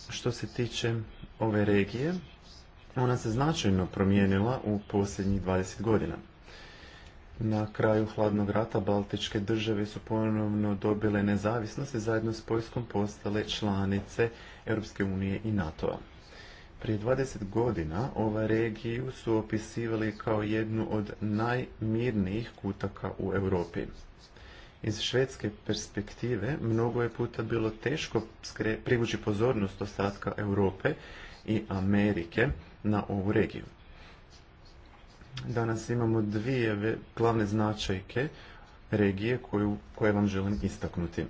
Što se tiče ove regije, ona se značajno promijenila u posljednjih 20 godina. Na kraju hladnog rata Baltičke države su ponovno dobile nezavisnost i zajedno s Poljskom postale članice Europske unije i NATO-a. Prije 20 godina ova regiju su opisivali kao jednu od najmirnijih kutaka u Europi. Iz švedske perspektive mnogo je puta bilo teško privući pozornost ostatka Europe i Amerike na ovu regiju. Danas imamo dvije glavne značajke regije koju, koje vam želim istaknuti.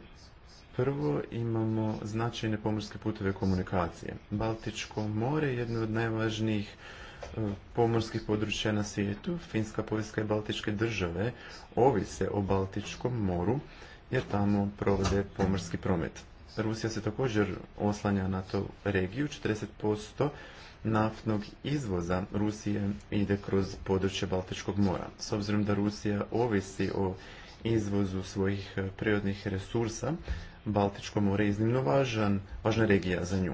Prvo imamo značajne pomorske puteve komunikacije. Baltičko more je jedno od najvažnijih e, pomorskih područja na svijetu. Finska, Poljska i Baltičke države ovise o Baltičkom moru jer tamo provode pomorski promet. Rusija se također oslanja na tu regiju. 40% naftnog izvoza Rusije ide kroz područje Baltičkog mora. S obzirom da Rusija ovisi o izvozu svojih eh, prirodnih resursa, Baltičko more je iznimno važan, važna regija za nju.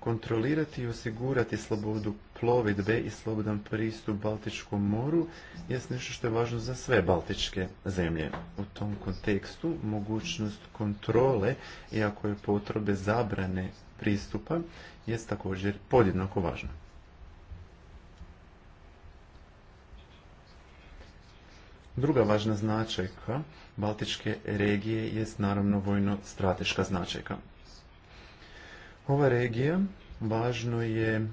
Kontrolirati i osigurati slobodu plovidbe i slobodan pristup Baltičkom moru je nešto što je važno za sve baltičke zemlje. U tom kontekstu mogućnost kontrole i ako je potrebe zabrane pristupa jest također podjednako važna. Druga važna značajka Baltičke regije jest naravno vojno-strateška značajka. Ova regija važno je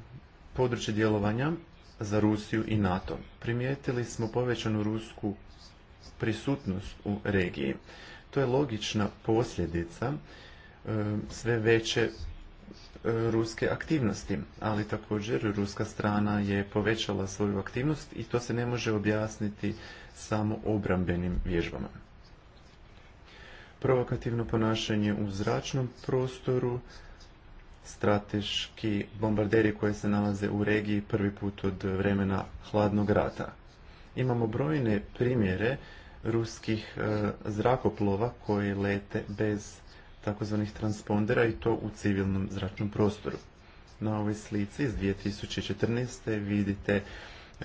područje djelovanja za Rusiju i NATO. Primijetili smo povećanu rusku prisutnost u regiji. To je logična posljedica e, sve veće ruske aktivnosti, ali također ruska strana je povećala svoju aktivnost i to se ne može objasniti samo obrambenim vježbama. Provokativno ponašanje u zračnom prostoru, strateški bombarderi koje se nalaze u regiji prvi put od vremena hladnog rata. Imamo brojne primjere ruskih e, zrakoplova koji lete bez takozvanih transpondera i to u civilnom zračnom prostoru. Na ovoj slici iz 2014. vidite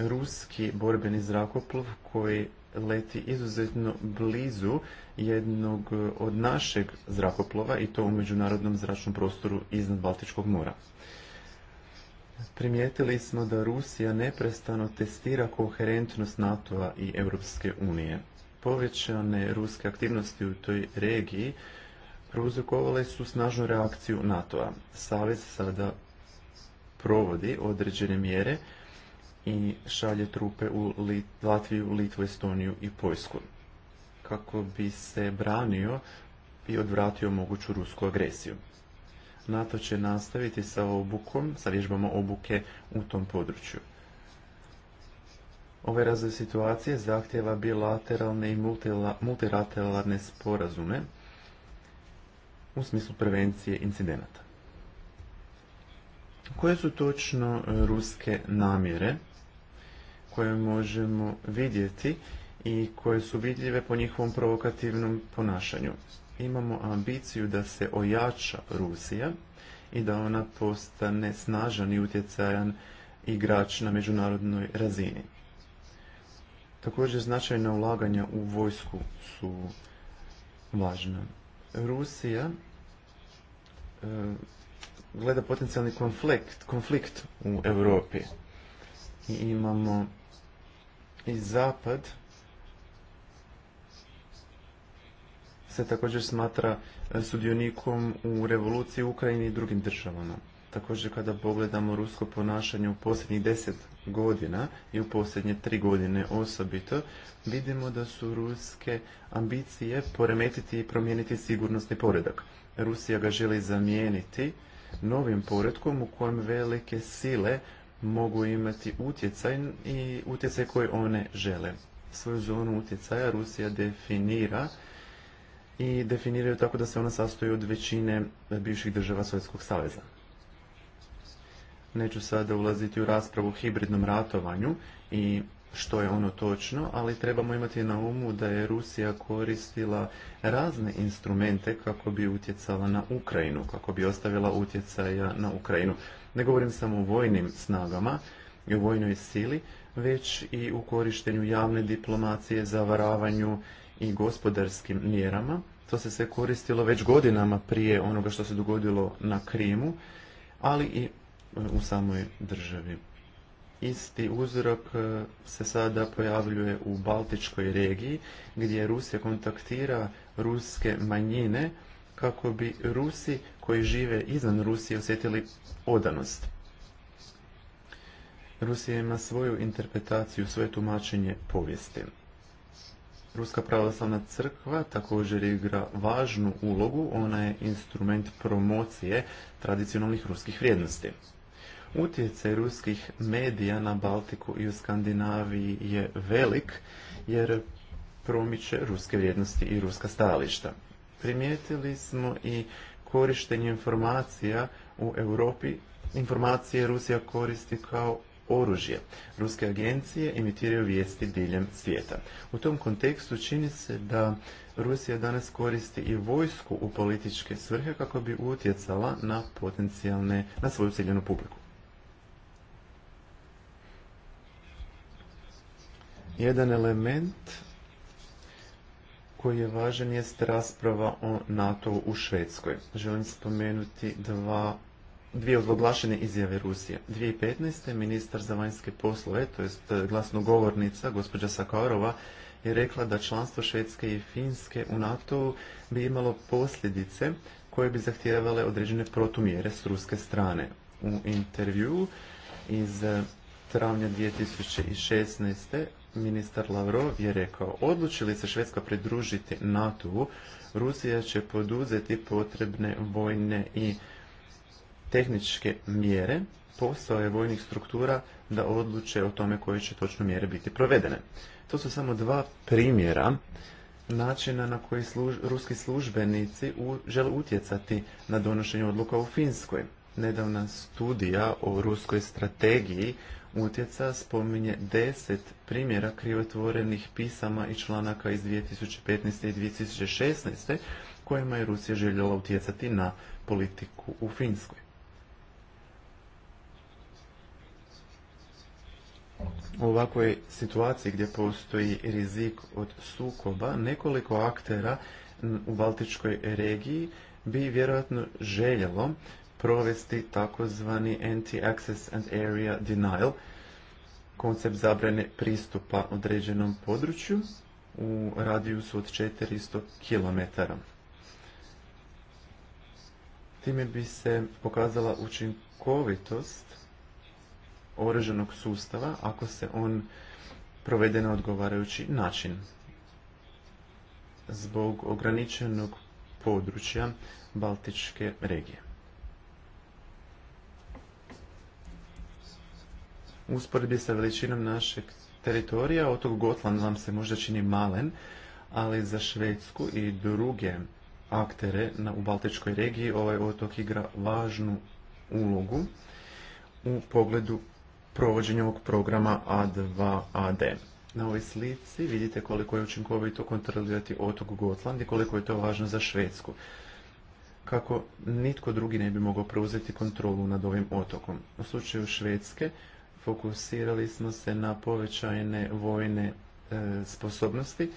ruski borbeni zrakoplov koji leti izuzetno blizu jednog od našeg zrakoplova i to u međunarodnom zračnom prostoru iznad Baltičkog mora. Primijetili smo da Rusija neprestano testira koherentnost NATO-a i Europske unije. Povećane ruske aktivnosti u toj regiji prouzrokovale su snažnu reakciju NATO-a. Savez sada provodi određene mjere i šalje trupe u Latviju, Litvu, Estoniju i Poljsku kako bi se branio i odvratio moguću rusku agresiju. NATO će nastaviti sa obukom, sa vježbama obuke u tom području. Ove ovaj razvoj situacije zahtjeva bilateralne i multilateralne sporazume u smislu prevencije incidenata. Koje su točno e, ruske namjere koje možemo vidjeti i koje su vidljive po njihovom provokativnom ponašanju? Imamo ambiciju da se ojača Rusija i da ona postane snažan i utjecajan igrač na međunarodnoj razini. Također značajna ulaganja u vojsku su važna. Rusija e, gleda potencijalni konflikt, konflikt u Europi. I imamo i zapad se također smatra e, sudionikom u revoluciji u Ukrajini i drugim državama. Također kada pogledamo rusko ponašanje u posljednjih deset godina i u posljednje tri godine osobito, vidimo da su ruske ambicije poremetiti i promijeniti sigurnosni poredak. Rusija ga želi zamijeniti novim poredkom u kojem velike sile mogu imati utjecaj i utjecaj koji one žele. Svoju zonu utjecaja Rusija definira i definiraju tako da se ona sastoji od većine bivših država Sovjetskog saveza. Neću sada ulaziti u raspravu o hibridnom ratovanju i što je ono točno, ali trebamo imati na umu da je Rusija koristila razne instrumente kako bi utjecala na Ukrajinu, kako bi ostavila utjecaja na Ukrajinu. Ne govorim samo o vojnim snagama i o vojnoj sili, već i u korištenju javne diplomacije, zavaravanju i gospodarskim mjerama. To se se koristilo već godinama prije onoga što se dogodilo na Krimu, ali i u samoj državi. Isti uzrok e, se sada pojavljuje u Baltičkoj regiji gdje Rusija kontaktira ruske manjine kako bi Rusi koji žive izvan Rusije osjetili odanost. Rusija ima svoju interpretaciju, svoje tumačenje povijesti. Ruska pravoslavna crkva također igra važnu ulogu, ona je instrument promocije tradicionalnih ruskih vrijednosti. Utjecaj ruskih medija na Baltiku i u Skandinaviji je velik jer promiče ruske vrijednosti i ruska stajališta. Primijetili smo i korištenje informacija u Europi. Informacije Rusija koristi kao oružje. Ruske agencije imitiraju vijesti diljem svijeta. U tom kontekstu čini se da Rusija danas koristi i vojsku u političke svrhe kako bi utjecala na potencijalne, na svoju ciljenu publiku. Jedan element koji je važan jest rasprava o NATO u Švedskoj. Želim spomenuti dva dvije odloglašene izjave Rusije. 2015. ministar za vanjske poslove, to jest e, glasnogovornica, gospođa Sakarova, je rekla da članstvo Švedske i Finske u NATO bi imalo posljedice koje bi zahtijevale određene protumjere s ruske strane. U intervju iz e, travnja 2016 ministar Lavrov je rekao, odluči li se Švedska pridružiti NATO-u, Rusija će poduzeti potrebne vojne i tehničke mjere, posao je vojnih struktura da odluče o tome koje će točno mjere biti provedene. To su samo dva primjera načina na koji ruski službenici u, žele utjecati na donošenje odluka u Finskoj. Nedavna studija o ruskoj strategiji utjeca spominje deset primjera krivotvorenih pisama i članaka iz 2015. i 2016. kojima je Rusija željela utjecati na politiku u Finskoj. U ovakvoj situaciji gdje postoji rizik od sukoba, nekoliko aktera u Baltičkoj regiji bi vjerojatno željelo provesti takozvani anti-access and area denial, koncept zabrane pristupa određenom području u radijusu od 400 km. Time bi se pokazala učinkovitost oruženog sustava ako se on provede na odgovarajući način. Zbog ograničenog područja Baltičke regije. usporedbi sa veličinom našeg teritorija, otok Gotland nam se možda čini malen, ali za Švedsku i druge aktere na, u Baltičkoj regiji ovaj otok igra važnu ulogu u pogledu provođenja ovog programa A2AD. Na ovoj slici vidite koliko je učinkovito kontrolirati otok Gotland i koliko je to važno za Švedsku kako nitko drugi ne bi mogao preuzeti kontrolu nad ovim otokom. U slučaju Švedske fokusirali smo se na povećajne vojne e, sposobnosti.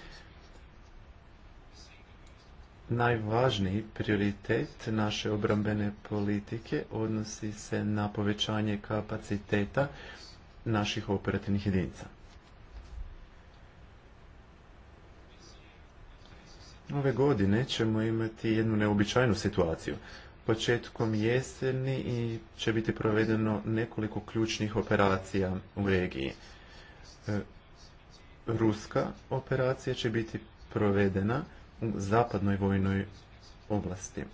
Najvažniji prioritet naše obrambene politike odnosi se na povećanje kapaciteta naših operativnih jedinica. Ove godine ćemo imati jednu neobičajnu situaciju početkom jeseni i će biti provedeno nekoliko ključnih operacija u regiji. E, ruska operacija će biti provedena u zapadnoj vojnoj oblasti.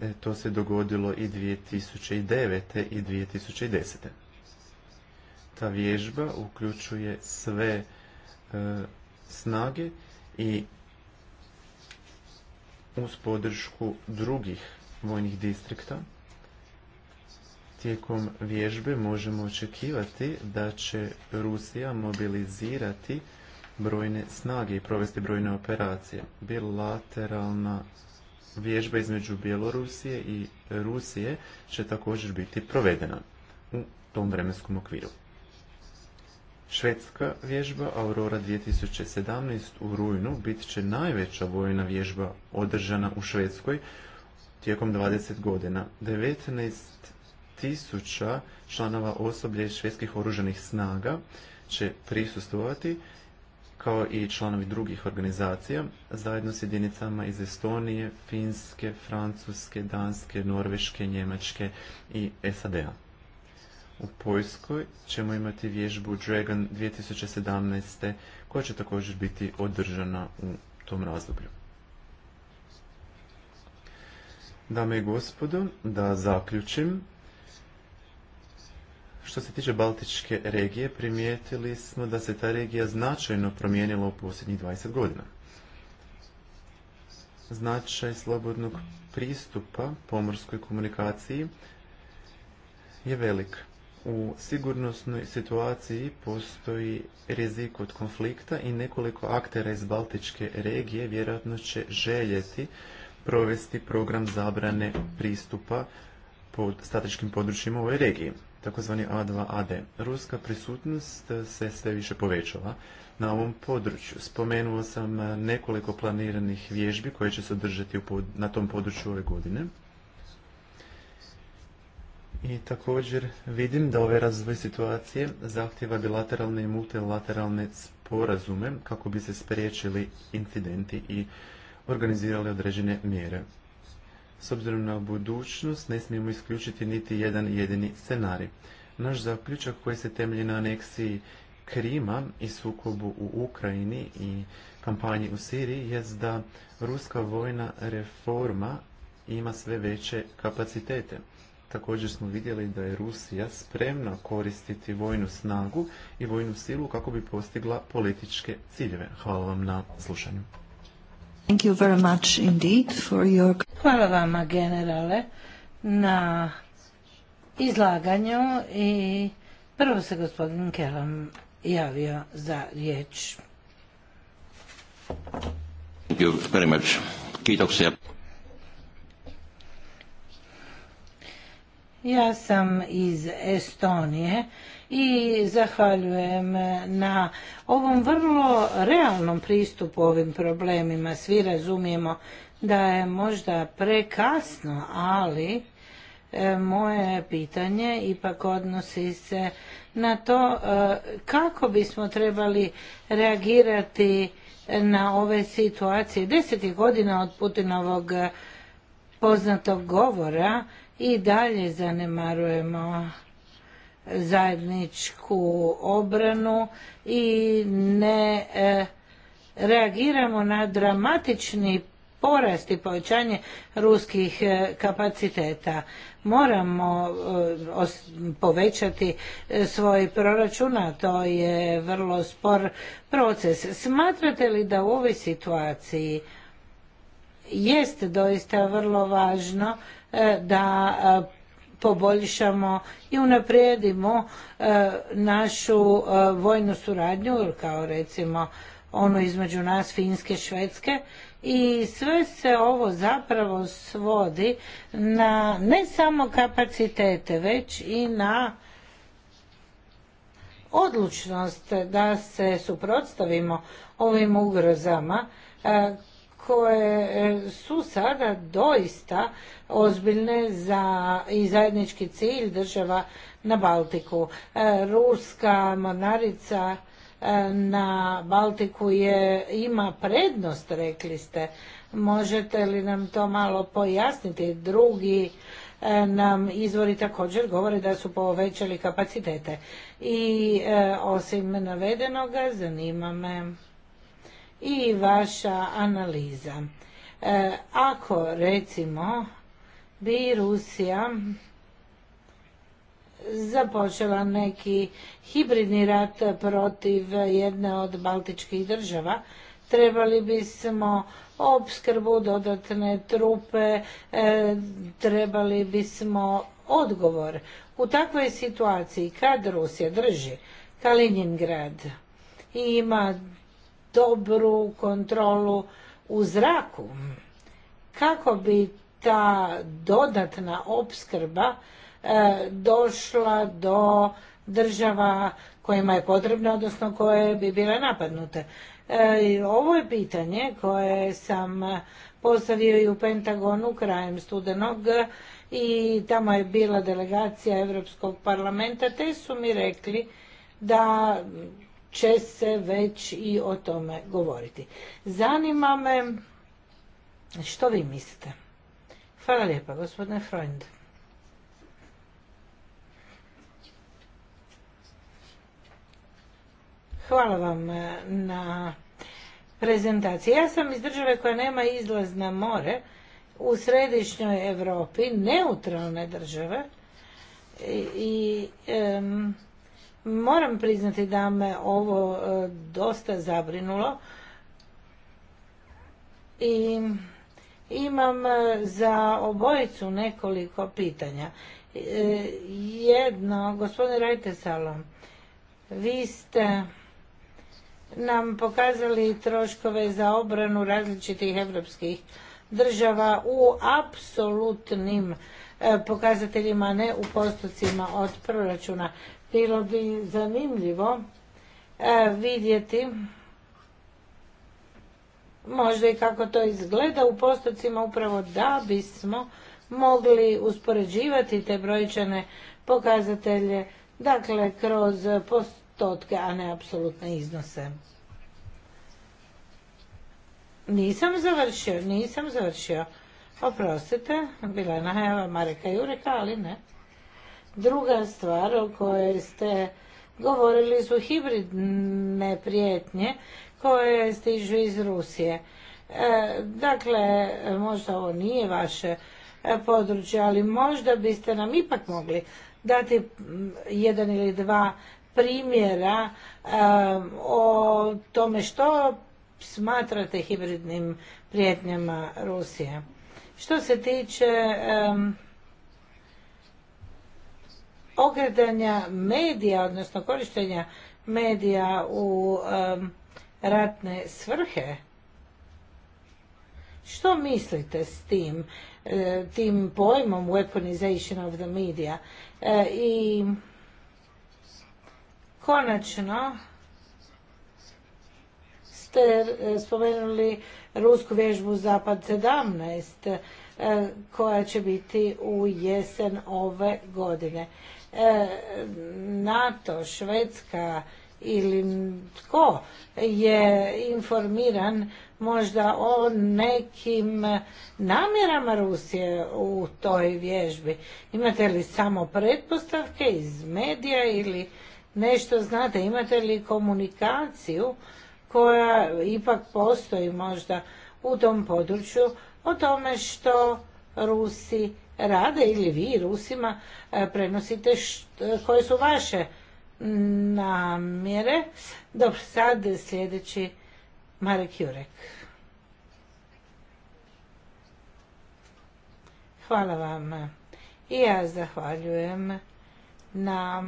E, to se dogodilo i 2009. i 2010. Ta vježba uključuje sve e, snage i uz podršku drugih vojnih distrikta. Tijekom vježbe možemo očekivati da će Rusija mobilizirati brojne snage i provesti brojne operacije. Bilateralna vježba između Bjelorusije i Rusije će također biti provedena u tom vremenskom okviru. Švedska vježba Aurora 2017 u rujnu bit će najveća vojna vježba održana u Švedskoj tijekom 20 godina. 19 tisuća članova osoblje švedskih oruženih snaga će prisustovati kao i članovi drugih organizacija, zajedno s jedinicama iz Estonije, Finske, Francuske, Danske, Norveške, Njemačke i SAD-a. U Poljskoj ćemo imati vježbu Dragon 2017. koja će također biti održana u tom razdoblju. Dame i gospodo, da zaključim. Što se tiče Baltičke regije, primijetili smo da se ta regija značajno promijenila u posljednjih 20 godina. Značaj slobodnog pristupa pomorskoj komunikaciji je velik u sigurnosnoj situaciji postoji rizik od konflikta i nekoliko aktera iz Baltičke regije vjerojatno će željeti provesti program zabrane pristupa pod statičkim područjima u ovoj regiji, takozvani A2AD. Ruska prisutnost se sve više povećava na ovom području. Spomenuo sam nekoliko planiranih vježbi koje će se održati na tom području ove godine. I također vidim da ove razvoj situacije zahtjeva bilateralne i multilateralne sporazume kako bi se spriječili incidenti i organizirali određene mjere. S obzirom na budućnost ne smijemo isključiti niti jedan jedini scenarij. Naš zaključak koji se temelji na aneksiji Krima i sukobu u Ukrajini i kampanji u Siriji je da ruska vojna reforma ima sve veće kapacitete. Također smo vidjeli da je Rusija spremna koristiti vojnu snagu i vojnu silu kako bi postigla političke ciljeve. Hvala vam na slušanju. Thank Hvala generale na izlaganju i prvo se gospodin Kelam javio za riječ. Thank Ja sam iz Estonije i zahvaljujem na ovom vrlo realnom pristupu ovim problemima. Svi razumijemo da je možda prekasno, ali e, moje pitanje ipak odnosi se na to e, kako bismo trebali reagirati na ove situacije. Desetih godina od Putinovog poznatog govora i dalje zanemarujemo zajedničku obranu i ne e, reagiramo na dramatični porast i povećanje ruskih e, kapaciteta. Moramo e, povećati svoj proračun, a to je vrlo spor proces. Smatrate li da u ovoj situaciji jest doista vrlo važno E, da e, poboljšamo i unaprijedimo e, našu vojnu suradnju kao recimo ono između nas Finske i Švedske i sve se ovo zapravo svodi na ne samo kapacitete već i na odlučnost da se suprotstavimo ovim ugrozama koje e, su sada doista ozbiljne za i zajednički cilj država na Baltiku. E, ruska mornarica e, na Baltiku je, ima prednost, rekli ste. Možete li nam to malo pojasniti? Drugi nam izvori također govore da su povećali kapacitete. I osim navedenoga, zanima me i vaša analiza. E, ako recimo bi Rusija započela neki hibridni rat protiv jedne od baltičkih država, trebali bismo opskrbu, dodatne trupe, e, trebali bismo odgovor. U takvoj situaciji kad Rusija drži Kaliningrad i ima dobru kontrolu u zraku kako bi ta dodatna opskrba e, došla do država kojima je potrebna, odnosno koje bi bile napadnute. E, ovo je pitanje koje sam postavio i u Pentagonu krajem studenog i tamo je bila delegacija Europskog parlamenta, te su mi rekli da će se već i o tome govoriti. Zanima me što vi mislite. Hvala lijepa, gospodine Freund. Hvala vam eh, na prezentaciji. Ja sam iz države koja nema izlaz na more, u središnjoj Europi neutralne države i, Moram priznati da me ovo e, dosta zabrinulo i imam e, za obojicu nekoliko pitanja. E, jedno, gospodine Rajtesalo, vi ste nam pokazali troškove za obranu različitih evropskih država u apsolutnim pokazateljima, ne u postocima od proračuna bilo bi zanimljivo e, vidjeti možda i kako to izgleda u postocima upravo da bismo mogli uspoređivati te brojčane pokazatelje, dakle kroz postotke, a ne apsolutne iznose. Nisam završio, nisam završio. Oprostite, bila je najava Mareka Jureka, ali ne. Druga stvar o kojoj ste govorili su hibridne prijetnje koje stižu iz Rusije. E, dakle, možda ovo nije vaše e, područje, ali možda biste nam ipak mogli dati mm, jedan ili dva primjera e, o tome što smatrate hibridnim prijetnjama Rusije. Što se tiče ogredanja medija, odnosno korištenja medija u ratne svrhe. Što mislite s tim, e, tim pojmom weaponization of the media? E, I konačno ste e, spomenuli rusku vježbu Zapad 17 koja će biti u jesen ove godine. E, NATO, Švedska ili tko je informiran možda o nekim namjerama Rusije u toj vježbi. Imate li samo pretpostavke iz medija ili nešto znate? Imate li komunikaciju koja ipak postoji možda u tom području o tome što Rusi rade ili vi Rusima e, prenosite koje su vaše namjere. Dobro, sad sljedeći Marek Jurek. Hvala vam. I ja zahvaljujem na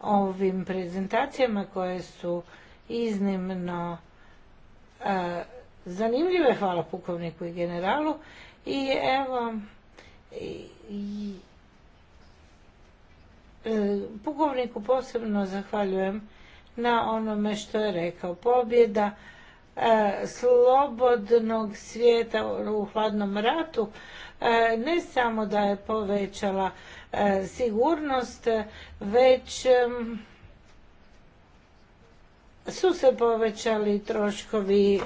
ovim prezentacijama koje su iznimno e, zanimljive. Hvala pukovniku i generalu. I evo, e, pukovniku posebno zahvaljujem na onome što je rekao. Pobjeda e, slobodnog svijeta u hladnom ratu e, ne samo da je povećala sigurnost, već su se povećali troškovi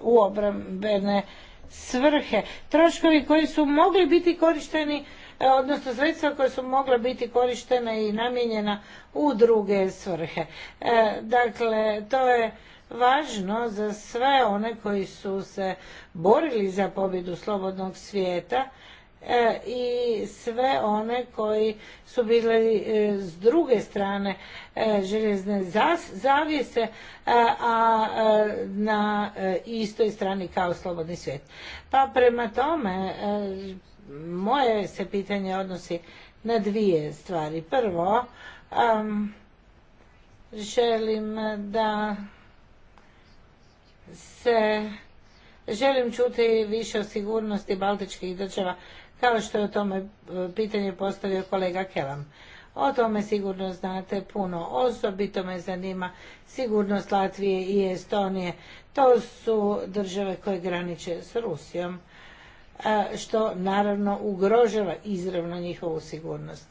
u obrambene svrhe. Troškovi koji su mogli biti korišteni, e, odnosno sredstva koja su mogla biti korištena i namijenjena u druge svrhe. E, dakle, to je važno za sve one koji su se borili za pobjedu slobodnog svijeta e, i sve one koji su bili s druge strane E, željezne zavijese, e, a e, na istoj strani kao slobodni svijet. Pa prema tome, moje se pitanje odnosi na dvije stvari. Prvo, želim da se želim čuti više o sigurnosti baltičkih država kao što je o tome pitanje postavio kolega Kelam. O tome sigurno znate puno. Osobito me zanima sigurnost Latvije i Estonije. To su države koje graniče s Rusijom, e, što naravno ugrožava izravno njihovu sigurnost.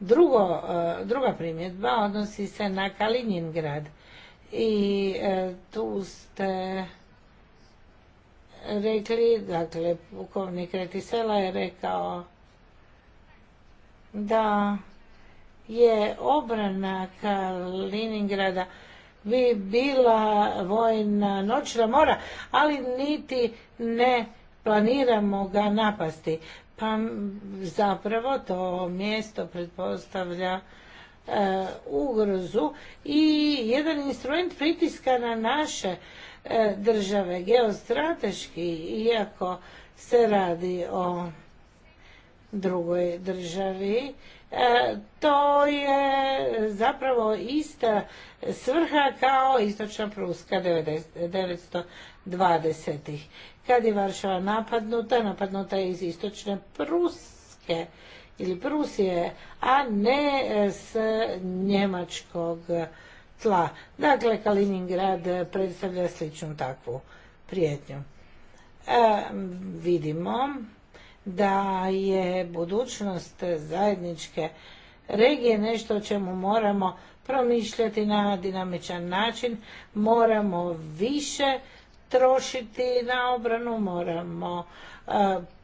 Drugo, e, druga primjedba odnosi se na Kaliningrad. I e, tu ste rekli, dakle, pukovnik Retisela je rekao da je obrana Kaliningrada bi bila vojna noćna mora, ali niti ne planiramo ga napasti. Pa zapravo to mjesto pretpostavlja e, ugrozu i jedan instrument pritiska na naše e, države geostrateški, iako se radi o drugoj državi E, to je zapravo ista svrha kao istočna Pruska 1920-ih. Kad je Varšava napadnuta, napadnuta je iz istočne Pruske ili Prusije, a ne e, s njemačkog tla. Dakle, Kaliningrad predstavlja sličnu takvu prijetnju. E, vidimo da je budućnost zajedničke regije nešto o čemu moramo promišljati na dinamičan način, moramo više trošiti na obranu, moramo e,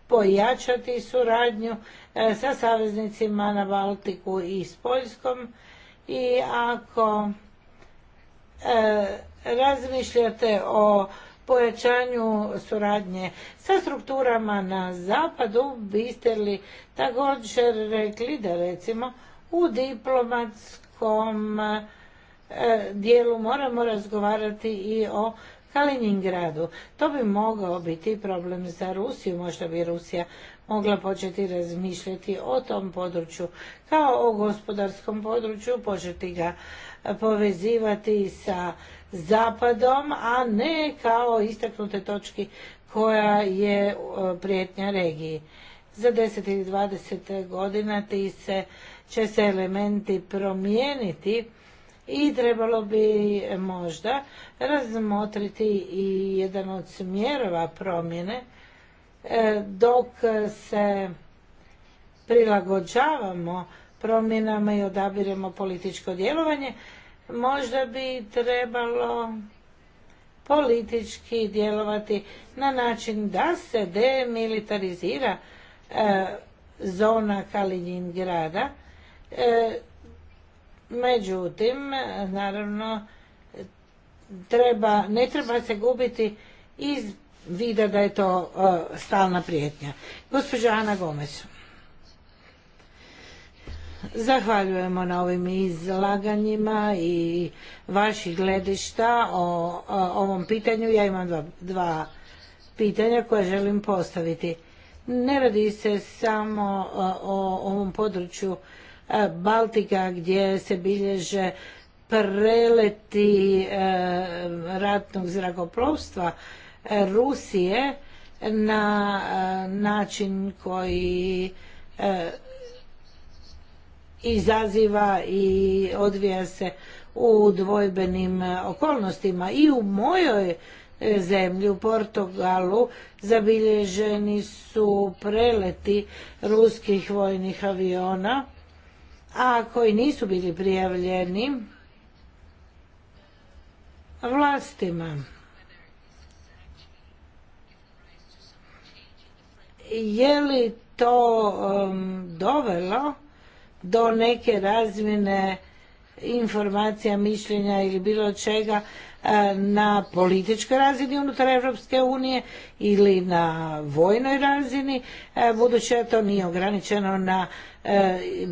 pojačati suradnju e, sa saveznicima na Baltiku i s Poljskom i ako e, razmišljate o pojačanju suradnje sa strukturama na zapadu biste li također rekli da recimo u diplomatskom e, dijelu moramo razgovarati i o Kaliningradu. To bi mogao biti problem za Rusiju, možda bi Rusija mogla početi razmišljati o tom području kao o gospodarskom području, početi ga e, povezivati sa zapadom, a ne kao istaknute točki koja je e, prijetnja regiji. Za 10 i 20 godina ti se, će se elementi promijeniti i trebalo bi možda razmotriti i jedan od smjerova promjene E, dok se prilagođavamo promjenama i odabiremo političko djelovanje, možda bi trebalo politički djelovati na način da se demilitarizira e, zona Kaliningrada. E, međutim, naravno, treba, ne treba se gubiti iz vide da je to e, stalna prijetnja. Gospođa Ana Gomesu. Zahvaljujemo na ovim izlaganjima i vaših gledišta o, ovom pitanju. Ja imam dva, pitanja koje želim postaviti. Ne radi se samo e, o, ovom području e, Baltika gdje se bilježe preleti ratnog zrakoplovstva Rusije na e, način koji e, izaziva i odvija se u dvojbenim okolnostima. I u mojoj e, zemlji, u Portugalu, zabilježeni su preleti ruskih vojnih aviona, a koji nisu bili prijavljeni vlastima. je li to um, dovelo do neke razmjene informacija, mišljenja ili bilo čega uh, na političkoj razini unutar Europske unije ili na vojnoj razini, uh, budući da to nije ograničeno na uh,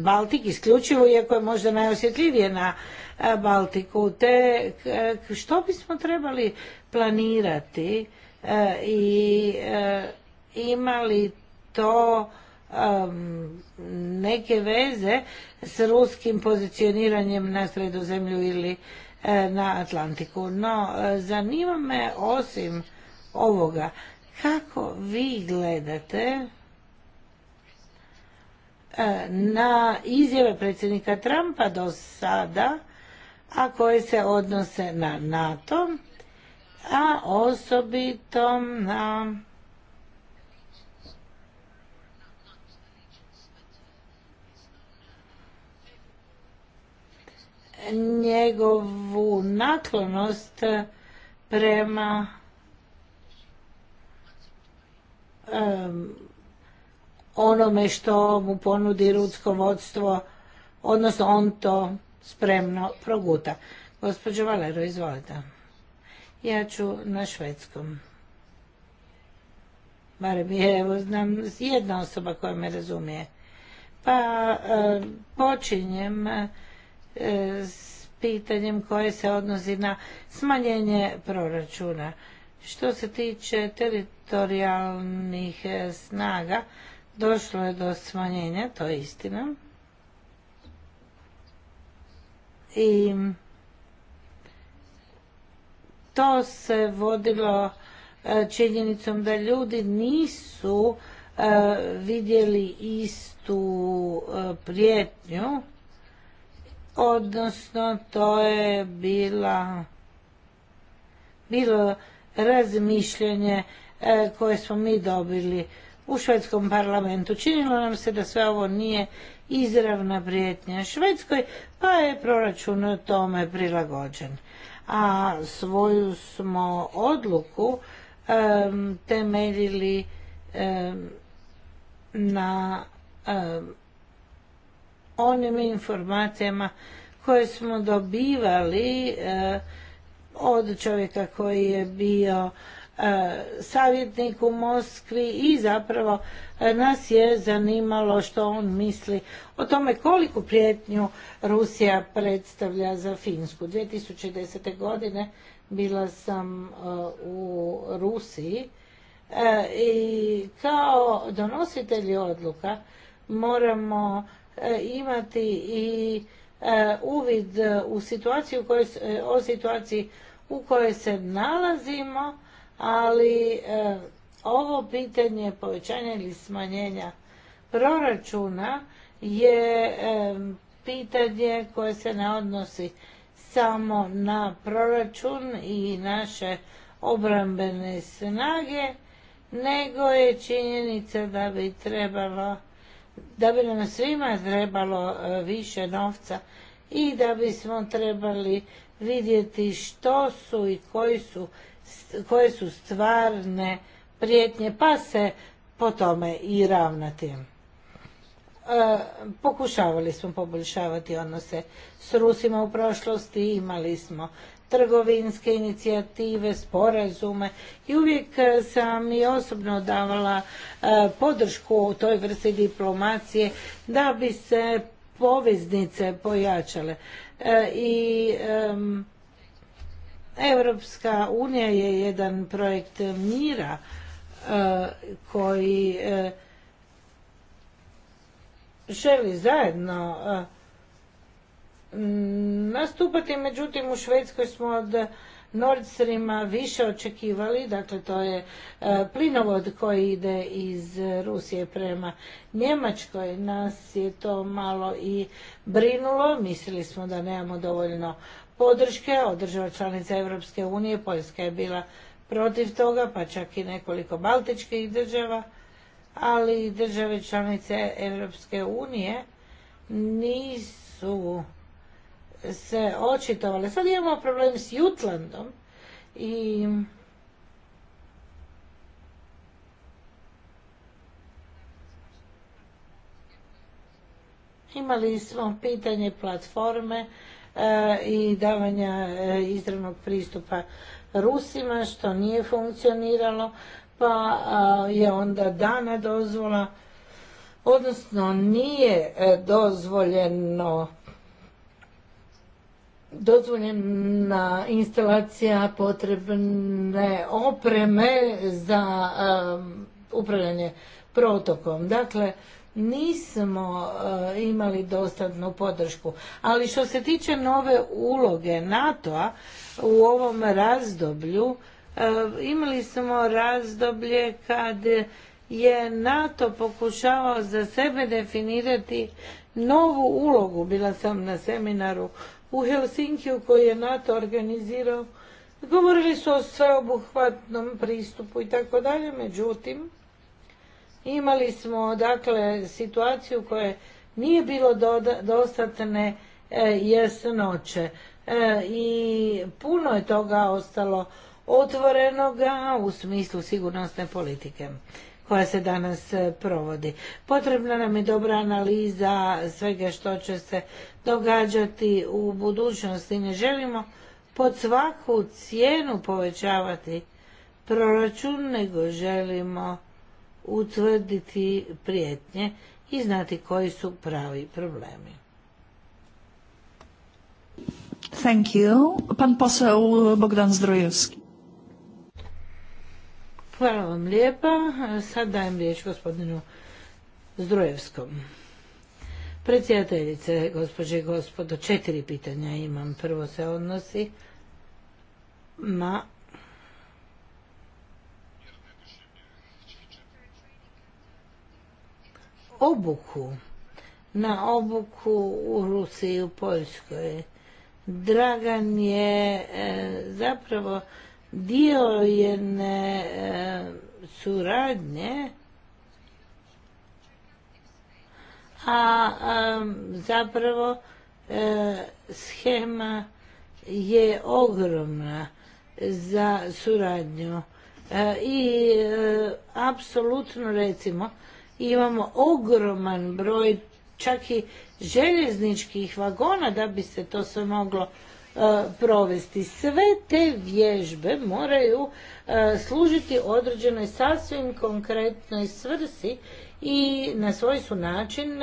Baltik isključivo, iako je možda najosjetljivije na Baltiku. Te što bismo trebali planirati i imali to neke veze s ruskim pozicioniranjem na sredozemlju ili e, na Atlantiku. No, e, zanima me osim ovoga, kako vi gledate e, na izjave predsjednika Trumpa do sada, a koje se odnose na NATO, a osobito na njegovu naklonost prema onome što mu ponudi vodstvo, odnosno on to spremno proguta. Gospođo Valero, izvolite. Ja ću na švedskom. Barem je, evo, znam jedna osoba koja me razumije. Pa, počinjem E, s pitanjem koje se odnosi na smanjenje proračuna. Što se tiče teritorijalnih e, snaga, došlo je do smanjenja, to je istina. I to se vodilo e, činjenicom da ljudi nisu vidjeli istu prijetnju odnosno to je bila bilo razmišljanje e, koje smo mi dobili u švedskom parlamentu. Činilo nam se da sve ovo nije izravna prijetnja Švedskoj, pa je proračun tome prilagođen. A svoju smo odluku temeljili na onim informacijama koje smo dobivali e, od čovjeka koji je bio e, savjetnik u Moskvi i zapravo e, nas je zanimalo što on misli o tome koliku prijetnju Rusija predstavlja za Finsku. 2010. godine bila sam u Rusiji i kao donositelji odluka moramo E, imati i e, uvid u situaciju e, o situaciji u kojoj se nalazimo, ali ovo pitanje povećanja ili smanjenja proračuna je pitanje koje se ne odnosi samo na proračun i naše obrambene snage, nego je činjenica da bi trebalo da bi nam svima trebalo e, više novca i da bismo trebali vidjeti što su i koji su, koje su stvarne prijetnje, pa se po tome i ravnati. E, pokušavali smo poboljšavati odnose s Rusima u prošlosti, imali smo trgovinske inicijative, sporazume i uvijek e, sam i osobno davala e, podršku u toj vrsti diplomacije da bi se poveznice pojačale. E, I Evropska unija je jedan projekt mira koji želi zajedno nastupati. Međutim, u Švedskoj smo od Nord više očekivali, dakle to je e, plinovod koji ide iz Rusije prema Njemačkoj. Nas je to malo i brinulo, mislili smo da nemamo dovoljno podrške od država članica Europske unije, Poljska je bila protiv toga, pa čak i nekoliko baltičkih država, ali države članice Europske unije nisu se očitovale. Sad imamo problem s Jutlandom i imali smo pitanje platforme e, i davanja e, izravnog pristupa Rusima što nije funkcioniralo pa je onda dana dozvola odnosno nije e, dozvoljeno dozvoljena instalacija potrebne opreme za um, upravljanje protokom. Dakle, nismo uh, imali dostatnu podršku. Ali što se tiče nove uloge NATO-a u ovom razdoblju, uh, imali smo razdoblje kad je NATO pokušavao za sebe definirati novu ulogu. Bila sam na seminaru u Helsinkiju koji je NATO organizirao. Govorili su o sveobuhvatnom pristupu i tako dalje, međutim, imali smo dakle situaciju koje nije bilo dostatne e, jesnoće. E, I puno je toga ostalo otvorenoga u smislu sigurnosne politike koja se danas e, provodi. Potrebna nam je dobra analiza svega što će se događati u budućnosti. Ne želimo pod svaku cijenu povećavati proračun, nego želimo utvrditi prijetnje i znati koji su pravi problemi. Thank you. Pan poseł Bogdan Zdrojewski. Hvala vam lijepa. Sad dajem riječ gospodinu Zdrojevskom. Predsjedateljice, gospođe i gospodo, četiri pitanja imam. Prvo se odnosi na obuku. Na obuku u Rusiji i u Poljskoj. Dragan je e, zapravo dio jedne e, suradnje a zapravo e, schema je ogromna za suradnju e, i apsolutno recimo imamo ogroman broj čak i željezničkih vagona da bi se to sve moglo E, provesti. Sve te vježbe moraju e, služiti određenoj sasvim konkretnoj svrsi i na svoj su način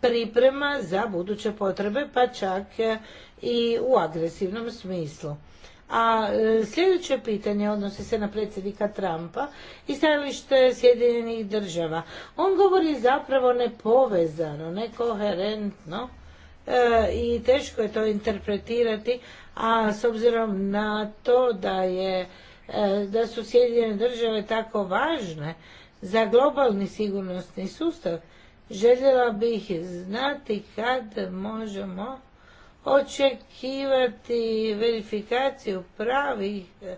priprema za buduće potrebe, pa čak i u agresivnom smislu. A e, sljedeće pitanje odnosi se na predsjednika Trumpa i stajalište Sjedinjenih država. On govori zapravo nepovezano, nekoherentno E, i teško je to interpretirati, a s obzirom na to da je e, da su Sjedinjene države tako važne za globalni sigurnosni sustav, željela bih znati kad možemo očekivati verifikaciju pravih e,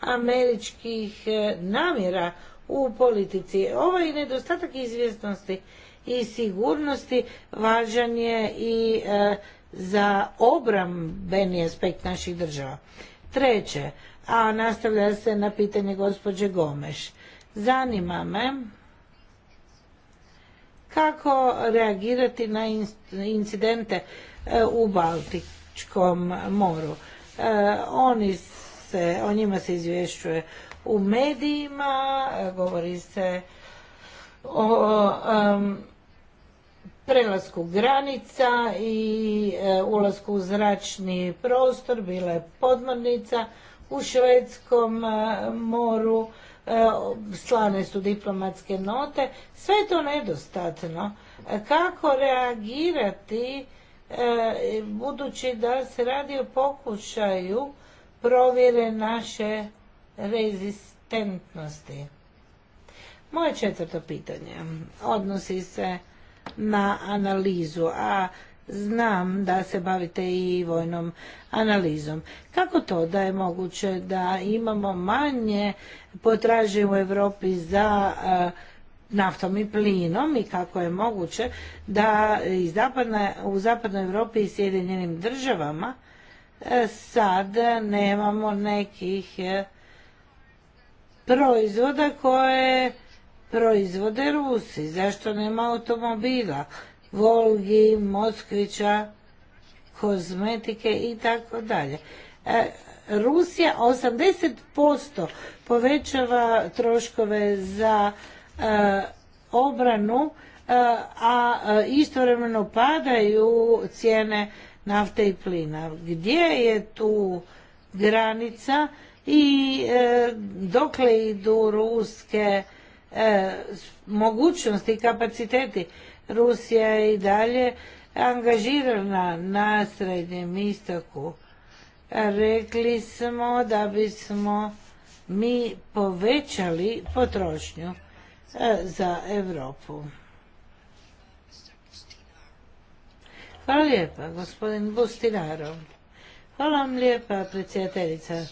američkih namjera u politici. Ovaj nedostatak izvjesnosti i sigurnosti važan je i e, za obrambeni aspekt naših država. Treće, a nastavlja se na pitanje gospođe Gomeš. Zanima me kako reagirati na incidente e, u Baltičkom moru. E, oni se, o njima se izvješćuje u medijima, govori se o prelasku granica i e, ulasku u zračni prostor, bila je podmornica u Švedskom e, moru, e, slane su diplomatske note, sve je to nedostatno. Kako reagirati budući da se radi o pokušaju provjere naše rezistentnosti? Moje četvrto pitanje odnosi se na analizu, a znam da se bavite i vojnom analizom. Kako to da je moguće da imamo manje potražnje u Europi za naftom i plinom i kako je moguće da u zapadnoj Europi i Sjedinjenim državama e, sad nemamo nekih e, proizvoda koje proizvode Rusi? Zašto nema automobila, Volgi, Moskvića, kozmetike i tako dalje? E, Rusija 80% povećava troškove za e, obranu, e, a istovremeno padaju cijene nafte i plina. Gdje je tu granica i dokle idu ruske E, mogućnosti i kapaciteti. Rusija je i dalje angažirana na srednjem istoku. Rekli smo da bismo mi povećali potrošnju e, za Europu. Hvala lijepa, gospodin Bustinarov. Hvala vam lijepa, predsjedateljica.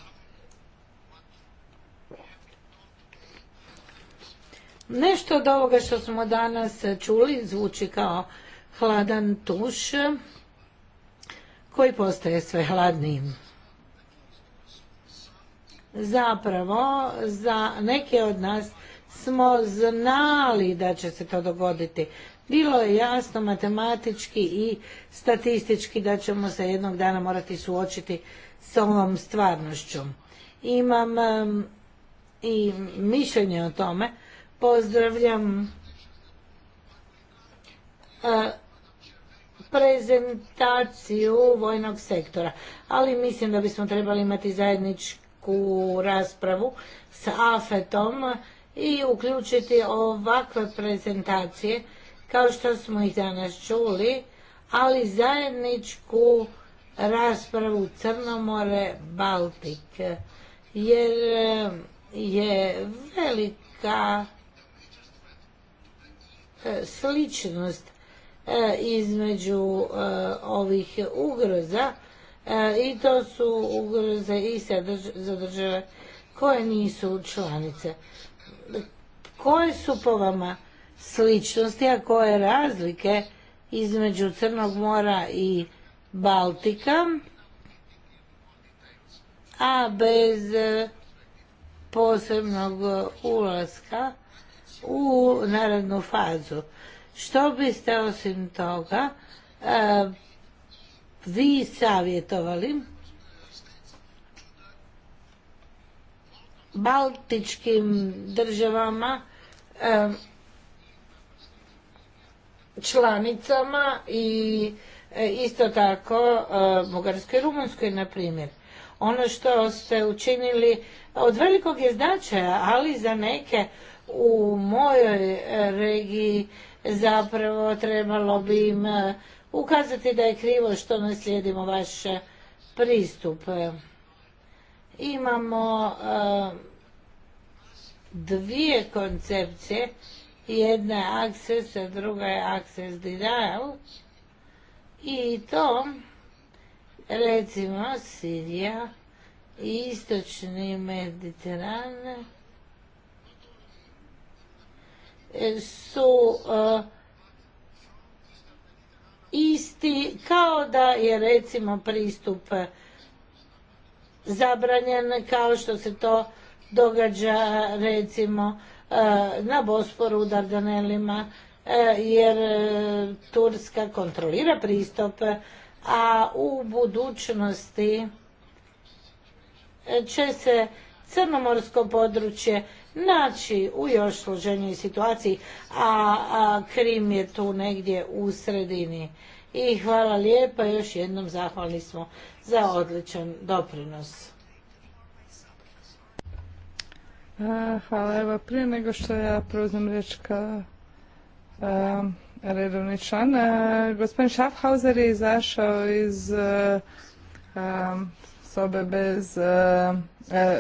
Nešto od ovoga što smo danas čuli zvuči kao hladan tuš koji postaje sve hladnijim. Zapravo, za neke od nas smo znali da će se to dogoditi. Bilo je jasno matematički i statistički da ćemo se jednog dana morati suočiti sa ovom stvarnošću. Imam i mišljenje o tome Pozdravljam e, prezentaciju vojnog sektora, ali mislim da bismo trebali imati zajedničku raspravu s AFET-om i uključiti ovakve prezentacije kao što smo ih danas čuli, ali zajedničku raspravu Crnomore Baltik jer e, je velika E, sličnost e, između e, ovih ugroza i to su ugroze i za države koje nisu članice. Koje su po vama sličnosti, a koje razlike između Crnog mora i Baltika, a bez posebnog ulaska u narednu fazu. Što biste osim toga e, vi savjetovali baltičkim državama e, članicama i e, isto tako Bugarskoj i Rumunskoj, na primjer. Ono što ste učinili od velikog je značaja, ali za neke u mojoj e, regiji zapravo trebalo bi im e, ukazati da je krivo što ne slijedimo vaš e, pristup. Imamo dvije koncepcije, jedna je Access, a druga je Access Denial. I to, recimo, Sirija i Istočni Mediteran su e, isti kao da je recimo pristup zabranjen kao što se to događa recimo e, na Bosporu u Dardanelima e, jer Turska kontrolira pristup a u budućnosti će se crnomorsko područje naći u još složenijoj situaciji, a, Krim je tu negdje u sredini. I hvala lijepa, još jednom zahvalni smo za odličan doprinos. Hvala, evo prije nego što ja preuzmem riječ kao redovni član. Gospodin Schaffhauser je izašao iz osobe bez, e, e,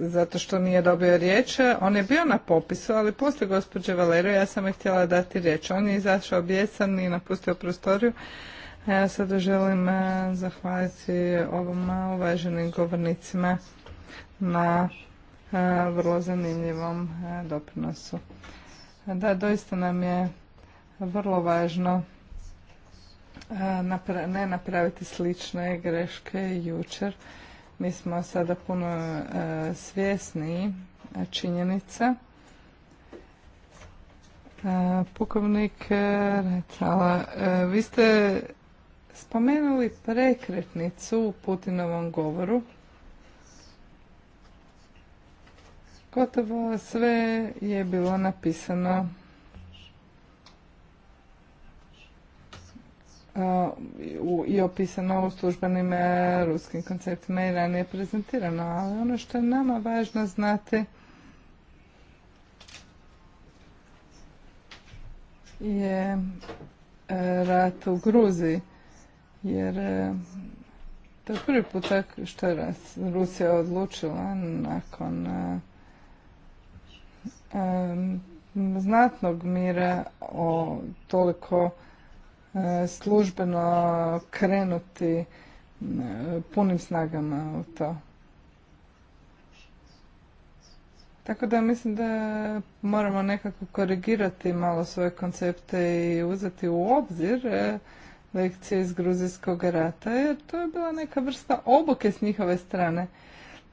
zato što nije dobio riječ. On je bio na popisu, ali poslije gospođe Valerio ja sam je htjela dati riječ. On je izašao bjesan i napustio prostoriju. A ja sada želim e, zahvaliti ovom uvaženim govornicima na vrlo zanimljivom doprinosu. Da, doista nam je vrlo važno ne napraviti slične greške jučer. Mi smo sada puno e, svjesni e, činjenica. E, pukovnik Recala, vi ste spomenuli prekretnicu u Putinovom govoru. Gotovo sve je bilo napisano i opisano u službenim e, ruskim konceptima i ranije prezentirano, ali ono što je nama važno znati je e, rat u Gruziji, jer e, to je prvi put što je Rusija odlučila nakon znatnog mira o toliko službeno krenuti e, punim snagama u to. Tako da mislim da moramo nekako korigirati malo svoje koncepte i uzeti u obzir e, lekcije iz gruzijskog rata, jer to je bila neka vrsta obuke s njihove strane.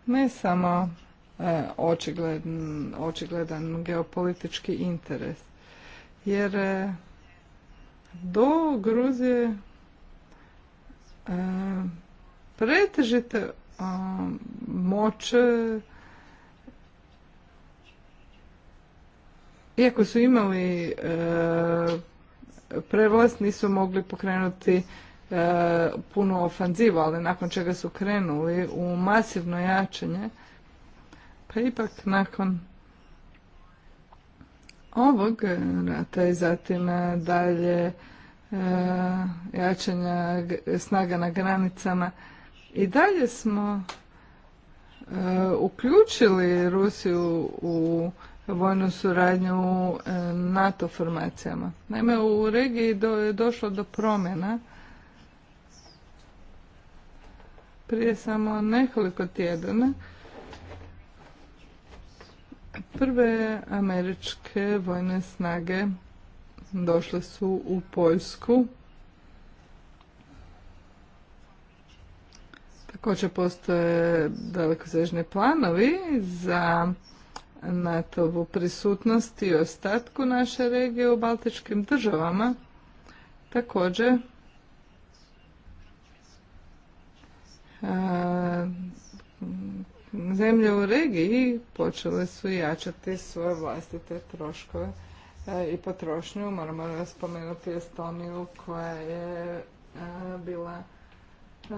Ne samo e, očigledan, očigledan geopolitički interes. Jer do Gruzije e, pretežite e, moće iako su imali e, prevlast nisu mogli pokrenuti puno ofanziva, ali nakon čega su krenuli u masivno jačanje, pa ipak nakon ovog rata i zatim e, dalje e, jačanja snaga na granicama. I dalje smo e, uključili Rusiju u vojnu suradnju NATO formacijama. Naime, u regiji je došlo do promjena prije samo nekoliko tjedana Prve američke vojne snage došle su u Poljsku. Također postoje dalekosežni planovi za NATO-vu prisutnost i ostatku naše regije u Baltičkim državama. Također, zemlje u regiji počele su jačati svoje vlastite troškove e, i potrošnju. Moramo spomenuti Estoniju koja je e, bila e,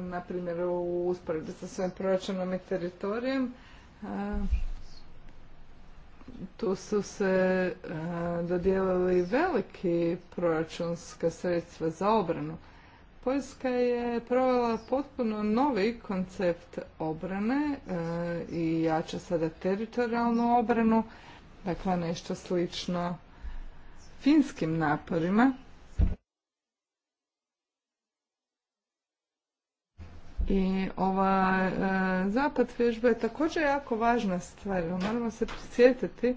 na primjer u usporedbi sa svojim proračunom i teritorijem tu su se dodijelili veliki proračunska sredstva za obranu Poljska je provela potpuno novi koncept obrane e, i jača sada teritorijalnu obranu, dakle nešto slično finskim naporima. I ova e, zapad vježba je također jako važna stvar. Moramo se prisjetiti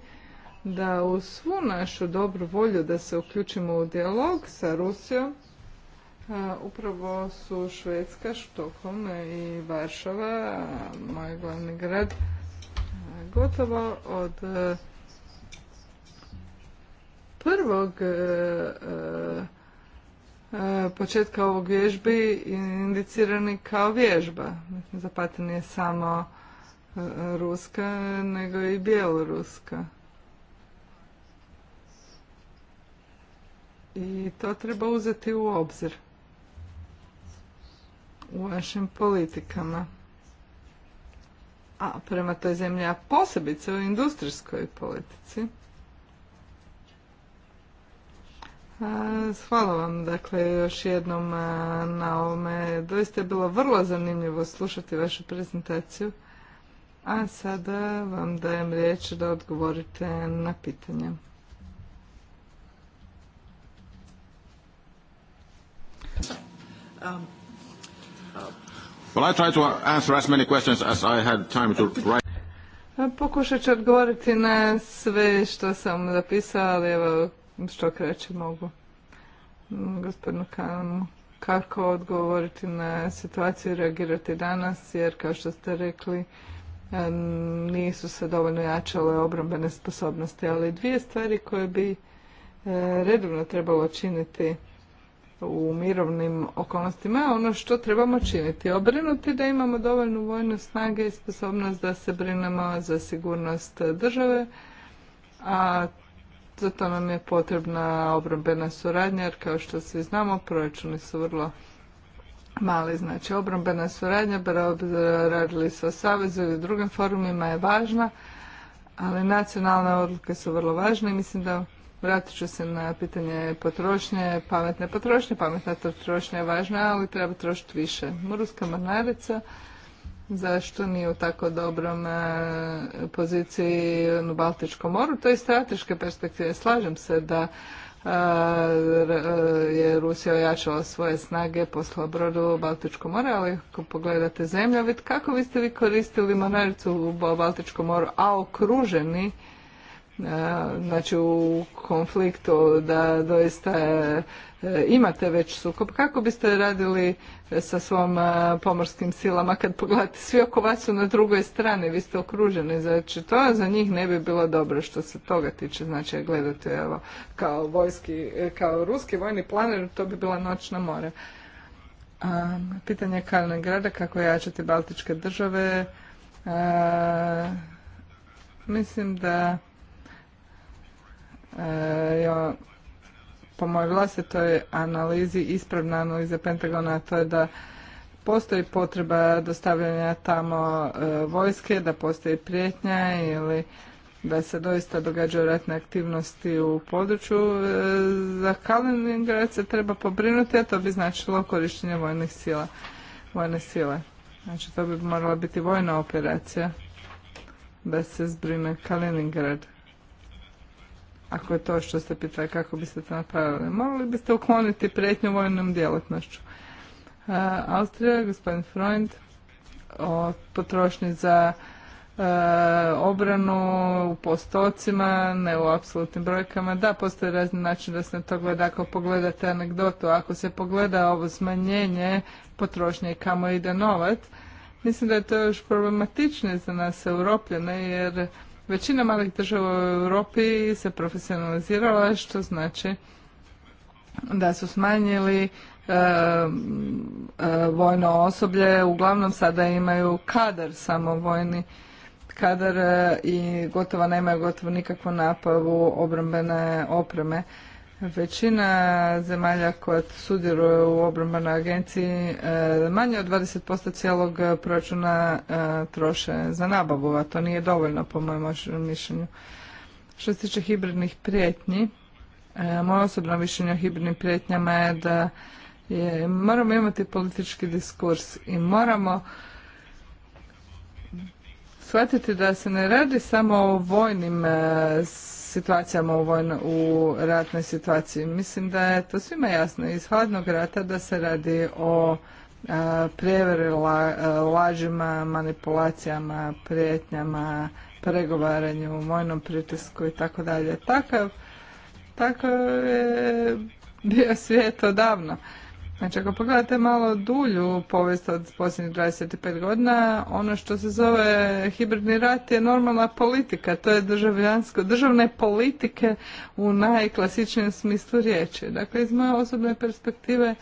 da u svu našu dobru volju da se uključimo u dijalog sa Rusijom, Upravo su Švedska, Štokholm i Varšava, moj glavni grad, gotovo od e, prvog e, e, početka ovog vježbi indicirani kao vježba. Zapata nije samo ruska, nego i bjeloruska. I to treba uzeti u obzir u vašim politikama. A prema toj zemlji, a posebice u industrijskoj politici. Hvala vam dakle još jednom na ovome. Doista je bilo vrlo zanimljivo slušati vašu prezentaciju. A sada vam dajem riječ da odgovorite na pitanje. Um, Pokušat ću odgovoriti na sve što sam zapisao, ali evo što kreće mogu. Mm, gospodinu Kanu, kako odgovoriti na situaciju i reagirati danas, jer kao što ste rekli, nisu se dovoljno jačale obrambene sposobnosti, ali dvije stvari koje bi e, redovno trebalo činiti u mirovnim okolnostima, ono što trebamo činiti. Obrinuti da imamo dovoljnu vojnu snage i sposobnost da se brinemo za sigurnost države, a za to nam je potrebna obrambena suradnja, jer kao što svi znamo, proračuni su vrlo mali. Znači, obrambena suradnja, radili se o Savezu i drugim forumima je važna, ali nacionalne odluke su vrlo važne i mislim da Vratit ću se na pitanje potrošnje, pametne potrošnje. Pametna potrošnja je važna, ali treba trošiti više. Ruska mornarica, zašto nije u tako dobrom e, poziciji u Baltičkom moru? To je strateške perspektive. Slažem se da e, e, je Rusija ojačala svoje snage, poslobrodu brodu u Baltičkom more, ali ako pogledate zemljavit, kako biste vi koristili mornaricu u Baltičkom moru, a okruženi znači u konfliktu da doista e, imate već sukob, kako biste radili e, sa svom e, pomorskim silama kad pogledate svi oko vas su na drugoj strani, vi ste okruženi, znači to za njih ne bi bilo dobro što se toga tiče, znači gledate evo, kao vojski, kao ruski vojni planer, to bi bila noć na more. Pitanje pitanje grada, kako jačati Baltičke države, mislim da E, ja, po mojoj vlastitoj analizi, ispravna analiza Pentagona, to je da postoji potreba dostavljanja tamo e, vojske, da postoji prijetnja ili da se doista događaju ratne aktivnosti u području. E, za Kaliningrad se treba pobrinuti, a to bi značilo korištenje vojnih sila, vojne sile. Znači to bi morala biti vojna operacija da se zbrine Kaliningrad ako je to što ste pitali kako biste to napravili, morali biste ukloniti prijetnju vojnom djelatnošću. E, Austrija, gospodin Freund, o potrošnji za e, obranu u postocima, ne u apsolutnim brojkama. Da, postoje razni način da se na to gleda. Ako pogledate anegdotu, ako se pogleda ovo smanjenje potrošnje i kamo ide novac, mislim da je to još problematičnije za nas europljene, jer Većina malih država u Europi se profesionalizirala, što znači da su smanjili e, e, vojno osoblje, uglavnom sada imaju kadar samo vojni kadar e, i gotovo nemaju gotovo nikakvu napavu obrambene opreme. Većina zemalja koja sudjeluje u obrambenoj agenciji e, manje od 20% cijelog proračuna e, troše za nabavu, a to nije dovoljno po mojem mišljenju. Što se tiče hibridnih prijetnji, e, moje osobno mišljenje o hibridnim prijetnjama je da je, moramo imati politički diskurs i moramo shvatiti da se ne radi samo o vojnim situacijama u, vojno, u ratnoj situaciji. Mislim da je to svima jasno iz hladnog rata da se radi o prijevere lažima, manipulacijama, prijetnjama, pregovaranju, vojnom pritisku i tako dalje. Takav je bio svijet odavno. Znači ako pogledate malo dulju povijest od posljednjih 25 godina, ono što se zove hibridni rat je normalna politika, to je državljansko, državne politike u najklasičnijem smislu riječi. Dakle, iz moje osobne perspektive,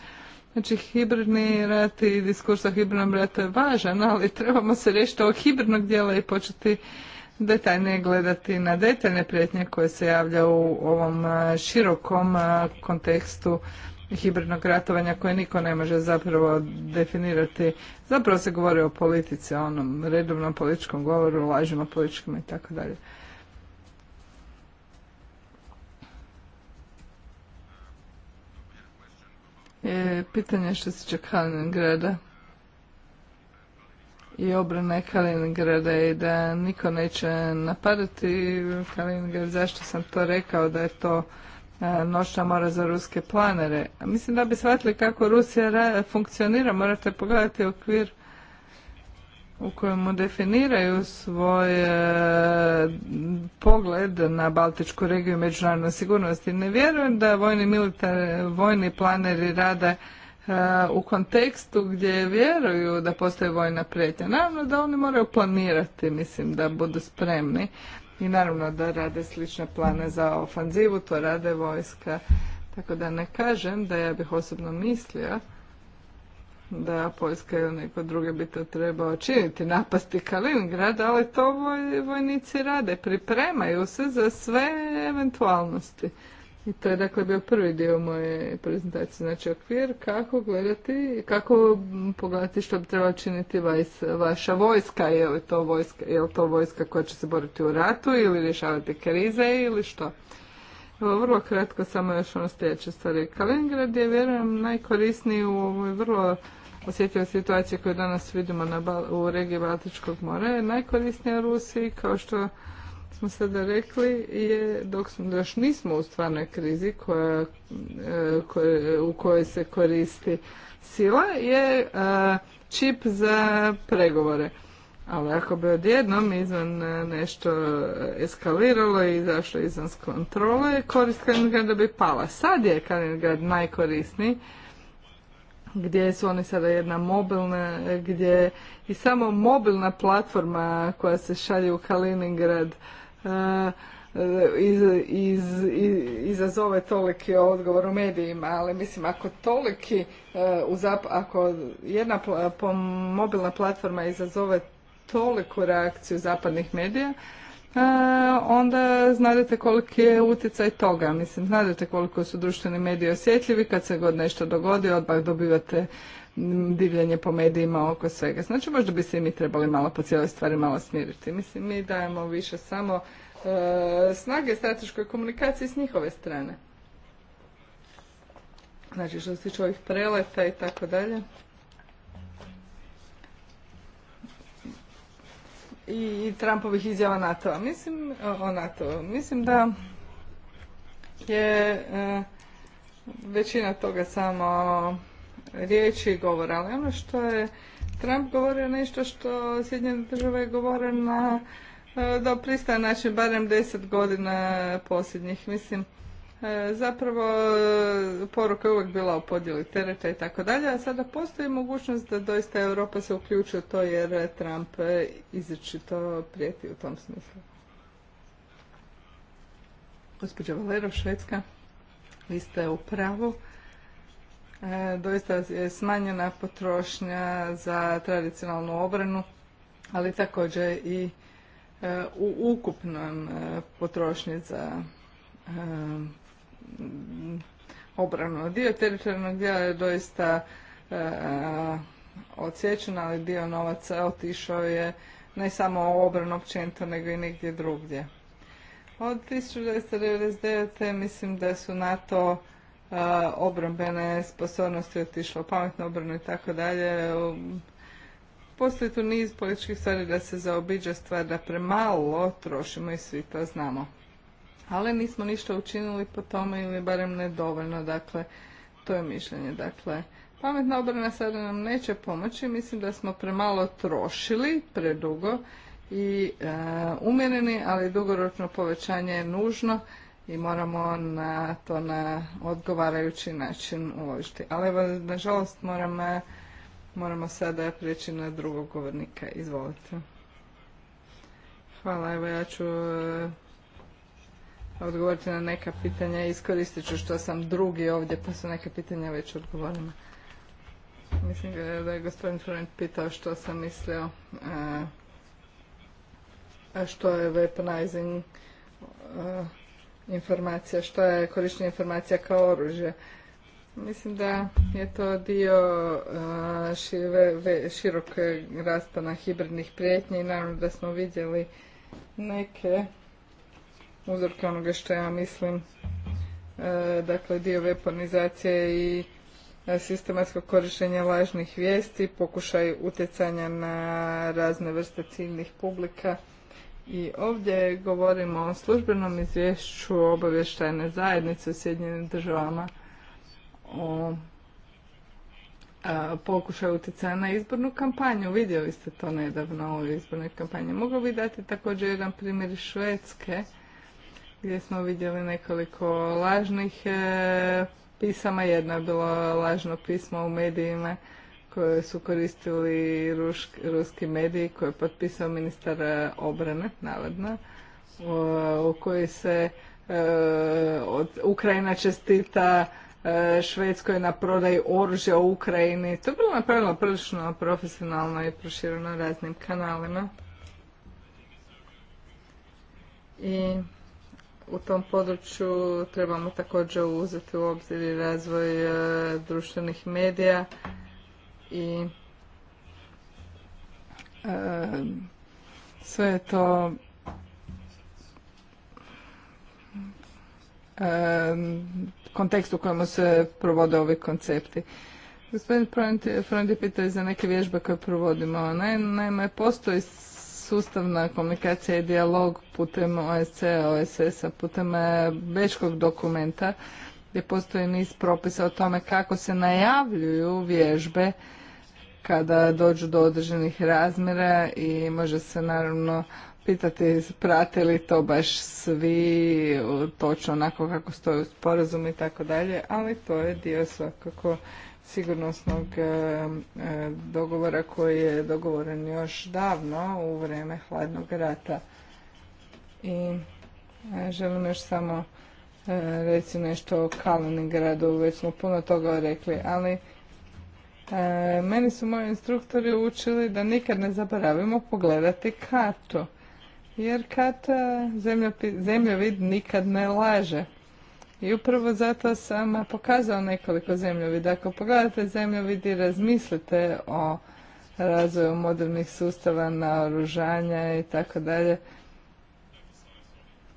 znači hibridni rat i diskurs o hibridnom ratu je važan, ali trebamo se riješiti ovog hibridnog dijela i početi detaljnije gledati na detaljne prijetnje koje se javlja u ovom širokom kontekstu hibridnog ratovanja koje niko ne može zapravo definirati. Zapravo se govori o politici, o onom redovnom političkom govoru, lažima političkim i tako dalje. E, pitanje što se Kaliningrada i obrane Kaliningrada i da niko neće napadati Kaliningrad. Zašto sam to rekao da je to noćna mora za ruske planere. Mislim da bi shvatili kako Rusija funkcionira, morate pogledati okvir u kojemu definiraju svoj e, pogled na Baltičku regiju i sigurnosti, ne vjerujem da vojni, militar, vojni planeri rade e, u kontekstu gdje vjeruju da postoje vojna prijetnja. Naravno da oni moraju planirati, mislim, da budu spremni i naravno da rade slične plane za ofanzivu, to rade vojska. Tako da ne kažem da ja bih osobno mislio da Poljska ili neko druge bi to trebao činiti, napasti Kaliningrad, ali to vojnici rade, pripremaju se za sve eventualnosti. I to je dakle bio prvi dio moje prezentacije, znači okvir, kako gledati, kako pogledati što bi trebalo činiti vaša vojska, je li to vojska, je li to vojska koja će se boriti u ratu ili rješavati krize ili što. Evo, vrlo kratko samo još ono sljedeće stvari. Kaliningrad je, vjerujem, najkorisniji u ovoj vrlo osjetljivoj situaciji koju danas vidimo na, u regiji Baltičkog mora. Je najkorisnija Rusiji, kao što smo sada rekli je dok smo, još nismo u stvarnoj krizi koja, e, u kojoj se koristi sila je e, čip za pregovore. Ali ako bi odjednom izvan e, nešto eskaliralo i izašlo izvan kontrole, korist da bi pala. Sad je Kaliningrad najkorisniji, gdje su oni sada jedna mobilna, gdje i samo mobilna platforma koja se šalje u Kaliningrad E, e, iz, izazove toliki odgovor u medijima, ali mislim ako toliki, e, ako jedna mobilna platforma izazove toliku reakciju zapadnih medija, onda znadete koliki je utjecaj toga. Mislim, znadete koliko su društveni mediji osjetljivi, kad se god nešto dogodi, odmah dobivate divljanje po medijima oko svega. Znači možda bi se i mi trebali malo po cijeloj stvari malo smiriti. Mislim, mi dajemo više samo e, snage strateškoj komunikaciji s njihove strane. Znači što se tiče ovih preleta i tako dalje. I Trumpovih izjava NATO-a. Mislim, o nato Mislim da je e, većina toga samo riječi i govora, ali ono što je Trump govorio nešto što Sjedinjene države govore na e, do pristaje način barem deset godina posljednjih. Mislim, e, zapravo e, poruka je uvijek bila o podjeli tereta i tako dalje, a sada postoji mogućnost da doista Europa se uključi u to jer Trump izričito prijeti u tom smislu. Gospođa Valero, Švedska, vi ste u pravu. E, doista je smanjena potrošnja za tradicionalnu obranu, ali također i e, u ukupnom e, potrošnji za obranu. Dio teritorijalnog dijela je doista odsječen, ali dio novaca otišao je ne samo u obranu općenito, nego i negdje drugdje. Od 1999. mislim da su NATO obrambene sposobnosti otišlo pametno obranu i tako dalje. Postoji tu niz političkih stvari da se zaobiđa stvar da premalo trošimo i svi to znamo. Ali nismo ništa učinili po tome ili barem nedovoljno, dakle to je mišljenje. Dakle, pametna obrana sada nam neće pomoći, mislim da smo premalo trošili, predugo i e, umjereni, ali dugoročno povećanje je nužno i moramo na to na odgovarajući način uložiti. Ali evo, nažalost, moramo sada prijeći na drugog govornika. Izvolite. Hvala, evo ja ću eh, odgovoriti na neka pitanja. Iskoristit ću što sam drugi ovdje, pa su neka pitanja već odgovorena. Mislim eh, da je gospodin Florent pitao što sam mislio eh, A što je weaponizing informacija, što je korištenje informacija kao oružje. Mislim da je to dio širokog rastana hibridnih prijetnji i naravno da smo vidjeli neke uzorke onoga što ja mislim, dakle dio weaponizacije i sistematskog korištenja lažnih vijesti, pokušaj utjecanja na razne vrste ciljnih publika i ovdje govorimo o službenom izvješću obavještajne zajednice u Sjedinjenim državama o pokušaju utjecaja na izbornu kampanju. Vidjeli ste to nedavno u izbornoj kampanji. Mogu bi dati također jedan primjer Švedske gdje smo vidjeli nekoliko lažnih e, pisama. Jedno je bilo lažno pismo u medijima koje su koristili ruski mediji koje je potpisao ministar e, obrane, navodno, u koji se e, od, Ukrajina čestita e, Švedskoj na prodaj oružja u Ukrajini. To je bilo napravljeno prilično profesionalno i prošireno raznim kanalima. I u tom području trebamo također uzeti u obzir razvoj društvenih medija i e, sve je to e, kontekst u kojem se provode ovi koncepti. Gospodin Frondi pitao za neke vježbe koje provodimo. Naime, postoji sustavna komunikacija i dijalog putem OSC, OSS-a, putem e, bečkog dokumenta gdje postoji niz propisa o tome kako se najavljuju vježbe kada dođu do određenih razmjera i može se naravno pitati prate li to baš svi točno onako kako stoji u sporazumu i tako dalje, ali to je dio svakako sigurnosnog e, e, dogovora koji je dogovoren još davno u vrijeme hladnog rata. I e, želim još samo reći nešto o Kaliningradu, već smo puno toga rekli, ali E, meni su moji instruktori učili da nikad ne zaboravimo pogledati kartu. Jer karta zemljovid nikad ne laže. I upravo zato sam pokazao nekoliko zemljovida. Ako pogledate zemljovid i razmislite o razvoju modernih sustava, naoružanja i tako dalje,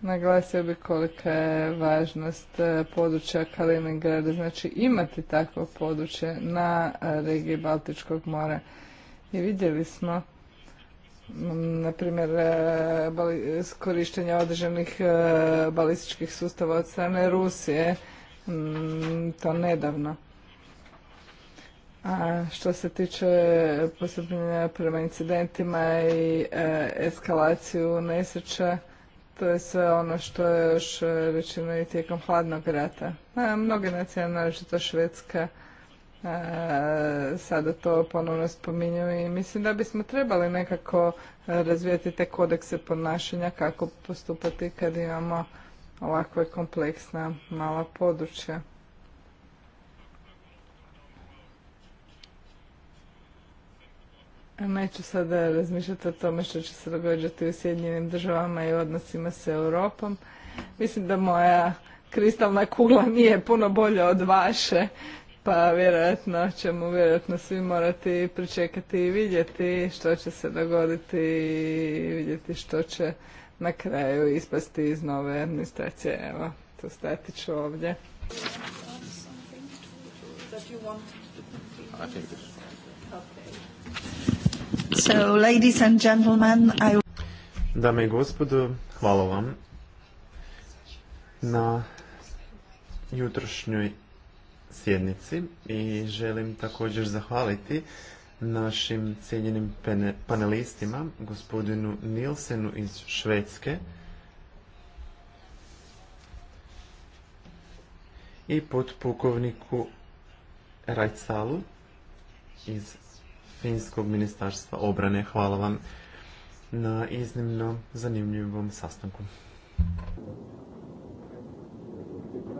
naglasio bi kolika je važnost e, područja Kaliningrada, znači imati takvo područje na e, regiji Baltičkog mora. I vidjeli smo na primjer e, korištenje određenih balističkih sustava od strane Rusije to nedavno. A što se tiče postupnjenja prema incidentima i eskalaciju nesreća, to je sve ono što je još rečeno i tijekom hladnog rata. A, e, mnoge nacije, naročito Švedska, e, sada to ponovno spominju i mislim da bismo trebali nekako e, razvijati te kodekse ponašanja kako postupati kad imamo ovakve kompleksna mala područja. Neću sada razmišljati o tome što će se događati u Sjedinjenim državama i odnosima s Europom. Mislim da moja kristalna kugla nije puno bolja od vaše, pa vjerojatno ćemo vjerojatno svi morati pričekati i vidjeti što će se dogoditi i vidjeti što će na kraju ispasti iz nove administracije. Evo, to stati ću ovdje. I think Dame i gospodo, hvala vam na jutrošnjoj sjednici i želim također zahvaliti našim cijenjenim panelistima, gospodinu Nilsenu iz Švedske i potpukovniku Rajcalu iz Finjskog ministarstva obrane. Hvala vam na iznimno zanimljivom sastanku.